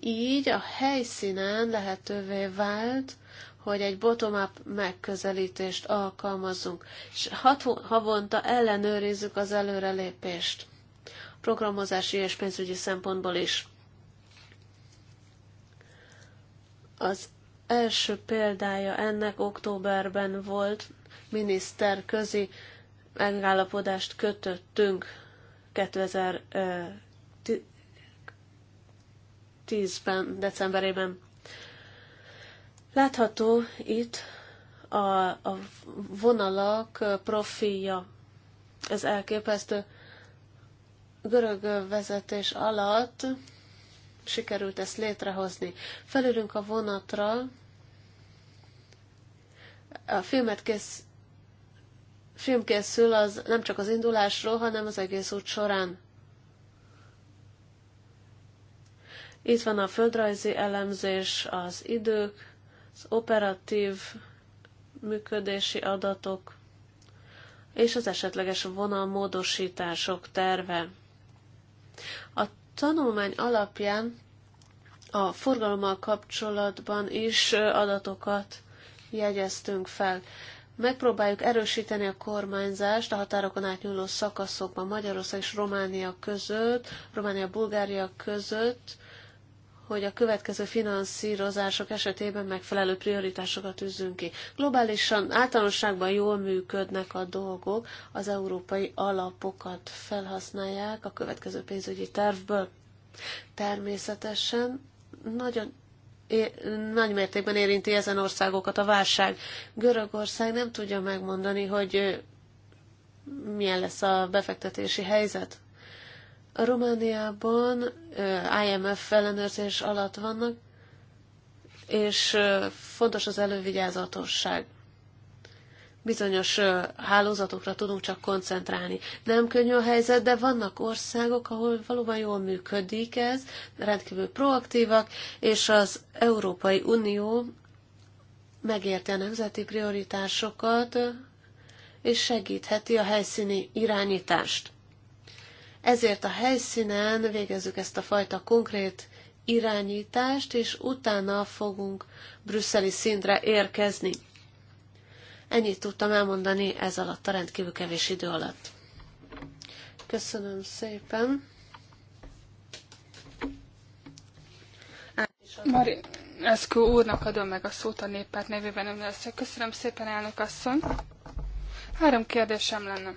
Így a helyszínen lehetővé vált, hogy egy bottom-up megközelítést alkalmazzunk, és hat havonta ellenőrizzük az előrelépést programozási és pénzügyi szempontból is. Az első példája ennek októberben volt, miniszter közi megállapodást kötöttünk 2010-ben, decemberében. Látható itt a, a vonalak profilja. Ez elképesztő görög vezetés alatt sikerült ezt létrehozni. Felülünk a vonatra, a filmet kész, film készül az nem csak az indulásról, hanem az egész út során. Itt van a földrajzi elemzés, az idők, az operatív működési adatok és az esetleges vonalmódosítások terve. A tanulmány alapján a forgalommal kapcsolatban is adatokat jegyeztünk fel. Megpróbáljuk erősíteni a kormányzást a határokon átnyúló szakaszokban Magyarország és Románia között, Románia-Bulgária között, hogy a következő finanszírozások esetében megfelelő prioritásokat üzzünk ki. Globálisan, általánosságban jól működnek a dolgok, az európai alapokat felhasználják a következő pénzügyi tervből. Természetesen nagyon nagy mértékben érinti ezen országokat a válság. Görögország nem tudja megmondani, hogy milyen lesz a befektetési helyzet. Romániában IMF ellenőrzés alatt vannak, és fontos az elővigyázatosság. Bizonyos hálózatokra tudunk csak koncentrálni. Nem könnyű a helyzet, de vannak országok, ahol valóban jól működik ez, rendkívül proaktívak, és az Európai Unió megérti a nemzeti prioritásokat, és segítheti a helyszíni irányítást. Ezért a helyszínen végezzük ezt a fajta konkrét irányítást, és utána fogunk brüsszeli szintre érkezni. Ennyit tudtam elmondani ez alatt a rendkívül kevés idő alatt. Köszönöm szépen. Mari Eszkó úrnak adom meg a szót a néppárt nevében, Köszönöm szépen, elnök asszony. Három kérdésem lenne.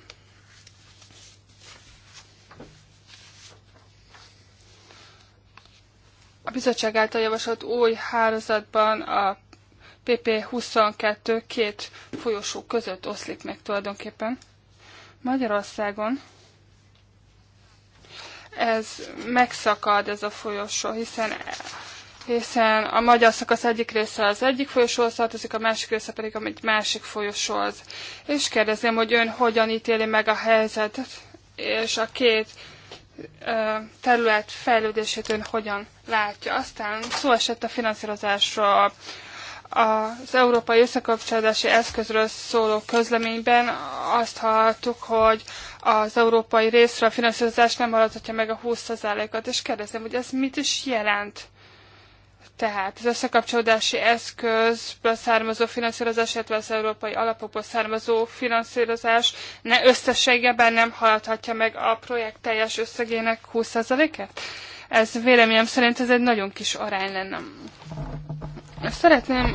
a bizottság által javasolt új hálózatban a PP22 két folyosó között oszlik meg tulajdonképpen. Magyarországon ez megszakad ez a folyosó, hiszen hiszen a magyar szakasz egyik része az egyik folyosóhoz tartozik, a másik része pedig a másik folyosóhoz. És kérdezném, hogy ön hogyan ítéli meg a helyzetet, és a két terület fejlődését ön hogyan látja. Aztán szó esett a finanszírozásról, az Európai Összekapcsolódási Eszközről szóló közleményben azt hallottuk, hogy az európai részre a finanszírozás nem maradhatja meg a 20%-at, és kérdezem, hogy ez mit is jelent? Tehát az összekapcsolódási eszközből származó finanszírozás, illetve az európai alapokból származó finanszírozás ne összességeben nem haladhatja meg a projekt teljes összegének 20%-et? Ez véleményem szerint ez egy nagyon kis arány lenne. Szeretném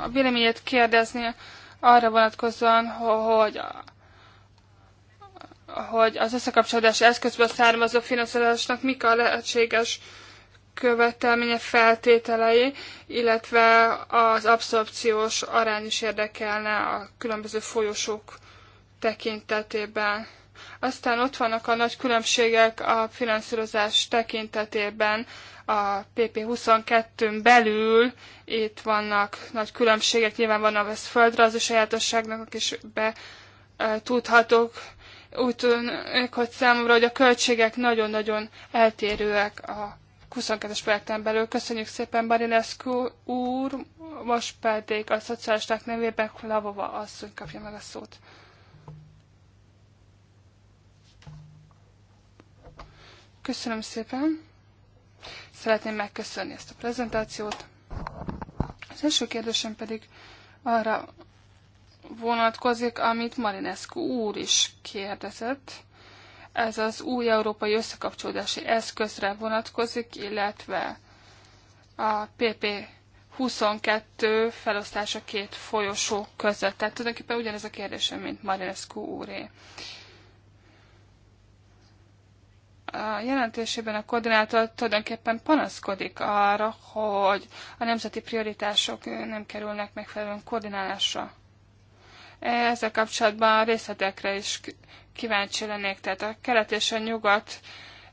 a véleményét kérdezni arra vonatkozóan, hogy a hogy az összekapcsolódási eszközből származó finanszírozásnak mik a lehetséges uh, követelménye feltételei, illetve az abszorpciós arány is érdekelne a különböző folyosók tekintetében. Aztán ott vannak a nagy különbségek a finanszírozás tekintetében, a PP22-n belül itt vannak nagy különbségek, nyilván van a vesz az a sajátosságnak is be e, tudhatok. Úgy tűnik, hogy számomra, hogy a költségek nagyon-nagyon eltérőek a 22-es projekten belül. Köszönjük szépen, Marinescu úr, most pedig a szocialisták nevében Lavova asszony kapja meg a szót. Köszönöm szépen. Szeretném megköszönni ezt a prezentációt. Az első kérdésem pedig arra vonatkozik, amit Marinescu úr is kérdezett ez az új európai összekapcsolódási eszközre vonatkozik, illetve a PP22 felosztása két folyosó között. Tehát tulajdonképpen ugyanez a kérdésem, mint Marinescu úré. A jelentésében a koordinátor tulajdonképpen panaszkodik arra, hogy a nemzeti prioritások nem kerülnek megfelelően koordinálásra. Ezzel kapcsolatban részletekre is kíváncsi lennék. Tehát a kelet és a nyugat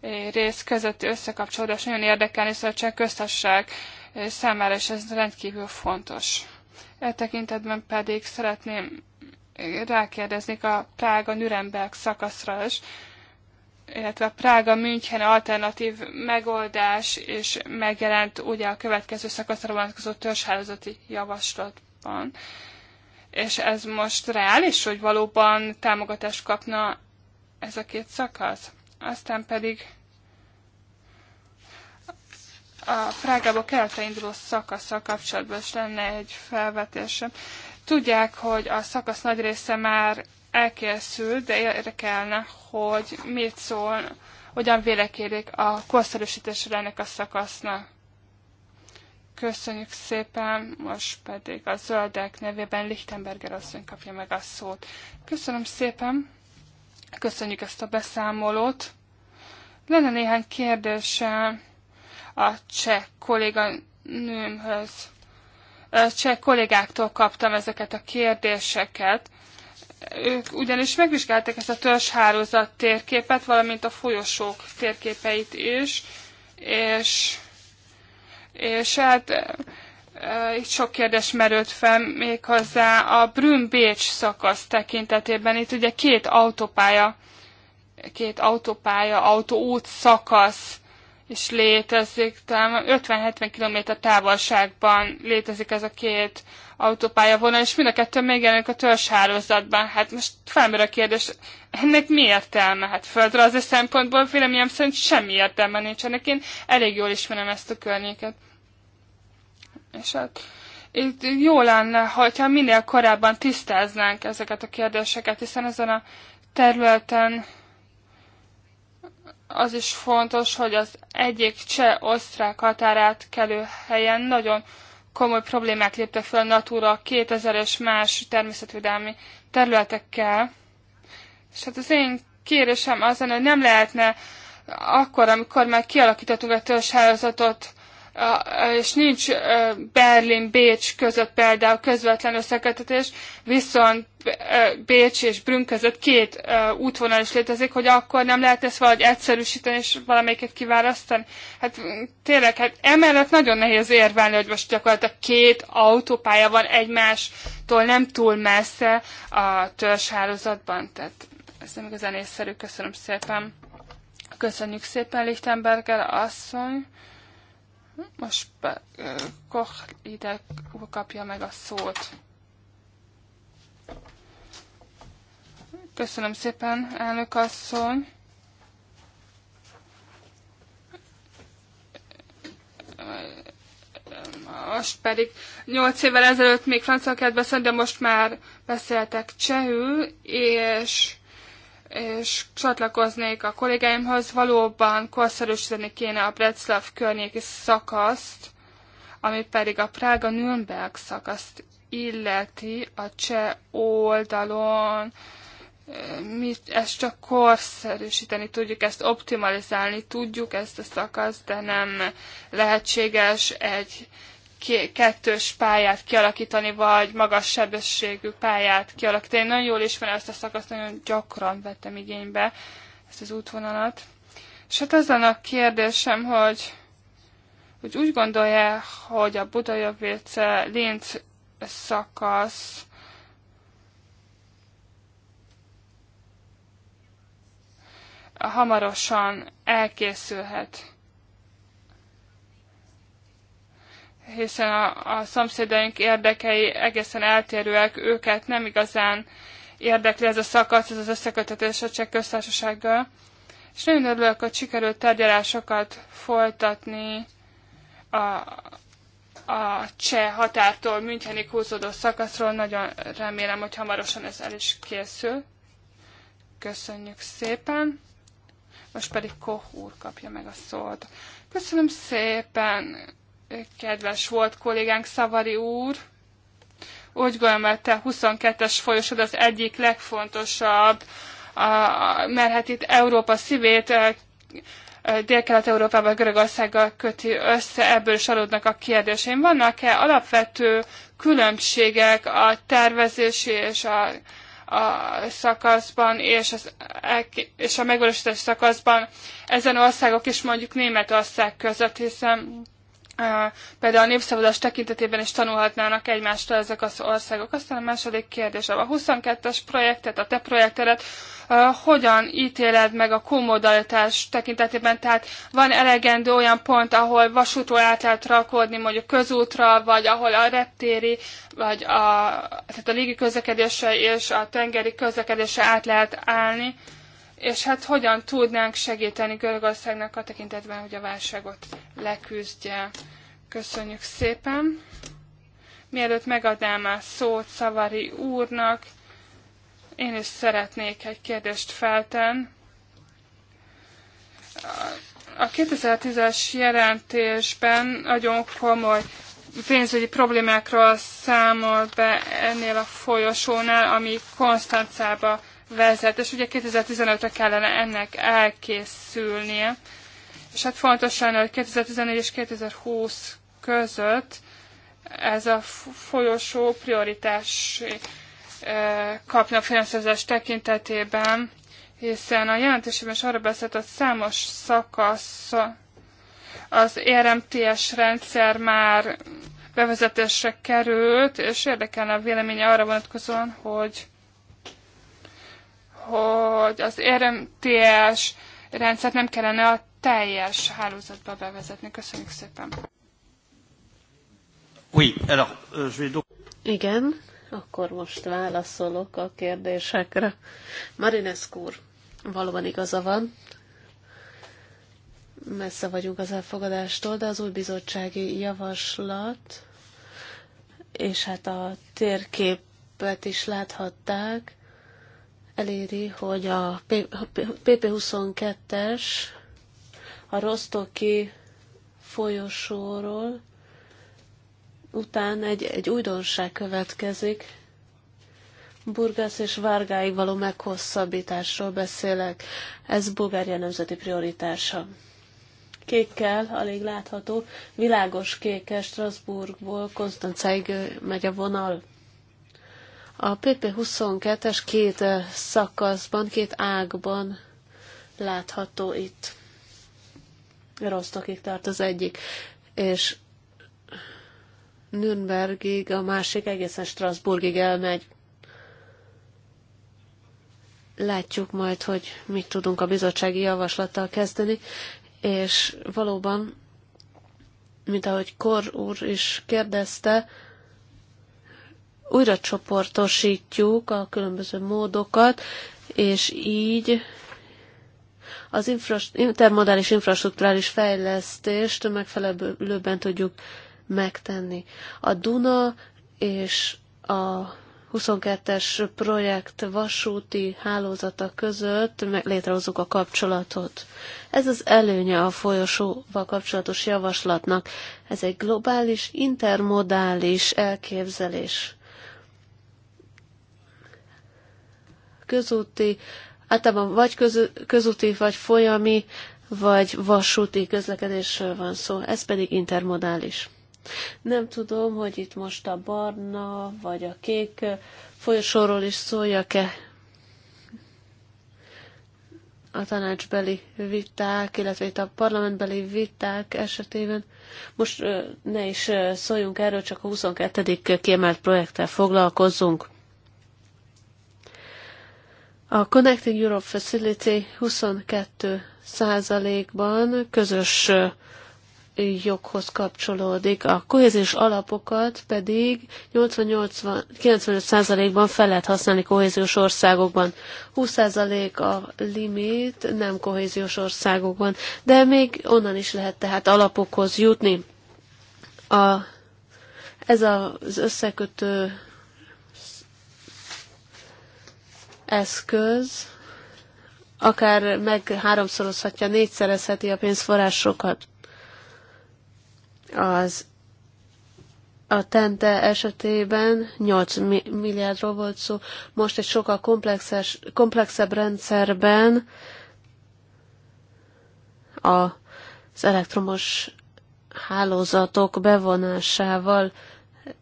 eh, rész közötti összekapcsolódás nagyon érdekelni, szóval a cseh köztársaság eh, számára is ez rendkívül fontos. E tekintetben pedig szeretném eh, rákérdezni a Prága-Nürnberg szakaszra is, illetve a Prága-München alternatív megoldás és megjelent ugye a következő szakaszra vonatkozó törzshálózati javaslatban. És ez most reális, hogy valóban támogatást kapna ez a két szakasz? Aztán pedig a Prágába kelte induló a kapcsolatban is lenne egy felvetésem. Tudják, hogy a szakasz nagy része már elkészült, de érdekelne, hogy mit szól, hogyan vélekérik a korszerűsítésre ennek a szakasznak. Köszönjük szépen, most pedig a zöldek nevében Lichtenberger asszony kapja meg a szót. Köszönöm szépen, köszönjük ezt a beszámolót. Lenne néhány kérdése a cseh kolléganőmhöz. Cseh kollégáktól kaptam ezeket a kérdéseket. Ők ugyanis megvizsgálták ezt a törzshálózat térképet, valamint a folyosók térképeit is, és és hát itt sok kérdés merült fel hozzá. a Brünn-Bécs szakasz tekintetében. Itt ugye két autópálya, két autópálya, autóút szakasz is létezik, talán 50-70 km távolságban létezik ez a két autópálya vonal, és mind a kettő megjelenik a törzshálózatban. Hát most felmerül a kérdés, ennek mi értelme? Hát földre az szempontból véleményem szerint semmi értelme nincs ennek. Én elég jól ismerem ezt a környéket. És hát itt jó lenne, hogyha minél korábban tisztáznánk ezeket a kérdéseket, hiszen ezen a területen az is fontos, hogy az egyik cseh-osztrák határát kelő helyen nagyon komoly problémák léptek fel a Natura 2000 és más természetvédelmi területekkel. És hát az én kérésem az, hogy nem lehetne akkor, amikor már kialakítottuk a törzshálózatot, és nincs Berlin-Bécs között például közvetlen összekötetés, viszont Bécs és Brünn között két útvonal is létezik, hogy akkor nem lehet ezt valahogy egyszerűsíteni, és valamelyiket kiválasztani. Hát tényleg, hát emellett nagyon nehéz érvelni, hogy most gyakorlatilag két autópálya van egymástól nem túl messze a törzshálózatban, tehát ez nem igazán észszerű. Köszönöm szépen. Köszönjük szépen, Lichtenberger asszony. Most Koch ide kapja meg a szót. Köszönöm szépen, elnök asszony. Most pedig 8 évvel ezelőtt még francia kellett beszélni, de most már beszéltek csehül, és és csatlakoznék a kollégáimhoz, valóban korszerűsíteni kéne a Breclav környéki szakaszt, ami pedig a Prága-Nürnberg szakaszt illeti a cseh oldalon. Mi ezt csak korszerűsíteni tudjuk, ezt optimalizálni tudjuk, ezt a szakaszt, de nem lehetséges egy kettős pályát kialakítani, vagy magas sebességű pályát kialakítani. Én nagyon jól ismerem ezt a szakaszt, nagyon gyakran vettem igénybe ezt az útvonalat. És hát az lenne a kérdésem, hogy, hogy úgy gondolja, hogy a Budajovéce Linz szakasz hamarosan elkészülhet. hiszen a, a szomszédaink érdekei egészen eltérőek, őket nem igazán érdekli ez a szakasz, ez az összekötetés a cseh köztársasággal. És nagyon örülök, hogy sikerült tárgyalásokat folytatni a, a cseh határtól Münchenig húzódó szakaszról. Nagyon remélem, hogy hamarosan ez el is készül. Köszönjük szépen. Most pedig Koh úr kapja meg a szót. Köszönöm szépen kedves volt kollégánk Szavari úr, úgy gondolom, mert a 22-es folyosod az egyik legfontosabb, mert hát itt Európa szívét dél kelet európában Görögországgal köti össze, ebből is adódnak a kérdéseim. Vannak-e alapvető különbségek a tervezési és a, a szakaszban és, az, és a megvalósítási szakaszban ezen országok és mondjuk Németország között, hiszen például a népszavazás tekintetében is tanulhatnának egymástól ezek az országok. Aztán a második kérdés a 22-es projektet, a te projektedet hogyan ítéled meg a komodalitás tekintetében? Tehát van elegendő olyan pont, ahol vasútról át lehet rakodni, mondjuk közútra, vagy ahol a reptéri, vagy a, tehát a légi közlekedése és a tengeri közlekedése át lehet állni, és hát hogyan tudnánk segíteni Görögországnak a tekintetben, hogy a válságot leküzdje. Köszönjük szépen! Mielőtt megadnám a szót Szavari úrnak, én is szeretnék egy kérdést feltenni. A 2010-es jelentésben nagyon komoly pénzügyi problémákról számol be ennél a folyosónál, ami Konstancába vezet, és ugye 2015-re kellene ennek elkészülnie. És hát fontos lenne, hogy 2014 és 2020 között ez a folyosó prioritás kapna finanszírozás tekintetében, hiszen a jelentésében is arra beszélt, hogy számos szakasz az e RMTS rendszer már bevezetésre került, és érdekelne a véleménye arra vonatkozóan, hogy hogy az RMTS rendszert nem kellene a teljes hálózatba bevezetni. Köszönjük szépen! Oui, alors, euh, je vais donc... Igen, akkor most válaszolok a kérdésekre. Marinescu úr, valóban igaza van. Messze vagyunk az elfogadástól, de az új bizottsági javaslat, és hát a térképet is láthatták, eléri, hogy a PP22-es a Rostoki folyosóról után egy, egy újdonság következik. Burgász és Várgáig való meghosszabbításról beszélek. Ez Bulgária nemzeti prioritása. Kékkel, alig látható, világos kékes Strasbourgból Konstancáig megy a vonal. A PP22-es két eh, szakaszban, két ágban látható itt. Rostokig tart az egyik, és Nürnbergig, a másik egészen Strasbourgig elmegy. Látjuk majd, hogy mit tudunk a bizottsági javaslattal kezdeni, és valóban, mint ahogy Kor úr is kérdezte, újra csoportosítjuk a különböző módokat, és így az intermodális infrastruktúrális fejlesztést megfelelőbben tudjuk megtenni. A Duna és a 22-es projekt vasúti hálózata között létrehozzuk a kapcsolatot. Ez az előnye a folyosóval kapcsolatos javaslatnak. Ez egy globális, intermodális elképzelés. közúti, általában vagy köz, közúti, vagy folyami, vagy vasúti közlekedésről van szó, ez pedig intermodális. Nem tudom, hogy itt most a barna vagy a kék folyosóról is szóljak-e a tanácsbeli viták, illetve itt a parlamentbeli viták esetében. Most ne is szóljunk erről, csak a 22. kiemelt projekttel foglalkozzunk. A Connecting Europe Facility 22 százalékban közös joghoz kapcsolódik, a kohéziós alapokat pedig 95 ban fel lehet használni kohéziós országokban. 20% a limit nem kohéziós országokban, de még onnan is lehet tehát alapokhoz jutni. A, ez az összekötő eszköz akár meg háromszorozhatja, négyszerezheti a pénzforrásokat. Az a Tente esetében 8 milliárdról volt szó, most egy sokkal komplexebb rendszerben az elektromos hálózatok bevonásával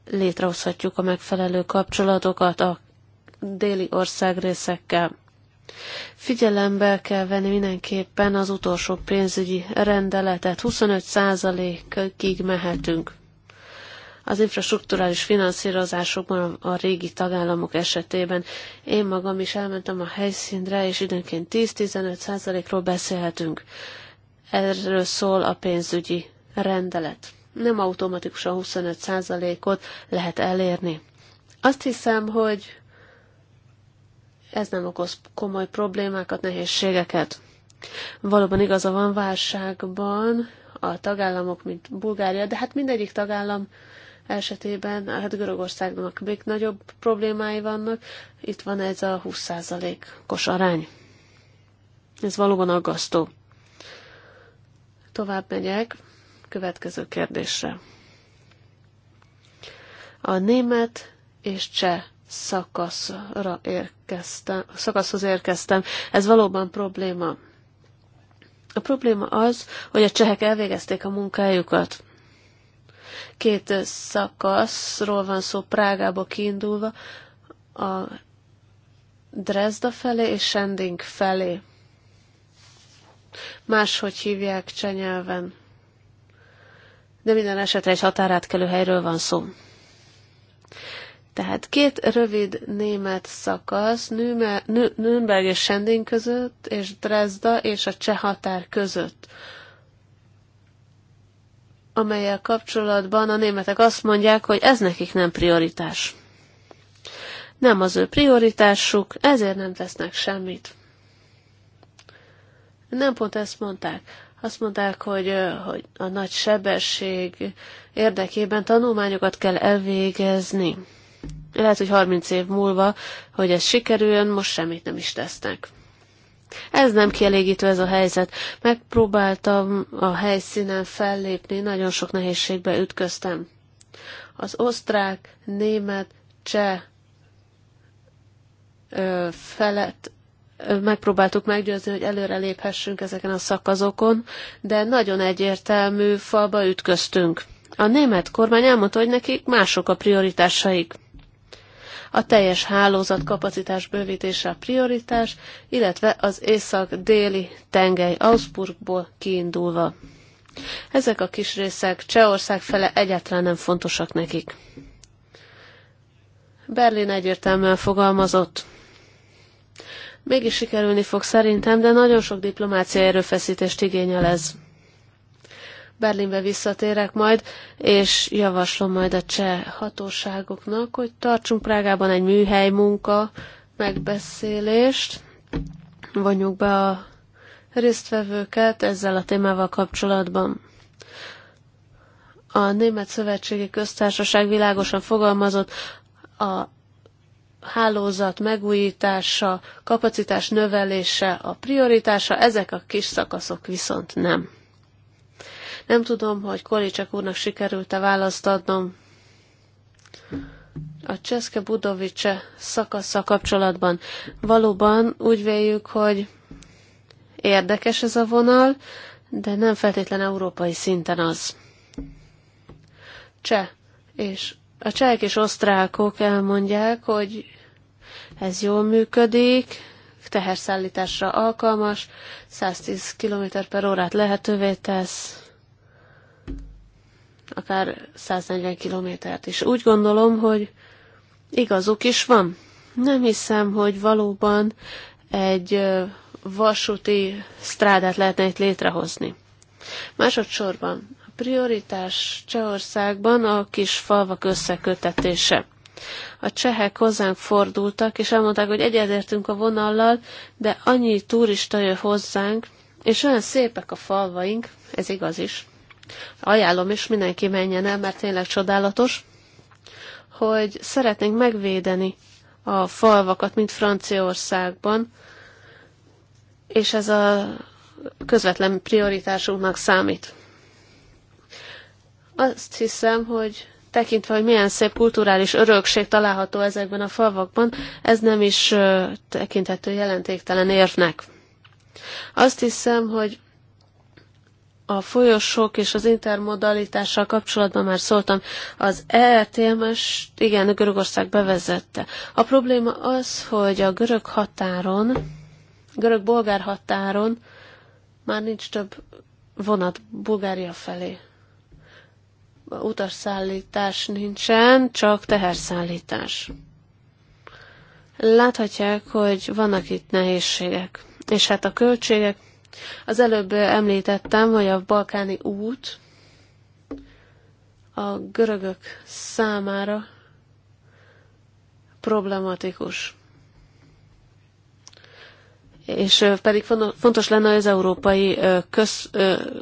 létrehozhatjuk a megfelelő kapcsolatokat a déli országrészekkel. Figyelembe kell venni mindenképpen az utolsó pénzügyi rendeletet, 25%-ig mehetünk. Az infrastruktúrális finanszírozásokban a régi tagállamok esetében én magam is elmentem a helyszínre, és időnként 10-15%-ról beszélhetünk. Erről szól a pénzügyi rendelet. Nem automatikusan 25%-ot lehet elérni. Azt hiszem, hogy ez nem okoz komoly problémákat, nehézségeket. Valóban igaza van válságban a tagállamok, mint Bulgária, de hát mindegyik tagállam esetében, hát Görögországnak még nagyobb problémái vannak. Itt van ez a 20%-os arány. Ez valóban aggasztó. Tovább megyek következő kérdésre. A német és cseh szakaszra érkeztem, szakaszhoz érkeztem. Ez valóban probléma. A probléma az, hogy a csehek elvégezték a munkájukat. Két szakaszról van szó Prágába kiindulva, a Dresda felé és Sending felé. Máshogy hívják csenyelven. De minden esetre egy határátkelő helyről van szó. Tehát két rövid német szakasz Nürnberg és Sending között, és Dresda és a cseh határ között, amelyel kapcsolatban a németek azt mondják, hogy ez nekik nem prioritás. Nem az ő prioritásuk, ezért nem tesznek semmit. Nem pont ezt mondták. Azt mondták, hogy, hogy a nagy sebesség érdekében tanulmányokat kell elvégezni lehet, hogy 30 év múlva, hogy ez sikerüljön, most semmit nem is tesznek. Ez nem kielégítő ez a helyzet. Megpróbáltam a helyszínen fellépni, nagyon sok nehézségbe ütköztem. Az osztrák, német, cseh felett megpróbáltuk meggyőzni, hogy előre léphessünk ezeken a szakaszokon, de nagyon egyértelmű falba ütköztünk. A német kormány elmondta, hogy nekik mások a prioritásaik a teljes hálózat kapacitás bővítése a prioritás, illetve az észak-déli tengely Augsburgból kiindulva. Ezek a kis részek Csehország fele egyáltalán nem fontosak nekik. Berlin egyértelműen fogalmazott. Mégis sikerülni fog szerintem, de nagyon sok diplomáciai erőfeszítést igényel ez. Berlinbe visszatérek majd, és javaslom majd a cseh hatóságoknak, hogy tartsunk Prágában egy műhely munka megbeszélést, vonjuk be a résztvevőket ezzel a témával kapcsolatban. A Német Szövetségi Köztársaság világosan fogalmazott a hálózat megújítása, kapacitás növelése a prioritása, ezek a kis szakaszok viszont nem. Nem tudom, hogy Kolicsak úrnak sikerült-e választ adnom a Cseszke Budovice szakasza kapcsolatban. Valóban úgy véljük, hogy érdekes ez a vonal, de nem feltétlen európai szinten az. Cseh. És a csehek és osztrákok elmondják, hogy ez jól működik, teherszállításra alkalmas, 110 km per órát lehetővé tesz, akár 140 kilométert is. Úgy gondolom, hogy igazuk is van. Nem hiszem, hogy valóban egy vasúti strádát lehetne itt létrehozni. Másodszorban a prioritás Csehországban a kis falvak összekötetése. A csehek hozzánk fordultak, és elmondták, hogy egyedértünk a vonallal, de annyi turista jön hozzánk, és olyan szépek a falvaink, ez igaz is, ajánlom is, mindenki menjen el, mert tényleg csodálatos, hogy szeretnénk megvédeni a falvakat, mint Franciaországban, és ez a közvetlen prioritásunknak számít. Azt hiszem, hogy tekintve, hogy milyen szép kulturális örökség található ezekben a falvakban, ez nem is tekinthető jelentéktelen érvnek. Azt hiszem, hogy a folyosók és az intermodalitással kapcsolatban már szóltam, az ETMS, igen, a Görögország bevezette. A probléma az, hogy a görög határon, görög-bolgár határon már nincs több vonat Bulgária felé. Utasszállítás nincsen, csak teherszállítás. Láthatják, hogy vannak itt nehézségek. És hát a költségek az előbb említettem, hogy a balkáni út a görögök számára problematikus. És pedig fontos lenne, hogy az európai köz,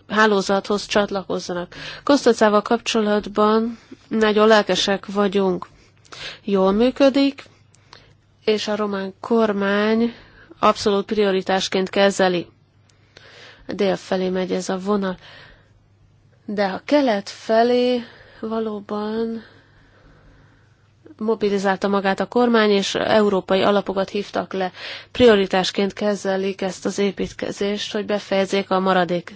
hálózathoz csatlakozzanak. Kosztocával kapcsolatban nagyon lelkesek vagyunk. Jól működik, és a román kormány abszolút prioritásként kezeli dél felé megy ez a vonal. De a kelet felé valóban mobilizálta magát a kormány, és európai alapokat hívtak le. Prioritásként kezelik ezt az építkezést, hogy befejezzék a maradék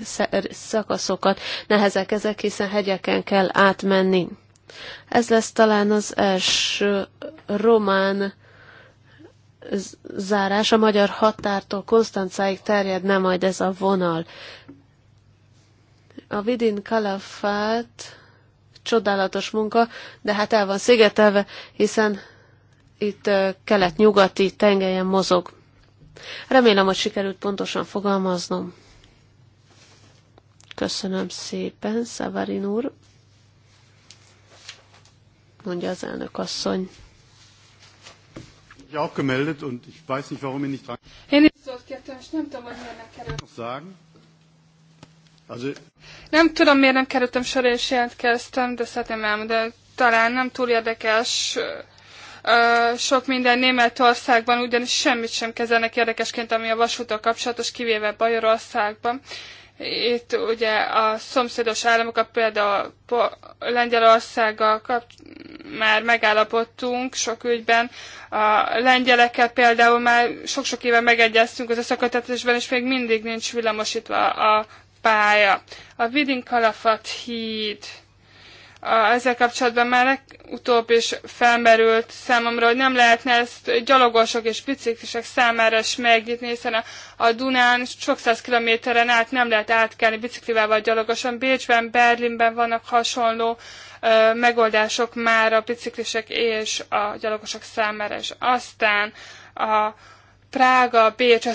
szakaszokat. Nehezek ezek, hiszen hegyeken kell átmenni. Ez lesz talán az első román zárás a magyar határtól Konstancáig terjedne majd ez a vonal. A Vidin Kalafát csodálatos munka, de hát el van szigetelve, hiszen itt kelet-nyugati tengelyen mozog. Remélem, hogy sikerült pontosan fogalmaznom. Köszönöm szépen, Szavarin úr, mondja az elnök asszony mich auch gemeldet und ich weiß nicht, warum ich nicht dran. Én is szót kértem, és nem tudom, hogy miért nem kerültem. Sagen. Also... Nem tudom, miért nem kerültem sorra, és jelentkeztem, de szeretném elmondani, talán nem túl érdekes ö, sok minden Németországban, ugyanis semmit sem kezelnek érdekesként, ami a vasúttal kapcsolatos, kivéve Bajorországban. Itt ugye a szomszédos államokat, például a Lengyelországgal kapcsolatban, már megállapodtunk sok ügyben. A lengyelekkel például már sok-sok éve megegyeztünk az összekötetésben, és még mindig nincs villamosítva a pálya. A Vidin Kalafat híd. A, ezzel kapcsolatban már utóbb is felmerült számomra, hogy nem lehetne ezt gyalogosok és biciklisek számára is megnyitni, hiszen a, a Dunán sok száz kilométeren át nem lehet átkelni biciklivel vagy gyalogosan. Bécsben, Berlinben vannak hasonló uh, megoldások már a biciklisek és a gyalogosok számára, és aztán a Prága, Bécs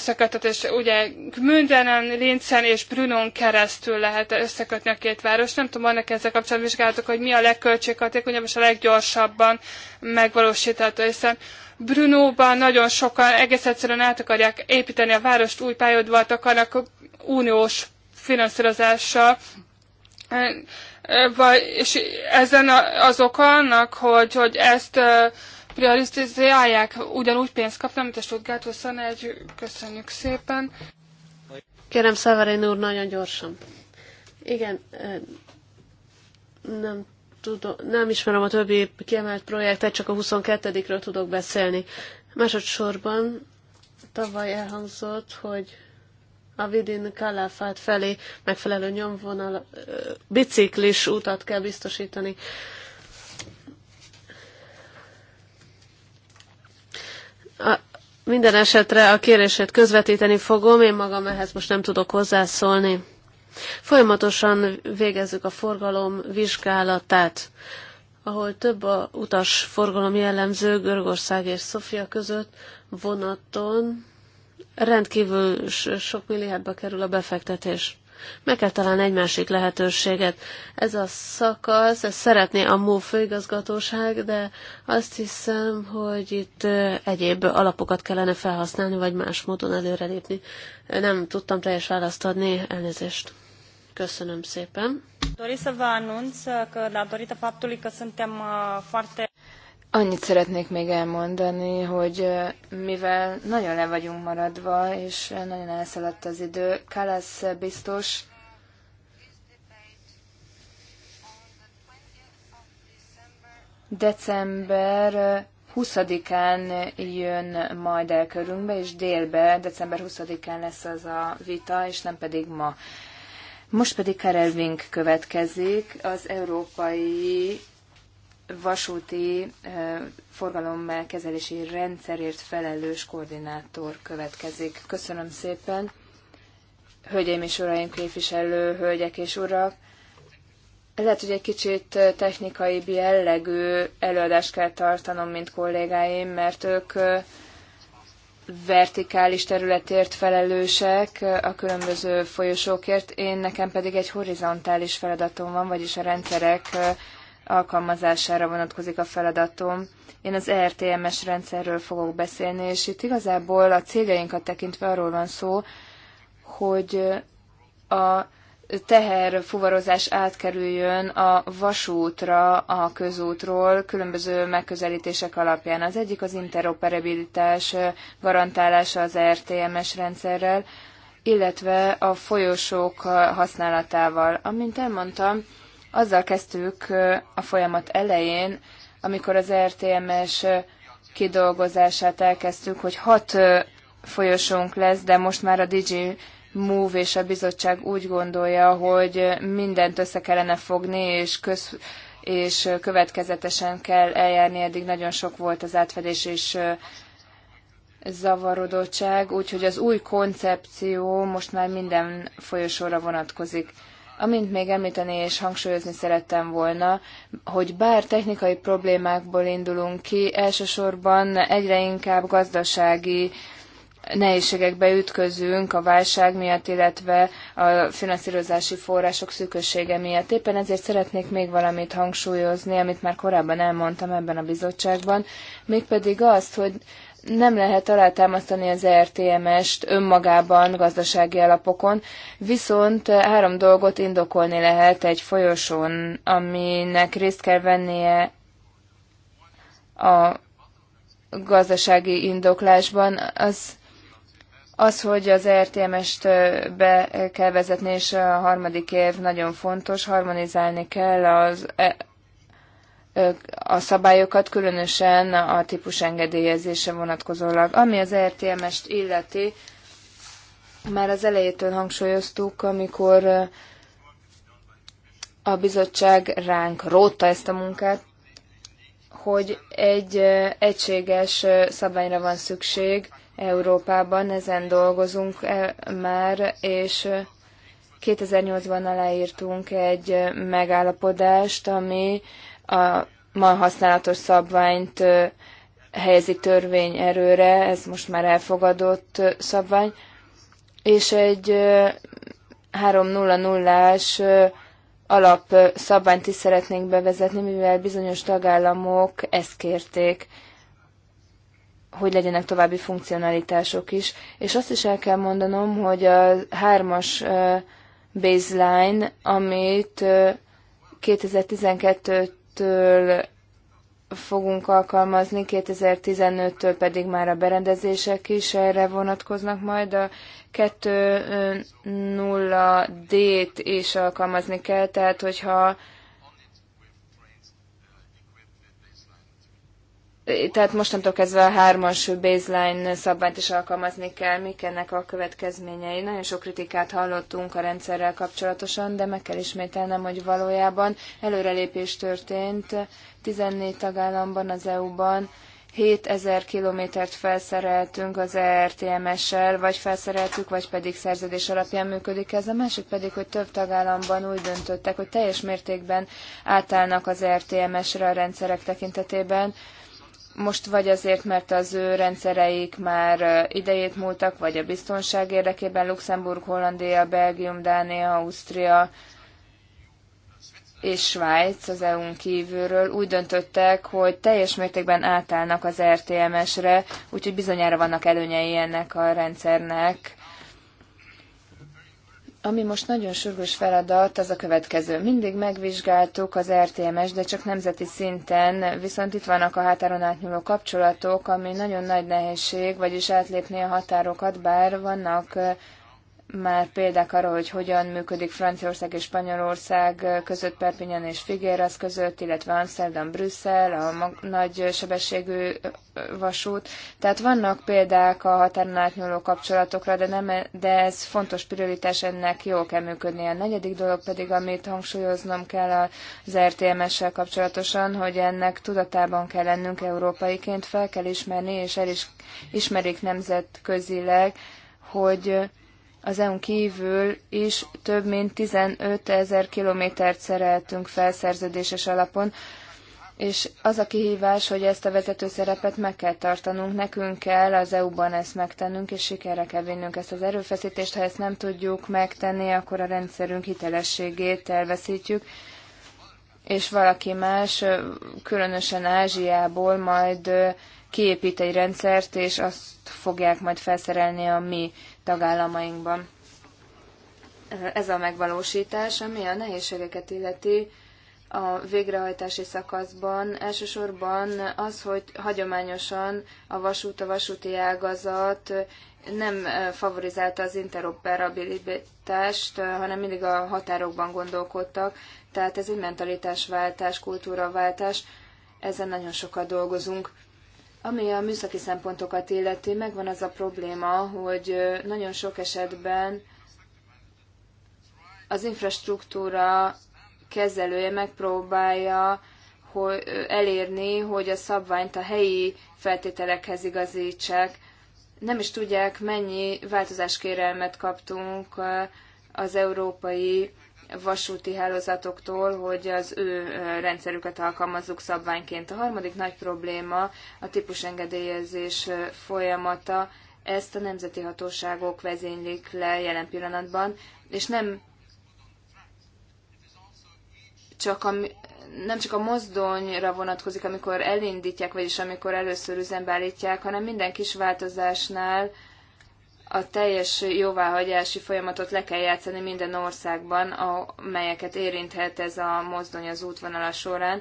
és ugye Gmündenen, Lincen és Brünon keresztül lehet összekötni a két város. Nem tudom, vannak ezzel kapcsolatban vizsgálatok, hogy mi a legköltséghatékonyabb és a leggyorsabban megvalósítható, hiszen Brunóban nagyon sokan egész egyszerűen át akarják építeni a várost, új pályaudvart akarnak uniós finanszírozással vagy, és ezen az oka annak, hogy, hogy ezt prioritizálják, ugyanúgy pénzt kapnak, mint a Stuttgart 21. Köszönjük szépen. Kérem, Szavarén úr, nagyon gyorsan. Igen, nem tudom, nem ismerem a többi kiemelt projektet, csak a 22-ről tudok beszélni. Másodszorban tavaly elhangzott, hogy a Vidin Kalafát felé megfelelő nyomvonal, biciklis utat kell biztosítani. A, minden esetre a kérését közvetíteni fogom, én magam ehhez most nem tudok hozzászólni. Folyamatosan végezzük a forgalom vizsgálatát, ahol több a utas forgalom jellemző Görögország és Szofia között vonaton, rendkívül sok milliárdba kerül a befektetés. Meg kell találni egy másik lehetőséget. Ez a szakasz, ezt szeretné a MOV főigazgatóság, de azt hiszem, hogy itt egyéb alapokat kellene felhasználni, vagy más módon előrelépni. Nem tudtam teljes választ adni, elnézést. Köszönöm szépen. Dori să vă anunț că, datorită faptului că suntem uh, foarte... Annyit szeretnék még elmondani, hogy mivel nagyon le vagyunk maradva, és nagyon elszaladt az idő, Kalasz biztos december 20-án jön majd el körünkbe, és délbe, december 20-án lesz az a vita, és nem pedig ma. Most pedig Karel következik, az Európai vasúti forgalomkezelési kezelési rendszerért felelős koordinátor következik. Köszönöm szépen. Hölgyeim és uraim, képviselő, hölgyek és urak! Lehet, hogy egy kicsit technikai jellegű előadást kell tartanom, mint kollégáim, mert ők vertikális területért felelősek a különböző folyosókért, én nekem pedig egy horizontális feladatom van, vagyis a rendszerek alkalmazására vonatkozik a feladatom. Én az ERTMS rendszerről fogok beszélni, és itt igazából a céljainkat tekintve arról van szó, hogy a teherfuvarozás átkerüljön a vasútra, a közútról különböző megközelítések alapján. Az egyik az interoperabilitás garantálása az e RTMS rendszerrel, illetve a folyosók használatával. Amint elmondtam, azzal kezdtük a folyamat elején, amikor az RTMS kidolgozását elkezdtük, hogy hat folyosónk lesz, de most már a Digi Move és a bizottság úgy gondolja, hogy mindent össze kellene fogni, és, köz, és következetesen kell eljárni, eddig nagyon sok volt az átfedés és zavarodottság, úgyhogy az új koncepció most már minden folyosóra vonatkozik. Amint még említeni és hangsúlyozni szerettem volna, hogy bár technikai problémákból indulunk ki, elsősorban egyre inkább gazdasági nehézségekbe ütközünk a válság miatt, illetve a finanszírozási források szűkössége miatt. Éppen ezért szeretnék még valamit hangsúlyozni, amit már korábban elmondtam ebben a bizottságban, mégpedig azt, hogy nem lehet alátámasztani az RTMS-t önmagában gazdasági alapokon, viszont három dolgot indokolni lehet egy folyosón, aminek részt kell vennie a gazdasági indoklásban, az, az hogy az RTMS-t be kell vezetni, és a harmadik év nagyon fontos, harmonizálni kell az a szabályokat, különösen a típus engedélyezése vonatkozólag. Ami az RTMS-t illeti, már az elejétől hangsúlyoztuk, amikor a bizottság ránk rótta ezt a munkát, hogy egy egységes szabályra van szükség Európában, ezen dolgozunk e, már, és 2008-ban aláírtunk egy megállapodást, ami a ma használatos szabványt helyezi törvény erőre, ez most már elfogadott szabvány, és egy 300 as alapszabványt is szeretnénk bevezetni, mivel bizonyos tagállamok ezt kérték, hogy legyenek további funkcionalitások is. És azt is el kell mondanom, hogy a hármas baseline, amit 2012 től fogunk alkalmazni, 2015-től pedig már a berendezések is erre vonatkoznak majd. A 2.0D-t is alkalmazni kell, tehát hogyha tehát mostantól kezdve a hármas baseline szabványt is alkalmazni kell, mik ennek a következményei. Nagyon sok kritikát hallottunk a rendszerrel kapcsolatosan, de meg kell ismételnem, hogy valójában előrelépés történt 14 tagállamban az EU-ban, 7000 kilométert felszereltünk az ERTMS-sel, vagy felszereltük, vagy pedig szerződés alapján működik ez. A másik pedig, hogy több tagállamban úgy döntöttek, hogy teljes mértékben átállnak az ERTMS-re a rendszerek tekintetében, most vagy azért, mert az ő rendszereik már idejét múltak, vagy a biztonság érdekében Luxemburg, Hollandia, Belgium, Dánia, Ausztria és Svájc az EU-n kívülről úgy döntöttek, hogy teljes mértékben átállnak az RTMS-re, úgyhogy bizonyára vannak előnyei ennek a rendszernek ami most nagyon sürgős feladat, az a következő. Mindig megvizsgáltuk az RTMS, de csak nemzeti szinten, viszont itt vannak a határon átnyúló kapcsolatok, ami nagyon nagy nehézség, vagyis átlépni a határokat, bár vannak már példák arra, hogy hogyan működik Franciaország és Spanyolország között, Perpignan és Figueras között, illetve Amsterdam, Brüsszel, a nagy sebességű vasút. Tehát vannak példák a határon átnyúló kapcsolatokra, de, nem, e- de ez fontos prioritás, ennek jól kell működni. A negyedik dolog pedig, amit hangsúlyoznom kell az RTMS-sel kapcsolatosan, hogy ennek tudatában kell lennünk európaiként, fel kell ismerni, és el is ismerik nemzetközileg, hogy az EU-n kívül is több mint 15 ezer kilométert szereltünk felszerződéses alapon, és az a kihívás, hogy ezt a vezető szerepet meg kell tartanunk, nekünk kell az EU-ban ezt megtennünk, és sikerre kell vinnünk ezt az erőfeszítést. Ha ezt nem tudjuk megtenni, akkor a rendszerünk hitelességét elveszítjük, és valaki más, különösen Ázsiából majd kiépít egy rendszert, és azt fogják majd felszerelni a mi tagállamainkban. Ez a megvalósítás, ami a nehézségeket illeti a végrehajtási szakaszban. Elsősorban az, hogy hagyományosan a vasút, a vasúti ágazat nem eh, favorizálta az interoperabilitást, eh, hanem mindig a határokban gondolkodtak. Tehát ez egy mentalitásváltás, kultúraváltás, ezen nagyon sokat dolgozunk. Ami a műszaki szempontokat illeti, megvan az a probléma, hogy nagyon sok esetben az infrastruktúra kezelője megpróbálja elérni, hogy a szabványt a helyi feltételekhez igazítsák. Nem is tudják, mennyi változáskérelmet kaptunk az európai vasúti hálózatoktól, hogy az ő rendszerüket alkalmazzuk szabványként. A harmadik nagy probléma a típusengedélyezés folyamata. Ezt a nemzeti hatóságok vezénylik le jelen pillanatban, és nem csak a, nem csak a mozdonyra vonatkozik, amikor elindítják, vagyis amikor először üzembe állítják, hanem minden kis változásnál a teljes jóváhagyási folyamatot le kell játszani minden országban, amelyeket érinthet ez a mozdony az útvonala során.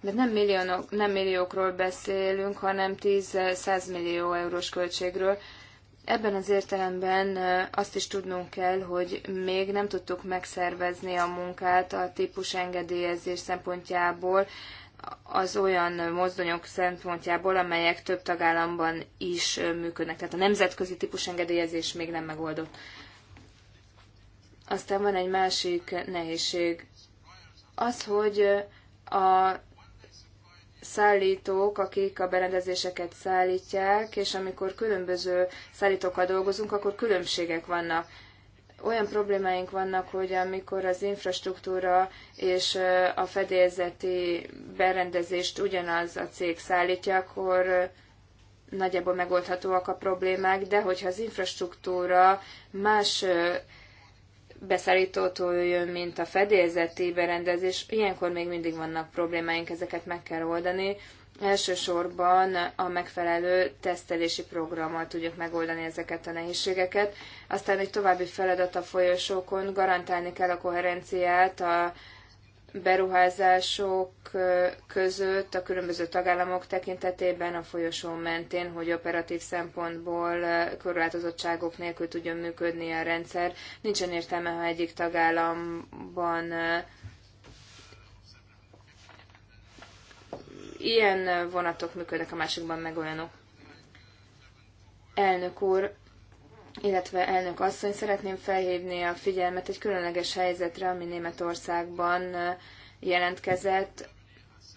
De nem, milliónok, nem milliókról beszélünk, hanem 10-100 millió eurós költségről. Ebben az értelemben azt is tudnunk kell, hogy még nem tudtuk megszervezni a munkát a típus engedélyezés szempontjából, az olyan mozdonyok szempontjából, amelyek több tagállamban is működnek. Tehát a nemzetközi típus engedélyezés még nem megoldott. Aztán van egy másik nehézség. Az, hogy a szállítók, akik a berendezéseket szállítják, és amikor különböző szállítókkal dolgozunk, akkor különbségek vannak olyan problémáink vannak, hogy amikor az infrastruktúra és a fedélzeti berendezést ugyanaz a cég szállítja, akkor nagyjából megoldhatóak a problémák, de hogyha az infrastruktúra más beszállítótól jön, mint a fedélzeti berendezés, ilyenkor még mindig vannak problémáink, ezeket meg kell oldani elsősorban a megfelelő tesztelési programmal tudjuk megoldani ezeket a nehézségeket. Aztán egy további feladat a folyosókon, garantálni kell a koherenciát a beruházások között a különböző tagállamok tekintetében a folyosó mentén, hogy operatív szempontból korlátozottságok nélkül tudjon működni a rendszer. Nincsen értelme, ha egyik tagállamban ilyen vonatok működnek, a másikban meg olyanok. Elnök úr, illetve elnök asszony, szeretném felhívni a figyelmet egy különleges helyzetre, ami Németországban jelentkezett.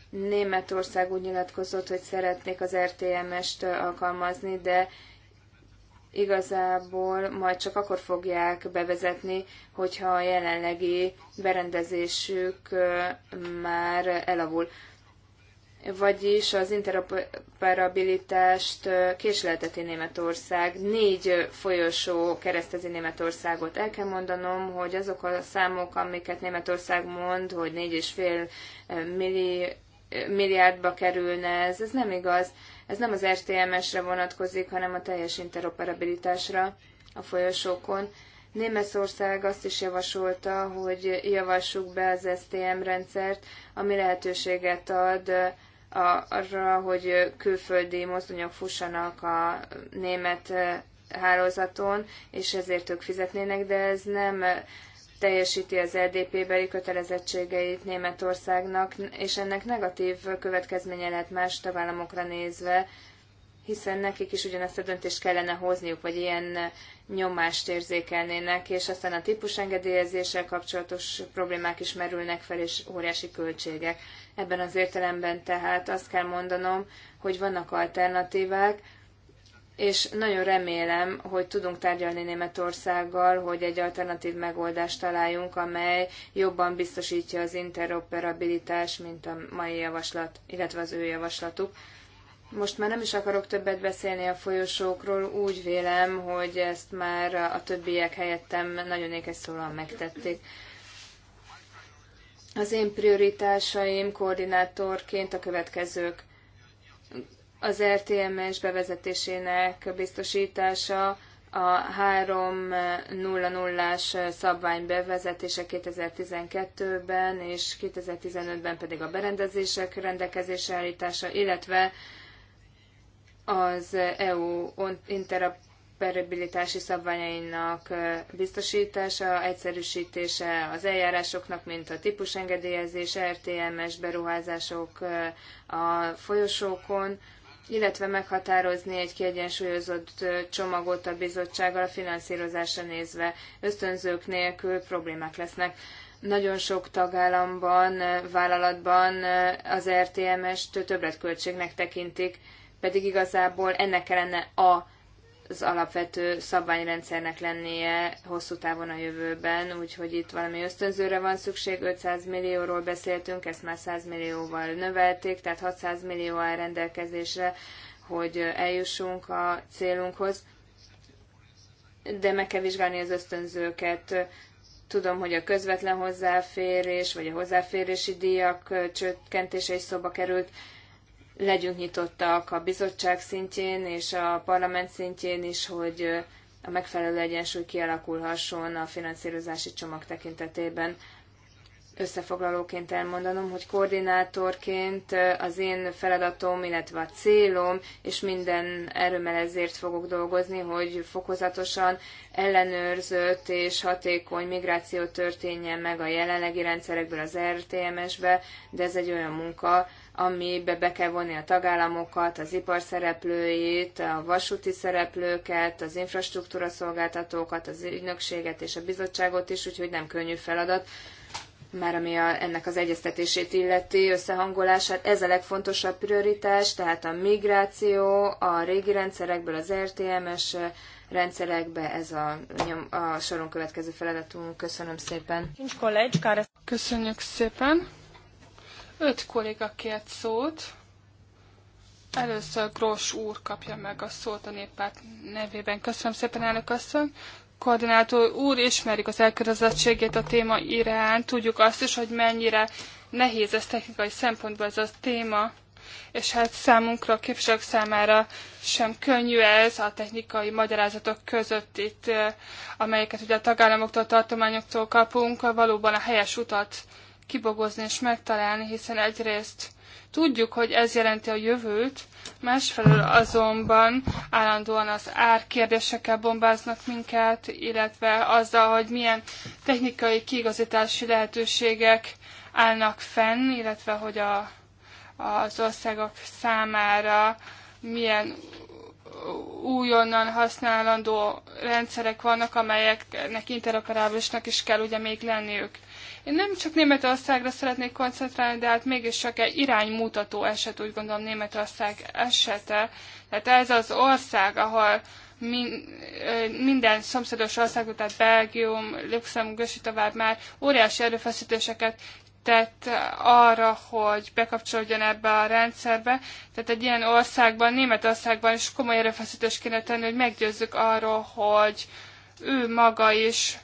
Németország úgy nyilatkozott, hogy szeretnék az RTMS-t alkalmazni, de igazából majd csak akkor fogják bevezetni, hogyha a jelenlegi berendezésük már elavul vagyis az interoperabilitást késlelteti Németország. Négy folyosó keresztezi Németországot. El kell mondanom, hogy azok a számok, amiket Németország mond, hogy négy és fél milli, milliárdba kerülne, ez, ez nem igaz. Ez nem az RTMS-re vonatkozik, hanem a teljes interoperabilitásra a folyosókon. Németország azt is javasolta, hogy javassuk be az STM rendszert, ami lehetőséget ad a arra, hogy külföldi mozdonyok fussanak a német hálózaton, és ezért ők fizetnének, de ez nem teljesíti az LDP e beli kötelezettségeit Németországnak, és ennek negatív következménye lehet más tagállamokra nézve, hiszen nekik is ugyanezt a döntést kellene hozniuk, vagy ilyen nyomást érzékelnének, és aztán a típusengedélyezéssel kapcsolatos problémák is merülnek fel, és óriási költségek. Ebben az értelemben tehát azt kell mondanom, hogy vannak alternatívák, és nagyon remélem, hogy tudunk tárgyalni Németországgal, hogy egy alternatív megoldást találjunk, amely jobban biztosítja az interoperabilitás, mint a mai javaslat, illetve az ő javaslatuk. Most már nem is akarok többet beszélni a folyosókról, úgy vélem, hogy ezt már a többiek helyettem nagyon ékeszólóan megtették. Az én prioritásaim koordinátorként a következők. Az RTMS bevezetésének biztosítása, a 3.00-as szabvány bevezetése 2012-ben, és 2015-ben pedig a berendezések rendelkezésre állítása, illetve az EU interoperabilitási szabványainak biztosítása, egyszerűsítése az eljárásoknak, mint a típusengedélyezés, RTMS er beruházások a folyosókon, illetve meghatározni egy kiegyensúlyozott csomagot a bizottsággal a finanszírozásra nézve. Ösztönzők nélkül problémák lesznek. Nagyon sok tagállamban, vállalatban az RTMS-t er többletköltségnek tekintik, pedig igazából ennek kellene a az alapvető szabványrendszernek lennie hosszú távon a jövőben, úgyhogy itt valami ösztönzőre van szükség, 500 millióról beszéltünk, ezt már 100 millióval növelték, tehát 600 millió áll rendelkezésre, hogy eljussunk a célunkhoz, de meg kell vizsgálni az ösztönzőket. Tudom, hogy a közvetlen hozzáférés, vagy a hozzáférési díjak csökkentése is szóba került, legyünk nyitottak a bizottság szintjén és a parlament szintjén is, hogy a megfelelő egyensúly kialakulhasson a finanszírozási csomag tekintetében összefoglalóként elmondanom, hogy koordinátorként eh, az én feladatom, illetve a célom, és minden erőmmel ezért fogok dolgozni, hogy fokozatosan ellenőrzött és hatékony migráció történjen meg a jelenlegi rendszerekből az RTMS-be, de ez egy olyan munka, amibe be kell vonni a tagállamokat, az ipar szereplőit, a vasúti szereplőket, az infrastruktúra szolgáltatókat, az ügynökséget és a bizottságot is, úgyhogy nem könnyű feladat már ami a, ennek az egyeztetését illeti, összehangolását. Ez a legfontosabb prioritás, tehát a migráció, a régi rendszerekből az RTMS rendszerekbe, ez a, a soron következő feladatunk. Köszönöm szépen. Köszönjük szépen. Öt kolléga kért szót. Először Gross úr kapja meg a szót a néppárt nevében. Köszönöm szépen, elnök asszony koordinátor úr, ismerjük az elkötelezettségét a téma iránt, tudjuk azt is, hogy mennyire nehéz ez technikai szempontból ez a téma, és hát számunkra, a képviselők számára sem könnyű ez a technikai magyarázatok között itt, amelyeket ugye a tagállamoktól, a tartományoktól kapunk, valóban a helyes utat kibogozni és megtalálni, hiszen egyrészt Tudjuk, hogy ez jelenti a jövőt, másfelől azonban állandóan az árkérdésekkel bombáznak minket, illetve azzal, hogy milyen technikai kiigazítási lehetőségek állnak fenn, illetve hogy a, az országok számára milyen újonnan használandó rendszerek vannak, amelyeknek interoperábilisnak is kell ugye még lenniük. Én nem csak Németországra szeretnék koncentrálni, de hát mégiscsak egy iránymutató eset, úgy gondolom Németország esete. Tehát ez az ország, ahol min, minden szomszédos ország, tehát Belgium, Luxemburg és tovább már óriási erőfeszítéseket tett arra, hogy bekapcsolódjon ebbe a rendszerbe. Tehát egy ilyen országban, Németországban is komoly erőfeszítést kéne tenni, hogy meggyőzzük arról, hogy ő maga is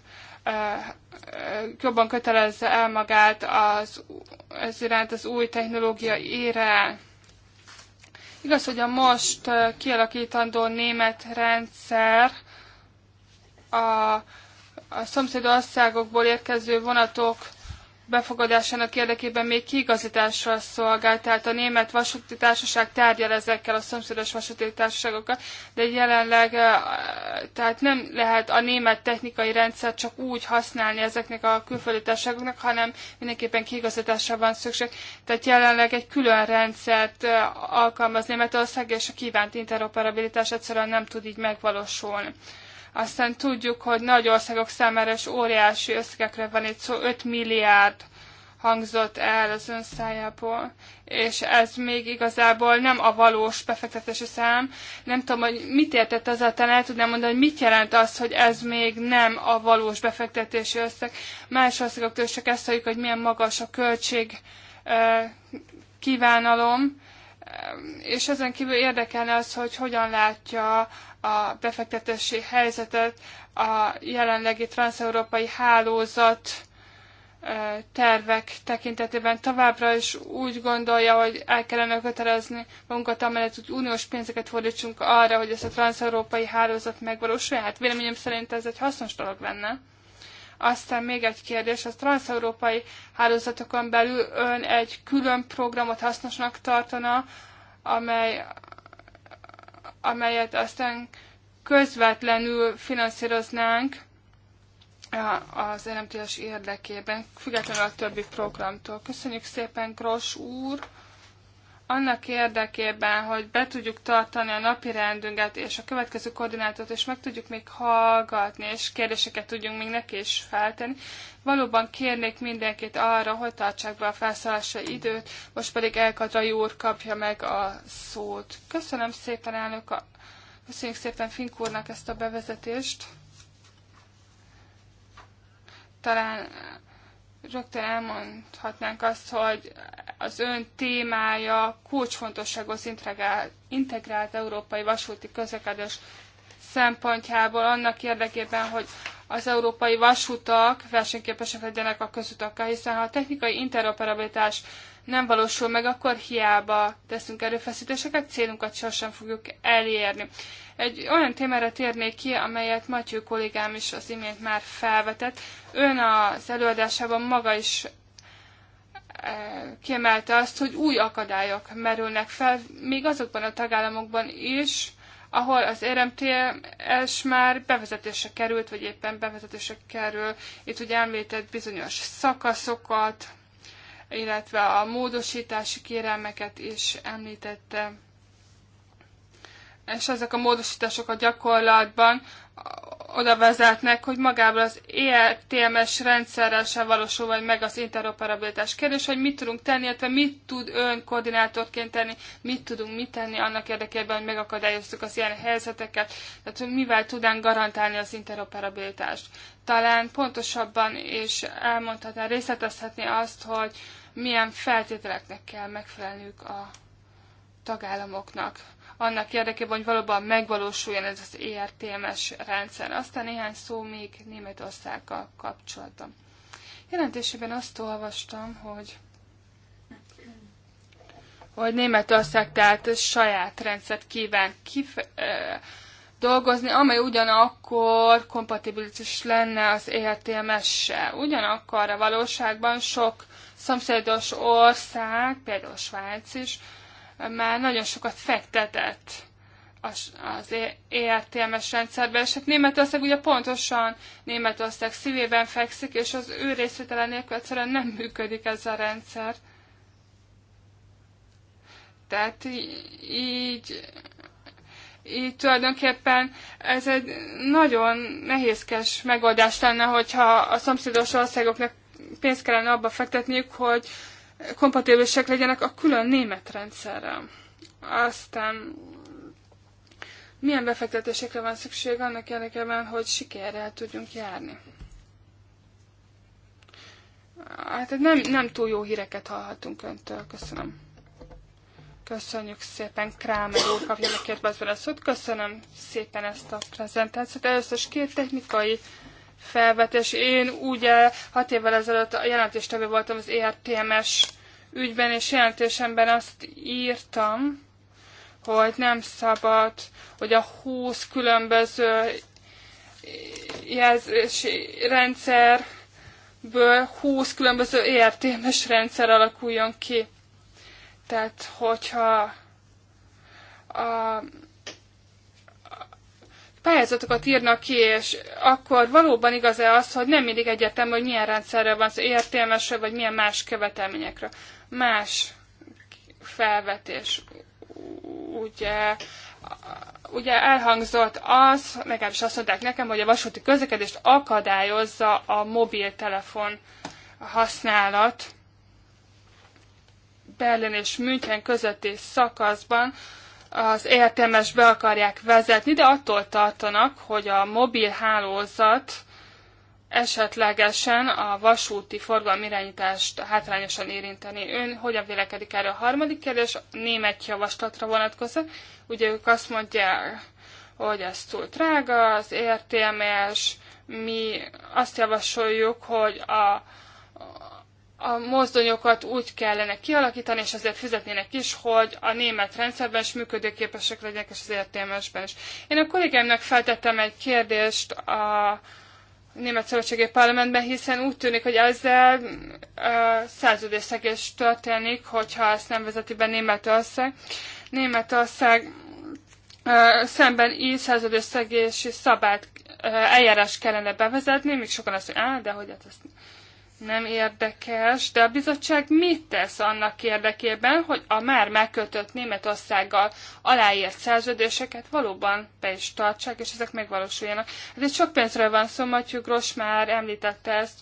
jobban kötelezze el magát az, ez iránt az új technológia ére. Igaz, hogy a most kialakítandó német rendszer a, a szomszéd országokból érkező vonatok befogadásának érdekében még kiigazításra szolgál, tehát a Német Vasúti Társaság tárgyal ezekkel a szomszédos vasúti társaságokkal, de jelenleg tehát nem lehet a német technikai rendszer csak úgy használni ezeknek a külföldi társaságoknak, hanem mindenképpen kiigazításra van szükség. Tehát jelenleg egy külön rendszert alkalmaz Németország, és a kívánt interoperabilitás egyszerűen nem tud így megvalósulni. Aztán tudjuk, hogy nagy országok számára is óriási összegekre van itt szó, 5 milliárd hangzott el az ön szájából, és ez még igazából nem a valós befektetési szám. Nem tudom, hogy mit értett az talán el tudnám mondani, hogy mit jelent az, hogy ez még nem a valós befektetési összeg. Más országoktól csak ezt halljuk, hogy milyen magas a költség kívánalom, és ezen kívül érdekelne az, hogy hogyan látja a befektetési helyzetet a jelenlegi transeurópai hálózat tervek tekintetében továbbra is úgy gondolja, hogy el kellene kötelezni magunkat, amellett, hogy uniós pénzeket fordítsunk arra, hogy ezt a transeurópai hálózat megvalósulja. Hát véleményem szerint ez egy hasznos dolog lenne. Aztán még egy kérdés, a transeurópai hálózatokon belül ön egy külön programot hasznosnak tartana, amely, amelyet aztán közvetlenül finanszíroznánk az NMTS érdekében, függetlenül a többi programtól. Köszönjük szépen, Gross úr! annak érdekében, hogy be tudjuk tartani a napi rendünket, és a következő koordinátort és meg tudjuk még hallgatni, és kérdéseket tudjunk még neki is feltenni. Valóban kérnék mindenkit arra, hogy tartsák be a felszállása időt, most pedig Elkadra úr kapja meg a szót. Köszönöm szépen, elnök, a... köszönjük szépen Fink úrnak ezt a bevezetést. Talán rögtön elmondhatnánk azt, hogy az ön témája kulcsfontosságú az integrált, integrált európai vasúti közlekedés szempontjából annak érdekében, hogy az európai vasutak versenyképesek legyenek a közutakkal, hiszen ha a technikai interoperabilitás nem valósul meg, akkor hiába teszünk erőfeszítéseket, célunkat sosem fogjuk elérni. Egy olyan témára térnék ki, amelyet Matyő kollégám is az imént már felvetett. Ön az előadásában maga is kiemelte azt, hogy új akadályok merülnek fel, még azokban a tagállamokban is, ahol az RMTS már bevezetésre került, vagy éppen bevezetésre kerül. Itt ugye említett bizonyos szakaszokat, illetve a módosítási kérelmeket is említette. És ezek a módosítások a gyakorlatban oda vezetnek, hogy magával az ERTMS rendszerrel sem valósul vagy meg az interoperabilitás kérdés, hogy mit tudunk tenni, illetve mit tud ön koordinátorként tenni, mit tudunk mit tenni annak érdekében, hogy megakadályoztuk az ilyen helyzeteket, tehát hogy mivel tudnánk garantálni az interoperabilitást. Talán pontosabban és elmondhatná, részletezhetné azt, hogy milyen feltételeknek kell megfelelniük a tagállamoknak annak érdekében, hogy valóban megvalósuljon ez az ERTMS rendszer. Aztán néhány szó még Németországgal kapcsolatban. Jelentésében azt olvastam, hogy hogy Németország tehát saját rendszert kíván kife- dolgozni, amely ugyanakkor kompatibilis lenne az ERTMS-sel. Ugyanakkor a valóságban sok szomszédos ország, például Svájc is, már nagyon sokat fektetett az, ERTMS rendszerbe, és hát Németország ugye pontosan Németország szívében fekszik, és az ő részvétele nélkül egyszerűen nem működik ez a rendszer. Tehát így, így tulajdonképpen ez egy nagyon nehézkes megoldás lenne, hogyha a szomszédos országoknak pénzt kellene abba fektetniük, hogy kompatibilisek legyenek a külön német rendszerrel. Aztán milyen befektetésekre van szükség annak érdekében, hogy sikerrel tudjunk járni. Hát nem, nem túl jó híreket hallhatunk öntől. Köszönöm. Köszönjük szépen, Krámer úr kapja meg két a szót. Köszönöm szépen ezt a prezentációt. Először két technikai felvetés. Én ugye hat évvel ezelőtt a jelentéstevő voltam az ERTMS ügyben, és jelentésemben azt írtam, hogy nem szabad, hogy a 20 különböző jelzési rendszerből 20 különböző értémes e rendszer alakuljon ki. Tehát, hogyha a, pályázatokat írnak ki, és akkor valóban igaz-e az, hogy nem mindig egyetem, hogy milyen rendszerre van szó, értelmesre, vagy milyen más követelményekre. Más felvetés. Ugye, ugye elhangzott az, legalábbis azt mondták nekem, hogy a vasúti közlekedést akadályozza a mobiltelefon használat. Berlin és München közötti szakaszban az értelmes be akarják vezetni, de attól tartanak, hogy a mobil hálózat esetlegesen a vasúti forgalomirányítást hátrányosan érinteni. Ön hogyan vélekedik erre A harmadik kérdés a német javaslatra vonatkozik. Ugye ők azt mondják, hogy ez túl drága, az értelmes, mi azt javasoljuk, hogy a a mozdonyokat úgy kellene kialakítani, és azért fizetnének is, hogy a német rendszerben is működőképesek legyenek, és az értelmesben is. Én a kollégámnak feltettem egy kérdést a Német Szövetségi Parlamentben, hiszen úgy tűnik, hogy ezzel szerződésszegés történik, hogyha ezt nem vezeti be Németország. Németország szemben így szerződésszegési szabályt uh, eljárás kellene bevezetni, még sokan azt mondják, de hogy hát ezt nem érdekes, de a bizottság mit tesz annak érdekében, hogy a már megkötött Németországgal aláírt szerződéseket valóban be is tartsák, és ezek megvalósuljanak. Ez hát itt sok pénzről van szó, Matyú Gross már említette ezt.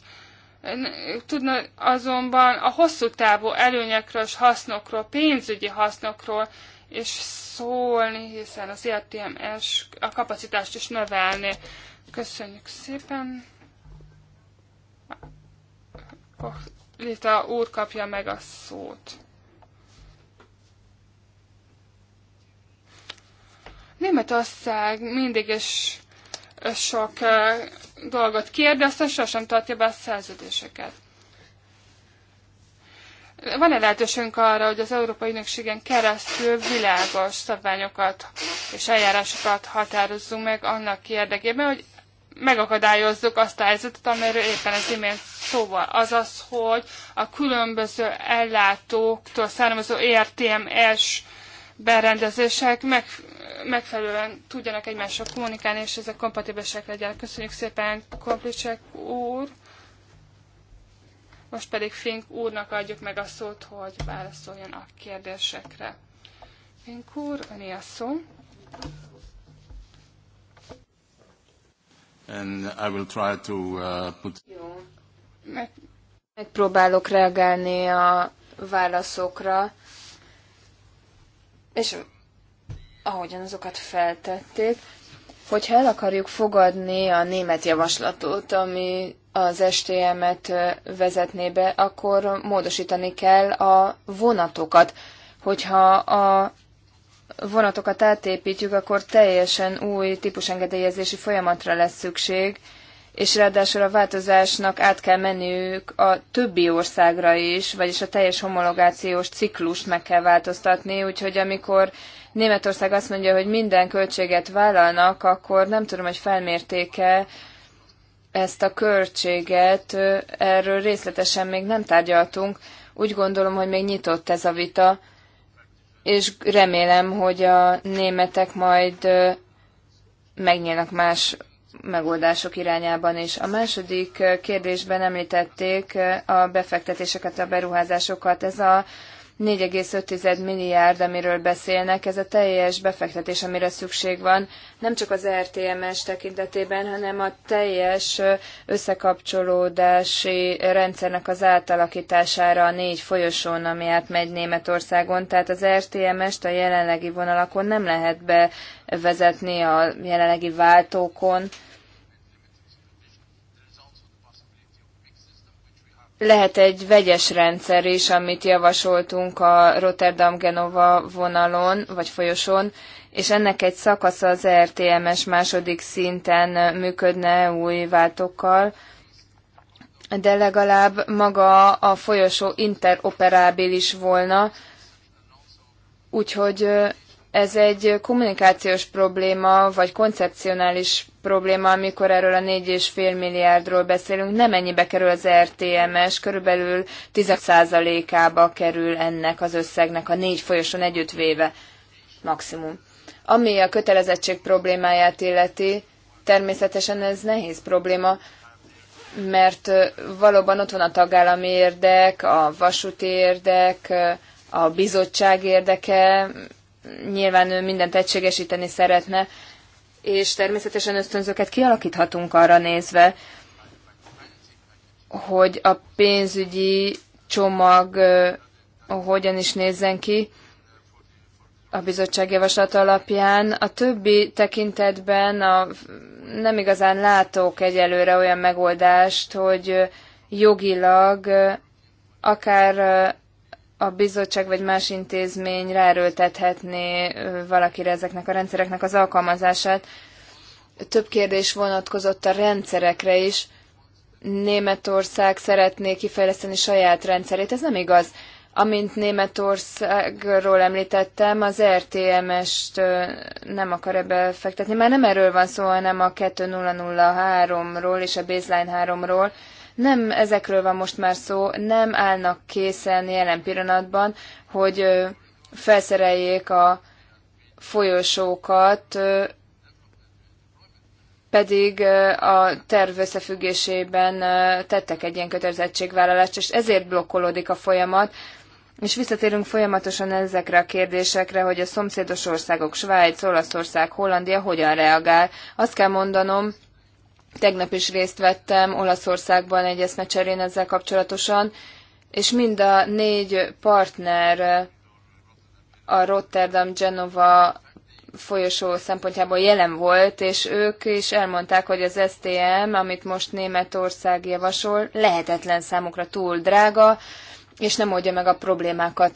Tudna azonban a hosszú távú előnyekről és hasznokról, pénzügyi hasznokról és szólni, hiszen az ERTMS a kapacitást is növelni. Köszönjük szépen! Koch úr kapja meg a szót. Németország mindig is sok eh, dolgot kér, de aztán sosem tartja be a szerződéseket. Van-e lehetőségünk arra, hogy az Európai Ünökségen keresztül világos szabványokat és eljárásokat határozzunk meg annak érdekében, hogy megakadályozzuk azt a helyzetet, amiről éppen az imént szóval. Azaz, hogy a különböző ellátóktól származó ERTMS berendezések meg, megfelelően tudjanak egymással kommunikálni, és ezek kompatibilisek legyenek. Köszönjük szépen, Komplicek úr! Most pedig Fink úrnak adjuk meg a szót, hogy válaszoljon a kérdésekre. Fink úr, öné a szó. and I will try to uh, put... Jó. Meg, megpróbálok reagálni a válaszokra, és ahogyan azokat feltették, hogyha el akarjuk fogadni a német javaslatot, ami az STM-et vezetné be, akkor módosítani kell a vonatokat. Hogyha a vonatokat átépítjük, akkor teljesen új típusengedélyezési folyamatra lesz szükség, és ráadásul a változásnak át kell menniük a többi országra is, vagyis a teljes homologációs ciklust meg kell változtatni, úgyhogy amikor Németország azt mondja, hogy minden költséget vállalnak, akkor nem tudom, hogy felmértéke ezt a költséget, erről részletesen még nem tárgyaltunk. Úgy gondolom, hogy még nyitott ez a vita, és remélem, hogy a németek majd megnyílnak más megoldások irányában is. A második kérdésben említették a befektetéseket, a beruházásokat. Ez a 4,5 milliárd, amiről beszélnek, ez a teljes befektetés, amire szükség van, nem csak az RTMS tekintetében, hanem a teljes összekapcsolódási rendszernek az átalakítására a négy folyosón, ami átmegy Németországon. Tehát az RTMS-t a jelenlegi vonalakon nem lehet bevezetni a jelenlegi váltókon, Lehet egy vegyes rendszer is, amit javasoltunk a Rotterdam-Genova vonalon, vagy folyosón, és ennek egy szakasza az RTMS második szinten működne új váltókkal, de legalább maga a folyosó interoperábilis volna, úgyhogy ez egy kommunikációs probléma, vagy koncepcionális probléma, amikor erről a 4,5 milliárdról beszélünk, nem ennyibe kerül az RTMS, körülbelül 10%-ába kerül ennek az összegnek a négy folyosón együttvéve maximum. Ami a kötelezettség problémáját illeti, természetesen ez nehéz probléma, mert valóban ott van a tagállami érdek, a vasúti érdek, a bizottság érdeke, nyilván ő mindent egységesíteni szeretne, és természetesen ösztönzőket kialakíthatunk arra nézve, hogy a pénzügyi csomag hogyan is nézzen ki a bizottság javaslat alapján. A többi tekintetben a, nem igazán látok egyelőre olyan megoldást, hogy jogilag akár a bizottság vagy más intézmény ráerőltethetné valakire ezeknek a rendszereknek az alkalmazását. Több kérdés vonatkozott a rendszerekre is. Németország szeretné kifejleszteni saját rendszerét. Ez nem igaz. Amint Németországról említettem, az RTMS-t nem akar ebbe fektetni. Már nem erről van szó, hanem a 2003-ról és a Baseline 3-ról nem ezekről van most már szó, nem állnak készen jelen pillanatban, hogy felszereljék a folyosókat, pedig a terv összefüggésében tettek egy ilyen kötelezettségvállalást, és ezért blokkolódik a folyamat, és visszatérünk folyamatosan ezekre a kérdésekre, hogy a szomszédos országok, Svájc, Olaszország, Hollandia hogyan reagál. Azt kell mondanom, Tegnap is részt vettem Olaszországban egy eszmecserén ezzel kapcsolatosan, és mind a négy partner a Rotterdam-Genova folyosó szempontjából jelen volt, és ők is elmondták, hogy az STM, amit most Németország javasol, lehetetlen számukra túl drága, és nem oldja meg a problémákat.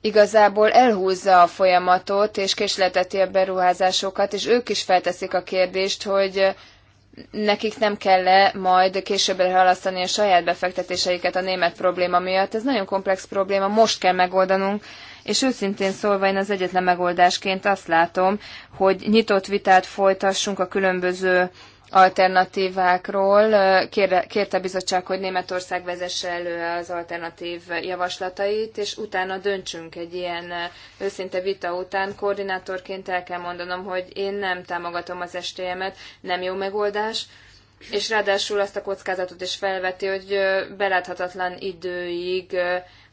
Igazából elhúzza a folyamatot, és késleteti a beruházásokat, és ők is felteszik a kérdést, hogy nekik nem kell -e majd későbbre halasztani a saját befektetéseiket a német probléma miatt. Ez nagyon komplex probléma, most kell megoldanunk, és őszintén szólva én az egyetlen megoldásként azt látom, hogy nyitott vitát folytassunk a különböző alternatívákról. Kérte a bizottság, hogy Németország vezesse elő az alternatív javaslatait, és utána döntsünk egy ilyen őszinte vita után. Koordinátorként el kell mondanom, hogy én nem támogatom az STM-et, nem jó megoldás, és ráadásul azt a kockázatot is felveti, hogy beláthatatlan időig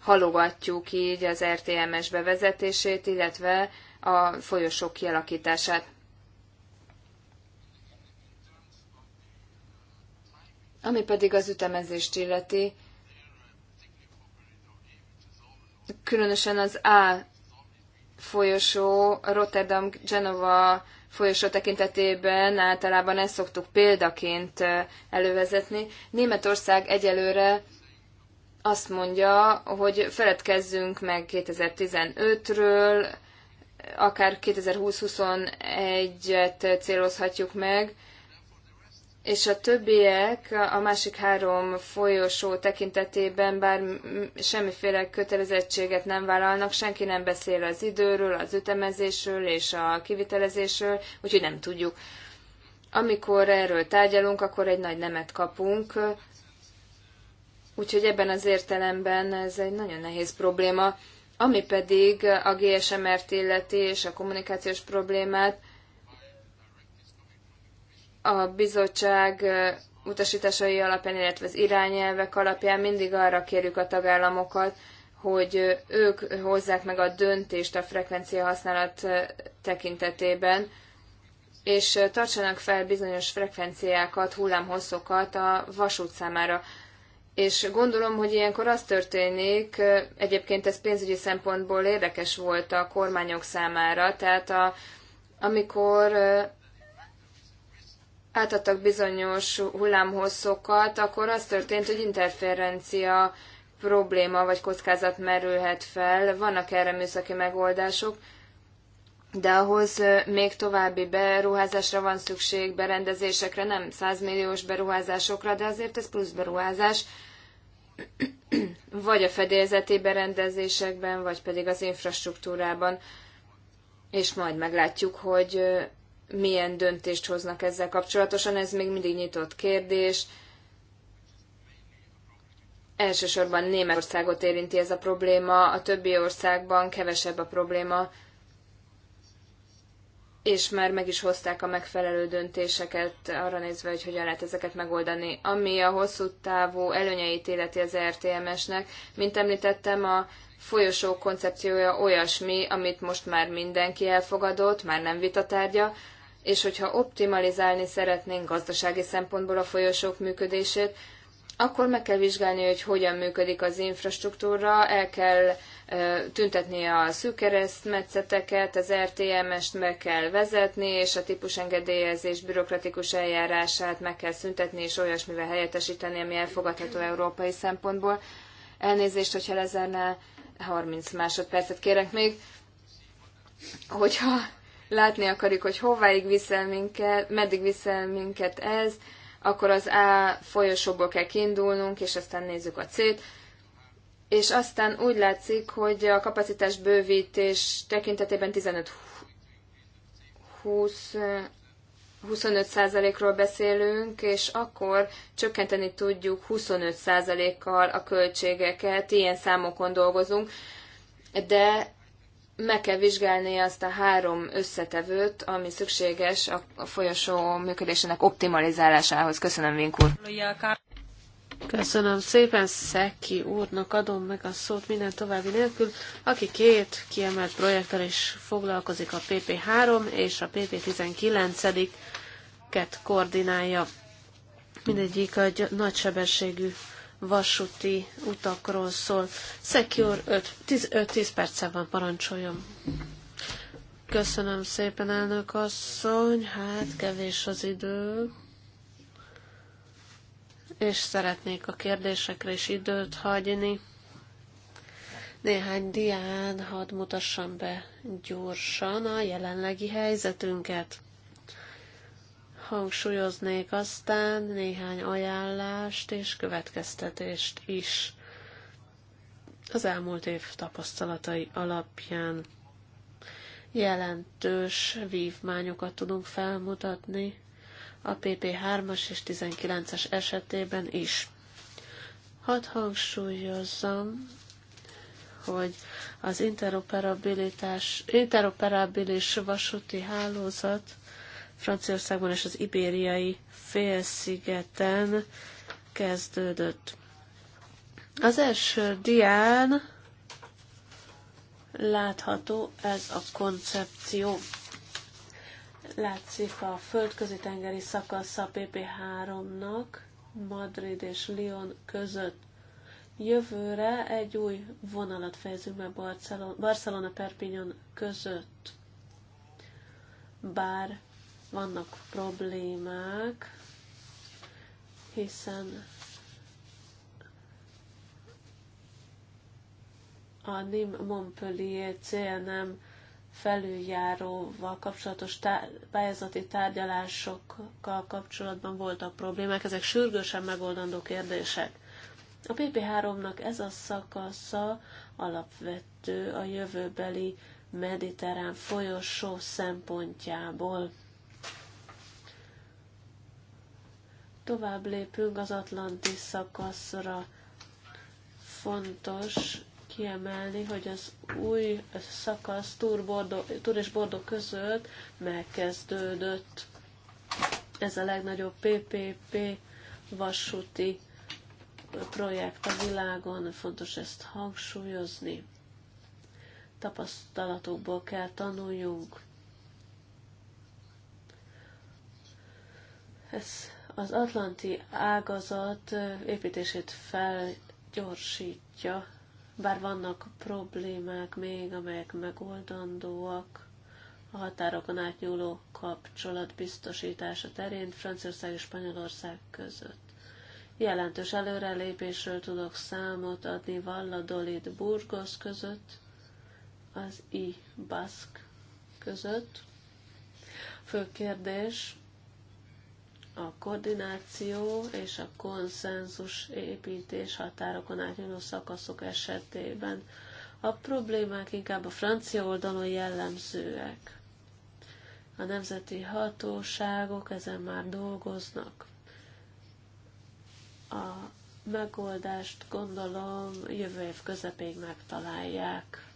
halogatjuk így az RTMS bevezetését, illetve a folyosók kialakítását Ami pedig az ütemezést illeti, különösen az A folyosó, Rotterdam, Genova folyosó tekintetében általában ezt szoktuk példaként elővezetni. Németország egyelőre azt mondja, hogy feledkezzünk meg 2015-ről, akár 2020-21-et célozhatjuk meg, és a többiek a másik három folyosó tekintetében bár semmiféle kötelezettséget nem vállalnak, senki nem beszél az időről, az ütemezésről és a kivitelezésről, úgyhogy nem tudjuk. Amikor erről tárgyalunk, akkor egy nagy nemet kapunk, úgyhogy ebben az értelemben ez egy nagyon nehéz probléma. Ami pedig a GSMR-t illeti és a kommunikációs problémát, a bizottság utasításai alapján, illetve az irányelvek alapján mindig arra kérjük a tagállamokat, hogy ők hozzák meg a döntést a frekvencia használat tekintetében, és tartsanak fel bizonyos frekvenciákat, hullámhosszokat a vasút számára. És gondolom, hogy ilyenkor az történik, egyébként ez pénzügyi szempontból érdekes volt a kormányok számára, tehát a, amikor átadtak bizonyos hullámhosszokat, akkor az történt, hogy interferencia probléma vagy kockázat merülhet fel. Vannak erre műszaki megoldások, de ahhoz még további beruházásra van szükség, berendezésekre, nem 100 milliós beruházásokra, de azért ez plusz beruházás, vagy a fedélzeti berendezésekben, vagy pedig az infrastruktúrában, és majd meglátjuk, hogy milyen döntést hoznak ezzel kapcsolatosan, ez még mindig nyitott kérdés. Elsősorban Németországot érinti ez a probléma, a többi országban kevesebb a probléma, és már meg is hozták a megfelelő döntéseket arra nézve, hogy hogyan lehet ezeket megoldani. Ami a hosszú távú előnyeit illeti az RTMS-nek, mint említettem, a folyosó koncepciója olyasmi, amit most már mindenki elfogadott, már nem vitatárgya, és hogyha optimalizálni szeretnénk gazdasági szempontból a folyosók működését, akkor meg kell vizsgálni, hogy hogyan működik az infrastruktúra, el kell tüntetni a szűkeresztmetszeteket, az RTMS-t meg kell vezetni, és a típusengedélyezés bürokratikus eljárását meg kell szüntetni, és olyasmivel helyettesíteni, ami elfogadható európai szempontból. Elnézést, hogyha lezárná 30 másodpercet kérek még, hogyha látni akarjuk, hogy hováig viszel minket, meddig viszel minket ez, akkor az A folyosóból kell kiindulnunk, és aztán nézzük a C-t. És aztán úgy látszik, hogy a kapacitás bővítés tekintetében 15-25 ról beszélünk, és akkor csökkenteni tudjuk 25 kal a költségeket, ilyen számokon dolgozunk, de meg kell vizsgálni azt a három összetevőt, ami szükséges a folyosó működésének optimalizálásához. Köszönöm, Vink úr. Köszönöm szépen, Szeki úrnak adom meg a szót minden további nélkül, aki két kiemelt projekttel is foglalkozik a PP3 és a PP19-et koordinálja. Mindegyik a nagysebességű. sebességű vasúti utakról szól. Szekjúr, 5-10 perce van, parancsoljon. Köszönöm szépen, elnök asszony. Hát kevés az idő. És szeretnék a kérdésekre is időt hagyni. Néhány dián hadd mutassam be gyorsan a jelenlegi helyzetünket hangsúlyoznék aztán néhány ajánlást és következtetést is az elmúlt év tapasztalatai alapján. Jelentős vívmányokat tudunk felmutatni a PP3-as és 19-es esetében is. Hadd hangsúlyozzam, hogy az interoperabilitás, interoperabilis vasúti hálózat Franciaországban és az ibériai félszigeten kezdődött. Az első dián látható ez a koncepció. Látszik a földközi tengeri szakasza PP3-nak Madrid és Lyon között. Jövőre egy új vonalat fejezünk be Barcelona-Perpignan között. Bár vannak problémák, hiszen a NIM Montpellier CNM felüljáróval kapcsolatos tá- pályázati tárgyalásokkal kapcsolatban voltak problémák, ezek sürgősen megoldandó kérdések. A PP3-nak ez a szakasza alapvető a jövőbeli mediterrán folyosó szempontjából. Tovább lépünk az Atlanti szakaszra. Fontos kiemelni, hogy az új szakasz Túr, és Bordó között megkezdődött. Ez a legnagyobb PPP vasúti projekt a világon, fontos ezt hangsúlyozni. Tapasztalatokból kell tanuljunk. Ez az atlanti ágazat építését felgyorsítja, bár vannak problémák még, amelyek megoldandóak a határokon átnyúló kapcsolat biztosítása terén Franciaország és Spanyolország között. Jelentős előrelépésről tudok számot adni Valladolid Burgos között, az I Baszk között. Fő kérdés a koordináció és a konszenzus építés határokon átnyúló szakaszok esetében a problémák inkább a francia oldalon jellemzőek. A nemzeti hatóságok ezen már dolgoznak. A megoldást gondolom jövő év közepéig megtalálják.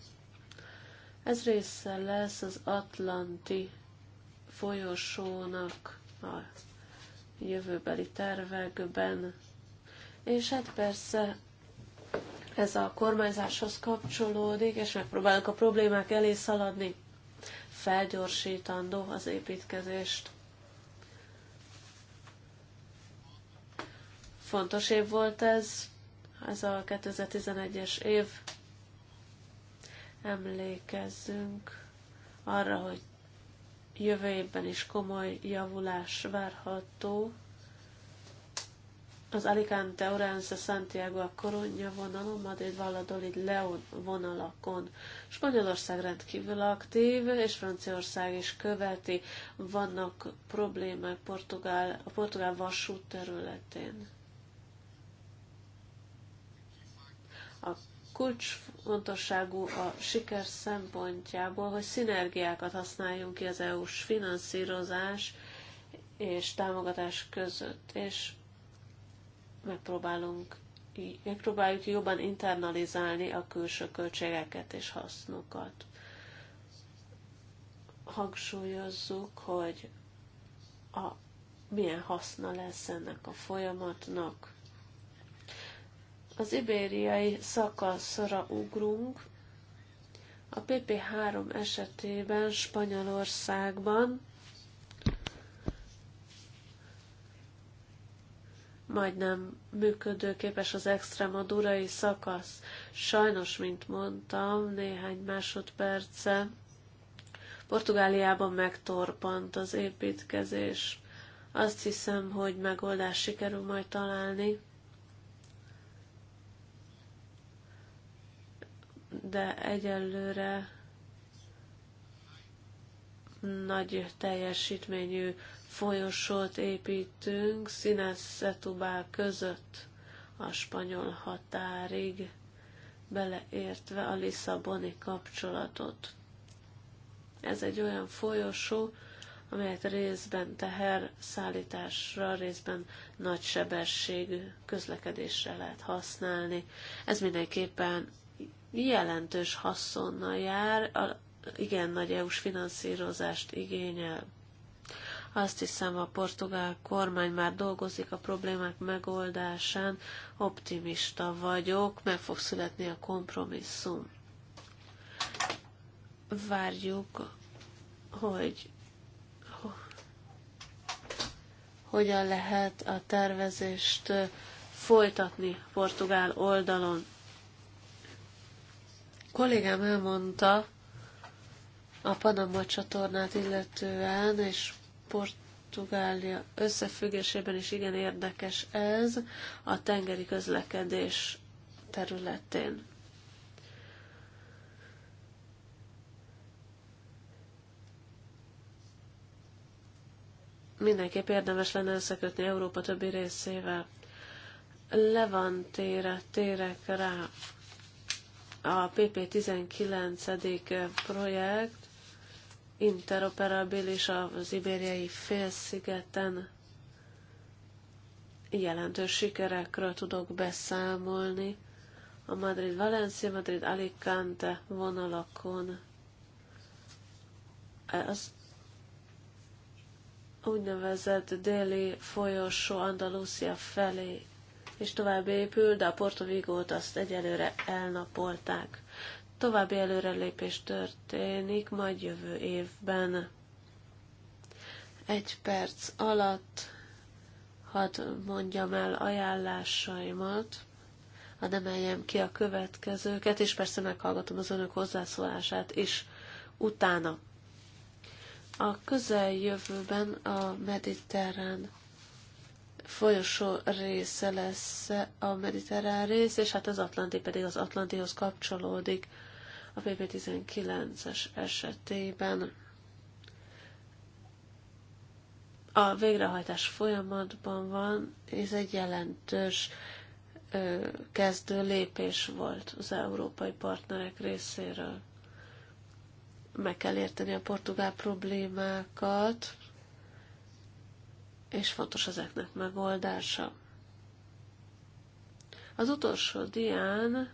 Ez része lesz az Atlanti folyosónak a jövőbeli tervekben. És hát persze ez a kormányzáshoz kapcsolódik, és megpróbálunk a problémák elé szaladni, felgyorsítandó az építkezést. Fontos év volt ez, ez a 2011-es év. Emlékezzünk arra, hogy jövő évben is komoly javulás várható. Az Alicante, Orense, Santiago a Coruña vonalon, Madrid, Valladolid, León vonalakon. Spanyolország rendkívül aktív, és Franciaország is követi. Vannak problémák Portugál, a portugál vasút területén. A kulcs fontosságú a siker szempontjából, hogy szinergiákat használjunk ki az EU-s finanszírozás és támogatás között, és megpróbálunk megpróbáljuk jobban internalizálni a külső költségeket és hasznokat. Hangsúlyozzuk, hogy a, milyen haszna lesz ennek a folyamatnak, az ibériai szakaszra ugrunk. A PP3 esetében Spanyolországban majdnem működőképes az extremadurai szakasz. Sajnos, mint mondtam, néhány másodperce Portugáliában megtorpant az építkezés. Azt hiszem, hogy megoldást sikerül majd találni. de egyelőre nagy teljesítményű folyosót építünk Színeszetubá között a spanyol határig, beleértve a Lisszaboni kapcsolatot. Ez egy olyan folyosó, amelyet részben teher szállításra, részben nagy sebességű közlekedésre lehet használni. Ez mindenképpen jelentős haszonnal jár, a, igen nagy EU-s finanszírozást igényel. Azt hiszem, a portugál kormány már dolgozik a problémák megoldásán, optimista vagyok, meg fog születni a kompromisszum. Várjuk, hogy hogyan lehet a tervezést folytatni portugál oldalon kollégám elmondta a Panama csatornát illetően, és Portugália összefüggésében is igen érdekes ez a tengeri közlekedés területén. Mindenképp érdemes lenne összekötni Európa többi részével. Levantére térek rá a PP19 projekt interoperabilis az ibériai félszigeten jelentős sikerekről tudok beszámolni a Madrid-Valencia, Madrid-Alicante vonalakon. Az úgynevezett déli folyosó Andalusia felé és tovább épül, de a Porto Vigót azt egyelőre elnapolták. További előrelépés történik majd jövő évben. Egy perc alatt hadd mondjam el ajánlásaimat, nem emeljem ki a következőket, és persze meghallgatom az önök hozzászólását is utána. A közeljövőben a mediterrán folyosó része lesz a mediterrán rész, és hát az Atlanti pedig az Atlantihoz kapcsolódik a PP19-es esetében. A végrehajtás folyamatban van, és egy jelentős ö, kezdő lépés volt az európai partnerek részéről. Meg kell érteni a portugál problémákat, és fontos ezeknek megoldása. Az utolsó dián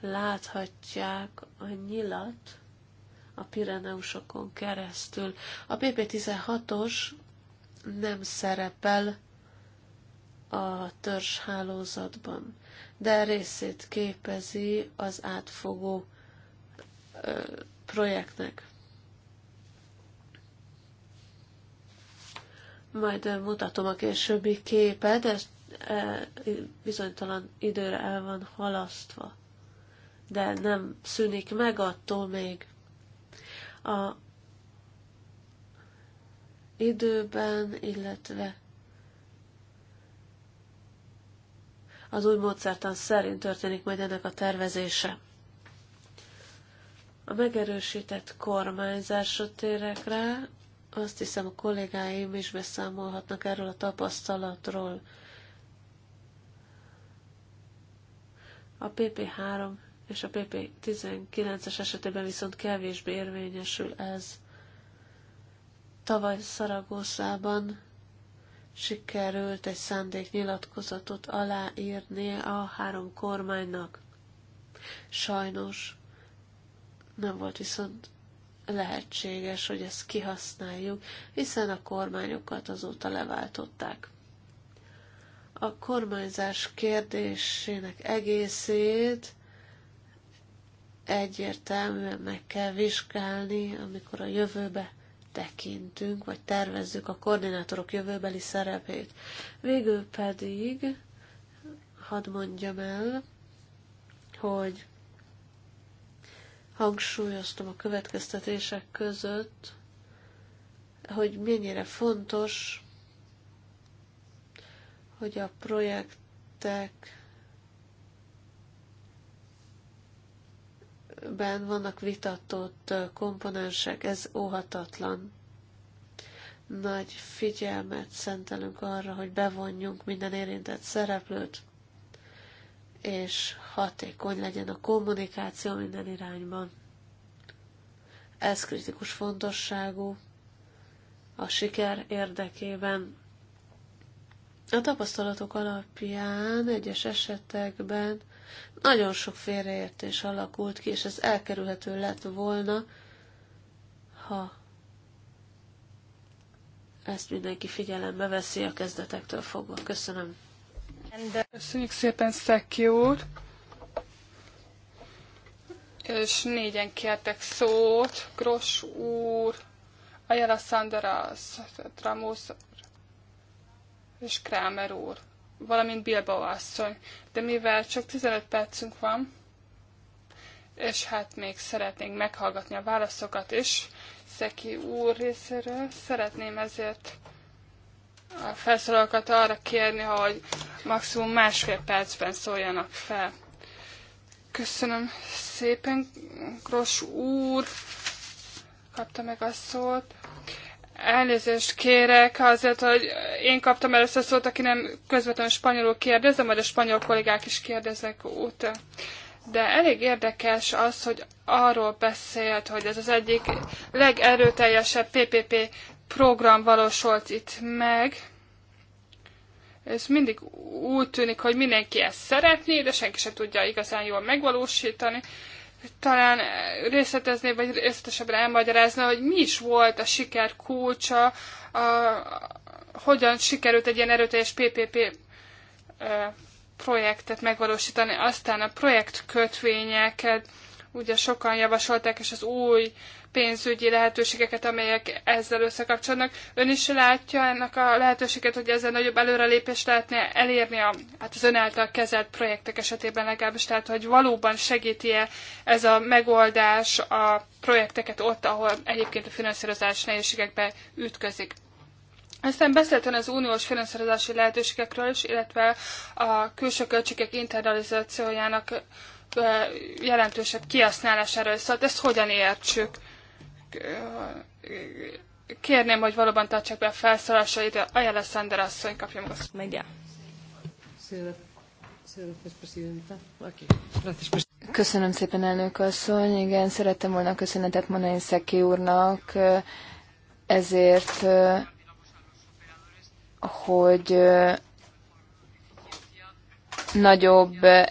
láthatják a nyilat a Pireneusokon keresztül. A PP16-os nem szerepel a törzshálózatban, de részét képezi az átfogó projektnek. Majd mutatom a későbbi képet, e, bizonytalan időre el van halasztva. De nem szűnik meg attól még. A időben, illetve az új módszertan szerint történik majd ennek a tervezése. A megerősített kormányzásra térek rá, azt hiszem, a kollégáim is beszámolhatnak erről a tapasztalatról. A PP3 és a PP19-es esetében viszont kevésbé érvényesül ez. Tavaly szaragószában sikerült egy szándéknyilatkozatot aláírni a három kormánynak. Sajnos nem volt viszont lehetséges, hogy ezt kihasználjuk, hiszen a kormányokat azóta leváltották. A kormányzás kérdésének egészét egyértelműen meg kell vizsgálni, amikor a jövőbe tekintünk, vagy tervezzük a koordinátorok jövőbeli szerepét. Végül pedig hadd mondjam el, hogy hangsúlyoztam a következtetések között, hogy mennyire fontos, hogy a projektek ben vannak vitatott komponensek, ez óhatatlan. Nagy figyelmet szentelünk arra, hogy bevonjunk minden érintett szereplőt, és hatékony legyen a kommunikáció minden irányban. Ez kritikus fontosságú a siker érdekében. A tapasztalatok alapján egyes esetekben nagyon sok félreértés alakult ki, és ez elkerülhető lett volna, ha ezt mindenki figyelembe veszi a kezdetektől fogva. Köszönöm. Köszönjük szépen, Szeki úr! És négyen kértek szót, Gros úr, Ajala Sandra, Tramos és Kramer úr, valamint Bilbao asszony. De mivel csak 15 percünk van, és hát még szeretnénk meghallgatni a válaszokat is, Szeki úr részéről szeretném ezért a felszólalókat arra kérni, hogy maximum másfél percben szóljanak fel. Köszönöm szépen, Gros úr, kapta meg a szót. Elnézést kérek azért, hogy én kaptam először szót, aki nem közvetlenül spanyolul kérdezem, vagy a spanyol kollégák is kérdeznek út. De elég érdekes az, hogy arról beszélt, hogy ez az egyik legerőteljesebb PPP program valósult itt meg. Ez mindig úgy tűnik, hogy mindenki ezt szeretné, de senki sem tudja igazán jól megvalósítani. Talán részletezni, vagy részletesebben elmagyarázni, hogy mi is volt a siker kulcsa, a, a, hogyan sikerült egy ilyen erőteljes PPP a, projektet megvalósítani. Aztán a projektkötvényeket ugye sokan javasolták, és az új pénzügyi lehetőségeket, amelyek ezzel összekapcsolnak. Ön is látja ennek a lehetőséget, hogy ezzel nagyobb előrelépést lehetne elérni a, hát az ön által kezelt projektek esetében legalábbis, tehát hogy valóban segíti-e ez a megoldás a projekteket ott, ahol egyébként a finanszírozás nehézségekbe ütközik. Aztán beszélt ön az uniós finanszírozási lehetőségekről is, illetve a külső költségek internalizációjának jelentősebb kihasználásáról szólt. Ezt hogyan értsük? kérném, hogy valóban tartsák be a felszólásait, Ajala Szender asszony kapja meg azt. Megjá. Köszönöm szépen, elnök asszony. Igen, szerettem volna köszönetet mondani Szeki úrnak ezért, hogy nagyobb eh,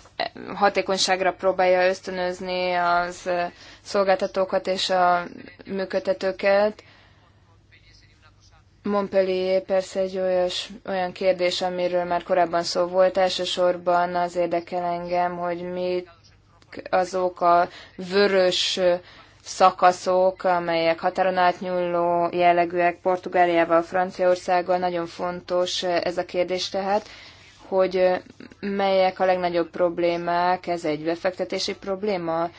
hatékonyságra próbálja ösztönözni az eh, szolgáltatókat és a működtetőket. Montpellier persze egy olyas, olyan kérdés, amiről már korábban szó volt. Elsősorban az érdekel engem, hogy mi azok a vörös szakaszok, amelyek határon átnyúló jellegűek Portugáliával, Franciaországgal, nagyon fontos eh, ez a kérdés tehát hogy melyek a legnagyobb problémák, ez egy befektetési probléma,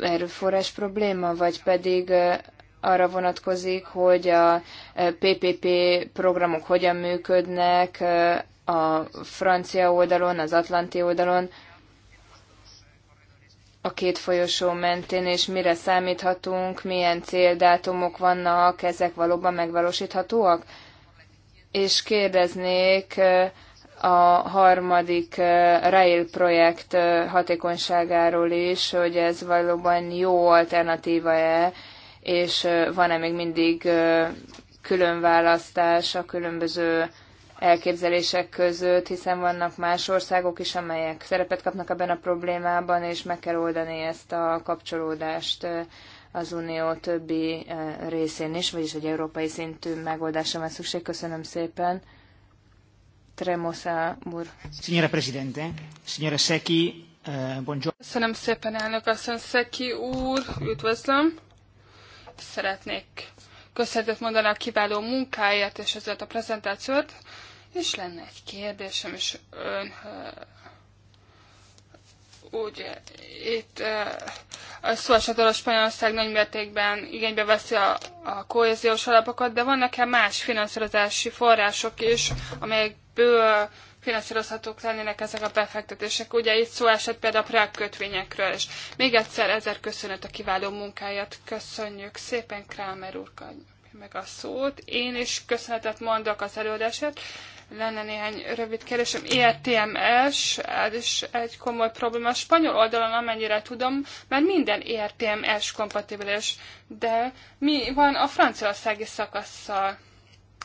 erőforrás probléma, vagy pedig arra vonatkozik, hogy a PPP programok hogyan működnek a francia oldalon, az atlanti oldalon, a két folyosó mentén, és mire számíthatunk, milyen céldátumok vannak, ezek valóban megvalósíthatóak? És kérdeznék a harmadik rail projekt hatékonyságáról is, hogy ez valóban jó alternatíva-e, és van-e még mindig választás, a különböző elképzelések között, hiszen vannak más országok is, amelyek szerepet kapnak ebben a problémában, és meg kell oldani ezt a kapcsolódást az unió többi részén is, vagyis egy európai szintű megoldásra van szükség. Köszönöm szépen. Tremosa úr. Signora Presidente, signora Seki, eh, buongiorno. Köszönöm szépen, elnök asszony Szeki úr, üdvözlöm. Szeretnék köszönetet mondani a kiváló munkáért és ezzel a prezentációt, és lenne egy kérdésem is ön ugye, eh, eh, itt a szóval a Spanyolország nagymértékben igénybe veszi a, a kohéziós alapokat, de vannak-e más finanszírozási források is, amelyek amiből finanszírozhatók lennének ezek a befektetések. Ugye itt szó esett például a kötvényekről is. Még egyszer ezer köszönet a kiváló munkáját. Köszönjük szépen Krámer úr meg a szót. Én is köszönetet mondok az előadásért. Lenne néhány rövid kérdésem. ERTMS, ez is egy komoly probléma. A spanyol oldalon, amennyire tudom, mert minden ERTMS kompatibilis, de mi van a franciaországi szakasszal?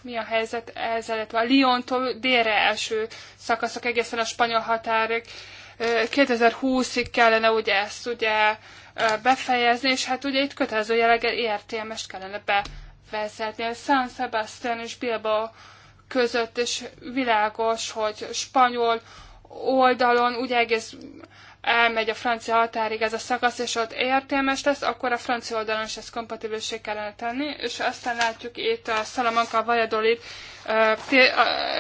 mi a helyzet ezzel, illetve a Lyontól délre első szakaszok egészen a spanyol határig. 2020-ig kellene ugye ezt ugye befejezni, és hát ugye itt kötelező jelleggel értelmest e kellene bevezetni. A San Sebastian és Bilbao között, és világos, hogy spanyol oldalon ugye egész elmegy a francia határig ez a szakasz, és ott értelmes lesz, akkor a francia oldalon is ezt kompatibilissé kellene tenni, és aztán látjuk itt a Salamanca Valladolid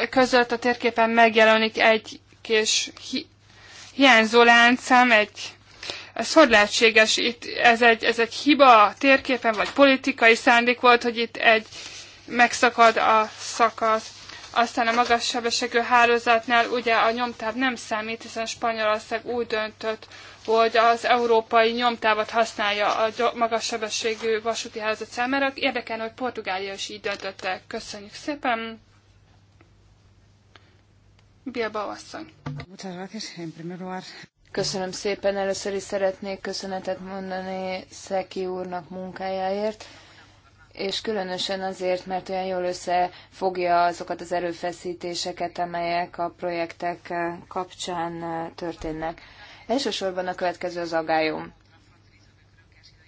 között a térképen megjelenik egy kis hi hiányzó láncszám, egy ez hogy lehetséges? Itt ez egy, ez egy hiba a térképen, vagy politikai szándék volt, hogy itt egy megszakad a szakasz. Aztán a magas sebességű hálózatnál ugye a nyomtáv nem számít, hiszen Spanyolország úgy döntött, hogy az európai nyomtávat használja a magas sebességű vasúti hálózat számára. Érdekelne, hogy Portugália is így döntötte. Köszönjük szépen! Bilbao asszony. Köszönöm szépen. Először is szeretnék köszönetet mondani Szeki úrnak munkájáért és különösen azért, mert olyan jól összefogja azokat az erőfeszítéseket, amelyek a projektek kapcsán történnek. Elsősorban a következő az agályom.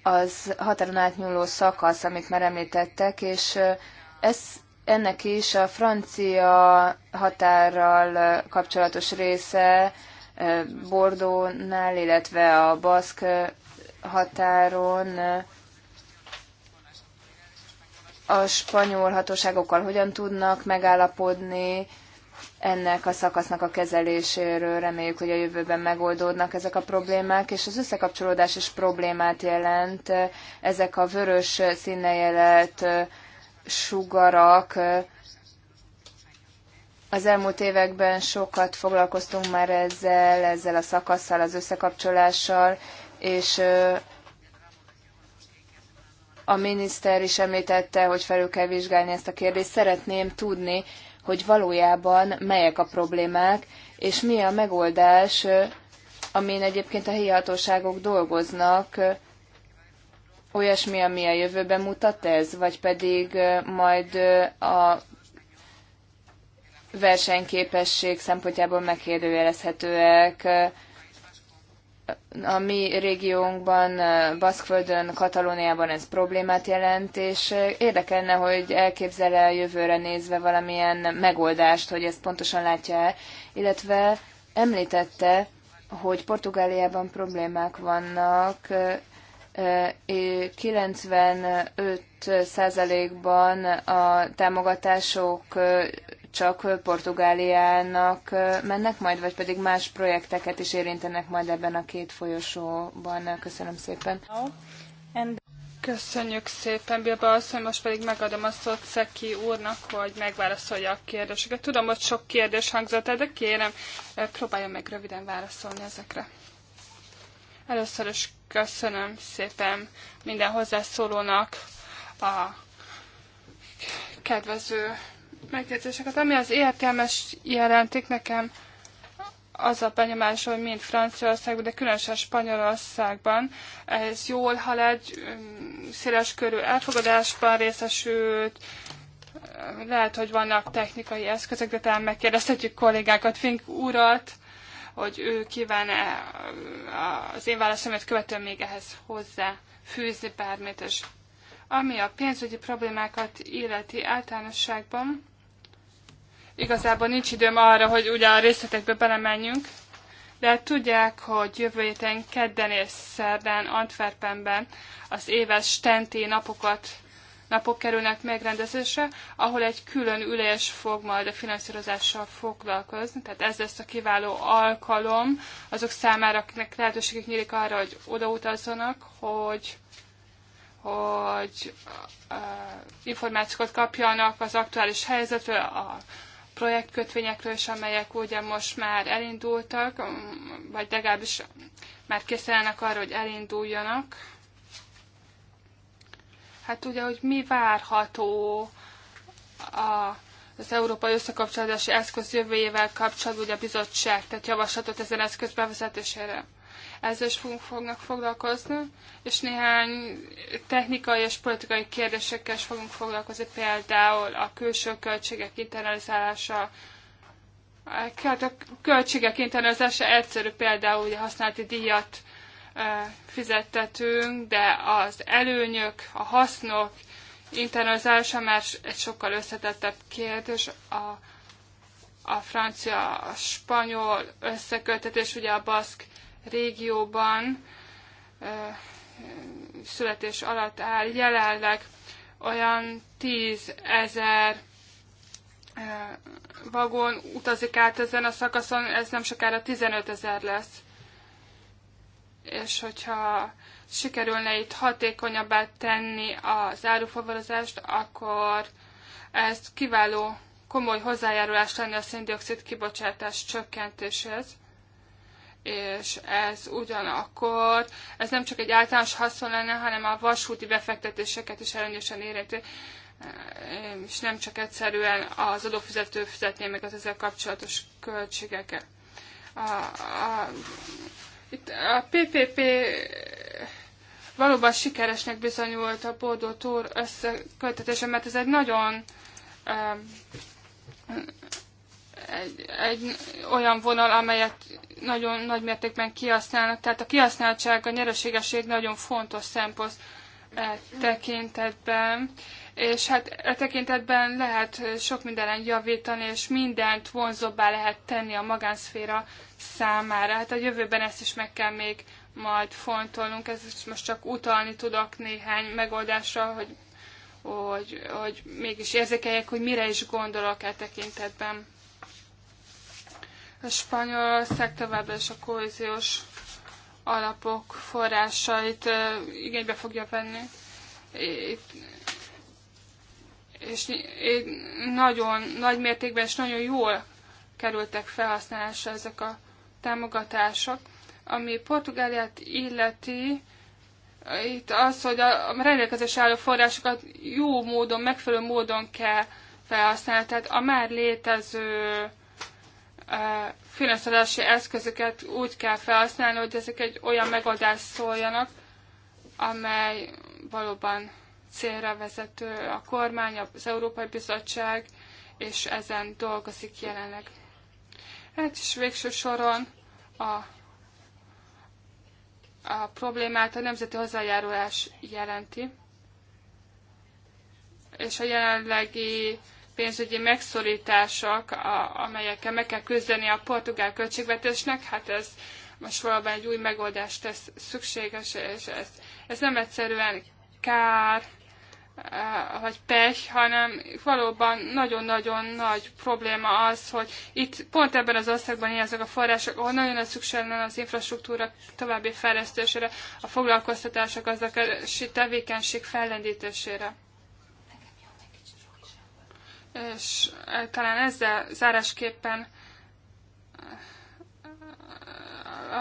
Az határon átnyúló szakasz, amit már említettek, és ez, ennek is a francia határral kapcsolatos része e, Bordónál, illetve a baszk határon e, a spanyol hatóságokkal hogyan tudnak megállapodni ennek a szakasznak a kezeléséről. Reméljük, hogy a jövőben megoldódnak ezek a problémák, és az összekapcsolódás is problémát jelent. Ezek a vörös színnel jelent sugarak, az elmúlt években sokat foglalkoztunk már ezzel, ezzel a szakasszal, az összekapcsolással, és a miniszter is említette, hogy felül kell vizsgálni ezt a kérdést. Szeretném tudni, hogy valójában melyek a problémák, és mi a megoldás, amin egyébként a helyi hatóságok dolgoznak, olyasmi, ami a jövőben mutat ez, vagy pedig majd a versenyképesség szempontjából megkérdőjelezhetőek a mi régiónkban, eh, Baszkföldön, Katalóniában ez problémát jelent, és eh, érdekelne, hogy elképzel-e a jövőre nézve valamilyen megoldást, hogy ezt pontosan látja e illetve említette, hogy Portugáliában problémák vannak, 95%-ban eh, a támogatások csak Portugáliának mennek majd, vagy pedig más projekteket is érintenek majd ebben a két folyosóban. Köszönöm szépen. Köszönjük szépen, Bilba asszony, most pedig megadom a szót Szeki úrnak, hogy megválaszolja a kérdéseket. Tudom, hogy sok kérdés hangzott de kérem, próbáljon meg röviden válaszolni ezekre. Először is köszönöm szépen minden hozzászólónak a kedvező megjegyzéseket. Ami az értelmes jelentik nekem, az a benyomás, hogy mind Franciaországban, de különösen Spanyolországban ez jól halad, széles körű elfogadásban részesült, lehet, hogy vannak technikai eszközök, de talán megkérdezhetjük kollégákat, Fink urat, hogy ő kíván-e az én válaszomért követően még ehhez hozzá fűzni bármit, és ami a pénzügyi problémákat illeti általánosságban, Igazából nincs időm arra, hogy ugye a részletekbe belemenjünk, de tudják, hogy jövő héten kedden és szerdán Antwerpenben az éves stenti napokat napok kerülnek megrendezésre, ahol egy külön ülés fog majd a finanszírozással foglalkozni, tehát ez lesz a kiváló alkalom azok számára, akiknek lehetőségük nyílik arra, hogy odautazzanak, hogy hogy uh, információkat kapjanak az aktuális helyzetről, a projektkötvényekről is, amelyek ugye most már elindultak, vagy legalábbis már készülnek arra, hogy elinduljanak. Hát ugye, hogy mi várható a, az Európai Összekapcsolódási Eszköz jövőjével kapcsolatban, ugye a bizottság tehát javaslatot ezen eszköz bevezetésére ezzel is fogunk, fognak foglalkozni, és néhány technikai és politikai kérdésekkel is fogunk foglalkozni, például a külső költségek internalizálása, Hát a költségek internalizálása egyszerű, például ugye használati díjat fizettetünk, de az előnyök, a hasznok internalizálása már egy sokkal összetettebb kérdés. A, a francia, a spanyol összekötetés, ugye a baszk régióban születés alatt áll jelenleg olyan 10 ezer vagon utazik át ezen a szakaszon, ez nem sokára 15 ezer lesz. És hogyha sikerülne itt hatékonyabbá tenni az árufavarozást, akkor ez kiváló komoly hozzájárulás lenne a széndiokszid kibocsátás csökkentéséhez és ez ugyanakkor, ez nem csak egy általános haszon lenne, hanem a vasúti befektetéseket is előnyösen érinti, és nem csak egyszerűen az adófizető fizetné meg az ezzel kapcsolatos költségeket. A, a, itt a PPP valóban sikeresnek bizonyult a Bódó túr összeköltetése, mert ez egy nagyon egy, egy olyan vonal, amelyet nagyon nagy mértékben kihasználnak. Tehát a kihasználtság, a nyereségesség nagyon fontos szempont e tekintetben. És hát e tekintetben lehet sok mindenen javítani, és mindent vonzóbbá lehet tenni a magánszféra számára. Hát a jövőben ezt is meg kell még majd fontolnunk. Ez most csak utalni tudok néhány megoldásra, hogy hogy, hogy mégis érzékeljek, hogy mire is gondolok e tekintetben. Spanyolország továbbra is a kohéziós alapok forrásait igénybe fogja venni. Itt, és nagyon nagy mértékben és nagyon jól kerültek felhasználásra ezek a támogatások. Ami Portugáliát illeti, itt az, hogy a rendelkezés álló forrásokat jó módon, megfelelő módon kell felhasználni. Tehát a már létező finanszírozási eszközöket úgy kell felhasználni, hogy ezek egy olyan megoldást szóljanak, amely valóban célra vezető a kormány, az Európai Bizottság, és ezen dolgozik jelenleg. Hát is végső soron a, a problémát a nemzeti hozzájárulás jelenti, és a jelenlegi pénzügyi megszorítások, a, amelyekkel meg kell küzdeni a portugál költségvetésnek, hát ez most valóban egy új megoldást tesz szükséges, és ez, ez nem egyszerűen kár, eh, vagy pech, hanem valóban nagyon-nagyon nagy probléma az, hogy itt pont ebben az országban hiányoznak a források, ahol nagyon nagy szükség lenne az infrastruktúra további fejlesztésére, a foglalkoztatások, a gazdasági tevékenység fellendítésére és eh, talán ezzel zárásképpen eh,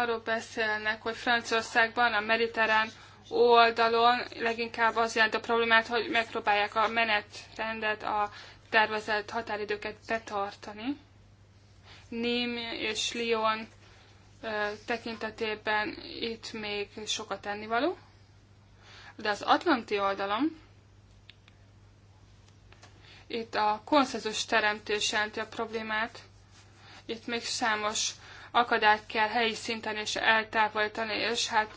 arról beszélnek, hogy Franciaországban a mediterrán oldalon leginkább az jelent a problémát, hogy megpróbálják a menetrendet, a tervezett határidőket betartani. Ním és Lyon eh, tekintetében itt még sokat tennivaló. De az Atlanti oldalon itt a konszenzus teremtés jelenti a problémát. Itt még számos akadályt kell helyi szinten is eltávolítani, és hát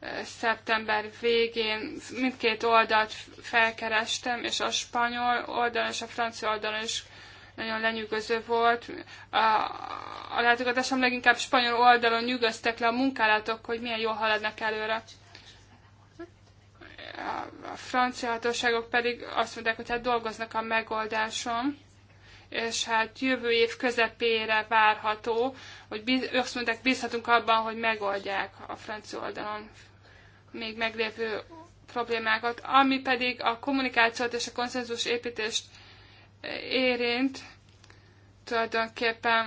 e, szeptember végén mindkét oldalt felkerestem, és a spanyol oldalon és a francia oldalon is nagyon lenyűgöző volt. A, a látogatásom leginkább spanyol oldalon nyűgöztek le a munkálatok, hogy milyen jól haladnak előre a francia hatóságok pedig azt mondják, hogy hát dolgoznak a megoldáson, és hát jövő év közepére várható, hogy biz, azt mondták, bízhatunk abban, hogy megoldják a francia oldalon még meglévő problémákat, ami pedig a kommunikációt és a konszenzus építést érint, tulajdonképpen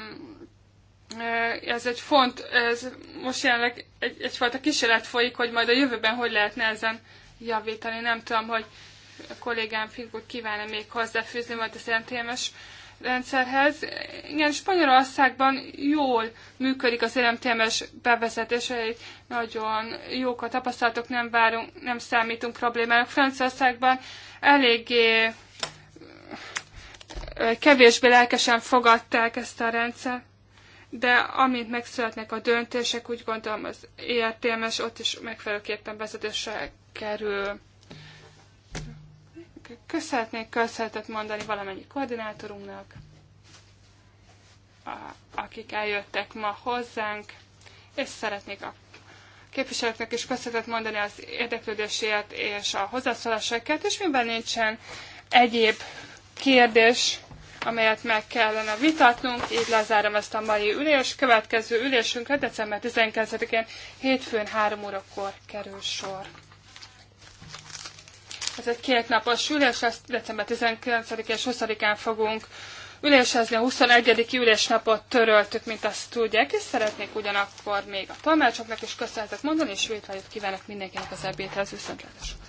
eh, ez egy font, ez most jelenleg egy, egyfajta kísérlet folyik, hogy majd a jövőben hogy lehetne ezen javítani. Nem tudom, hogy a kollégám kíván-e még hozzáfűzni majd a MTMS rendszerhez. Igen, Spanyolországban jól működik az MTMS bevezetése, nagyon jók a tapasztalatok, nem várunk, nem számítunk problémának. Franciaországban eléggé kevésbé lelkesen fogadták ezt a rendszert de amint megszületnek a döntések, úgy gondolom az értelmes ott is megfelelőképpen vezetésre kerül. Köszönhetnék köszönhetet mondani valamennyi koordinátorunknak, a, akik eljöttek ma hozzánk, és szeretnék a képviselőknek is köszönhetet mondani az érdeklődésért és a hozzászólásokat, és miben nincsen egyéb kérdés, amelyet meg kellene vitatnunk. Így lezárom ezt a mai ülés. Következő ülésünkre december 12 én hétfőn 3 órakor kerül sor. Ez egy kétnapos ülés, ezt december 19-én és 20-án fogunk ülésezni. A 21. ülésnapot töröltük, mint azt tudják, és szeretnék ugyanakkor még a tanácsoknak is köszönetet mondani, és vétvágyat kívánok mindenkinek az ebédhez. Viszontlátásokat!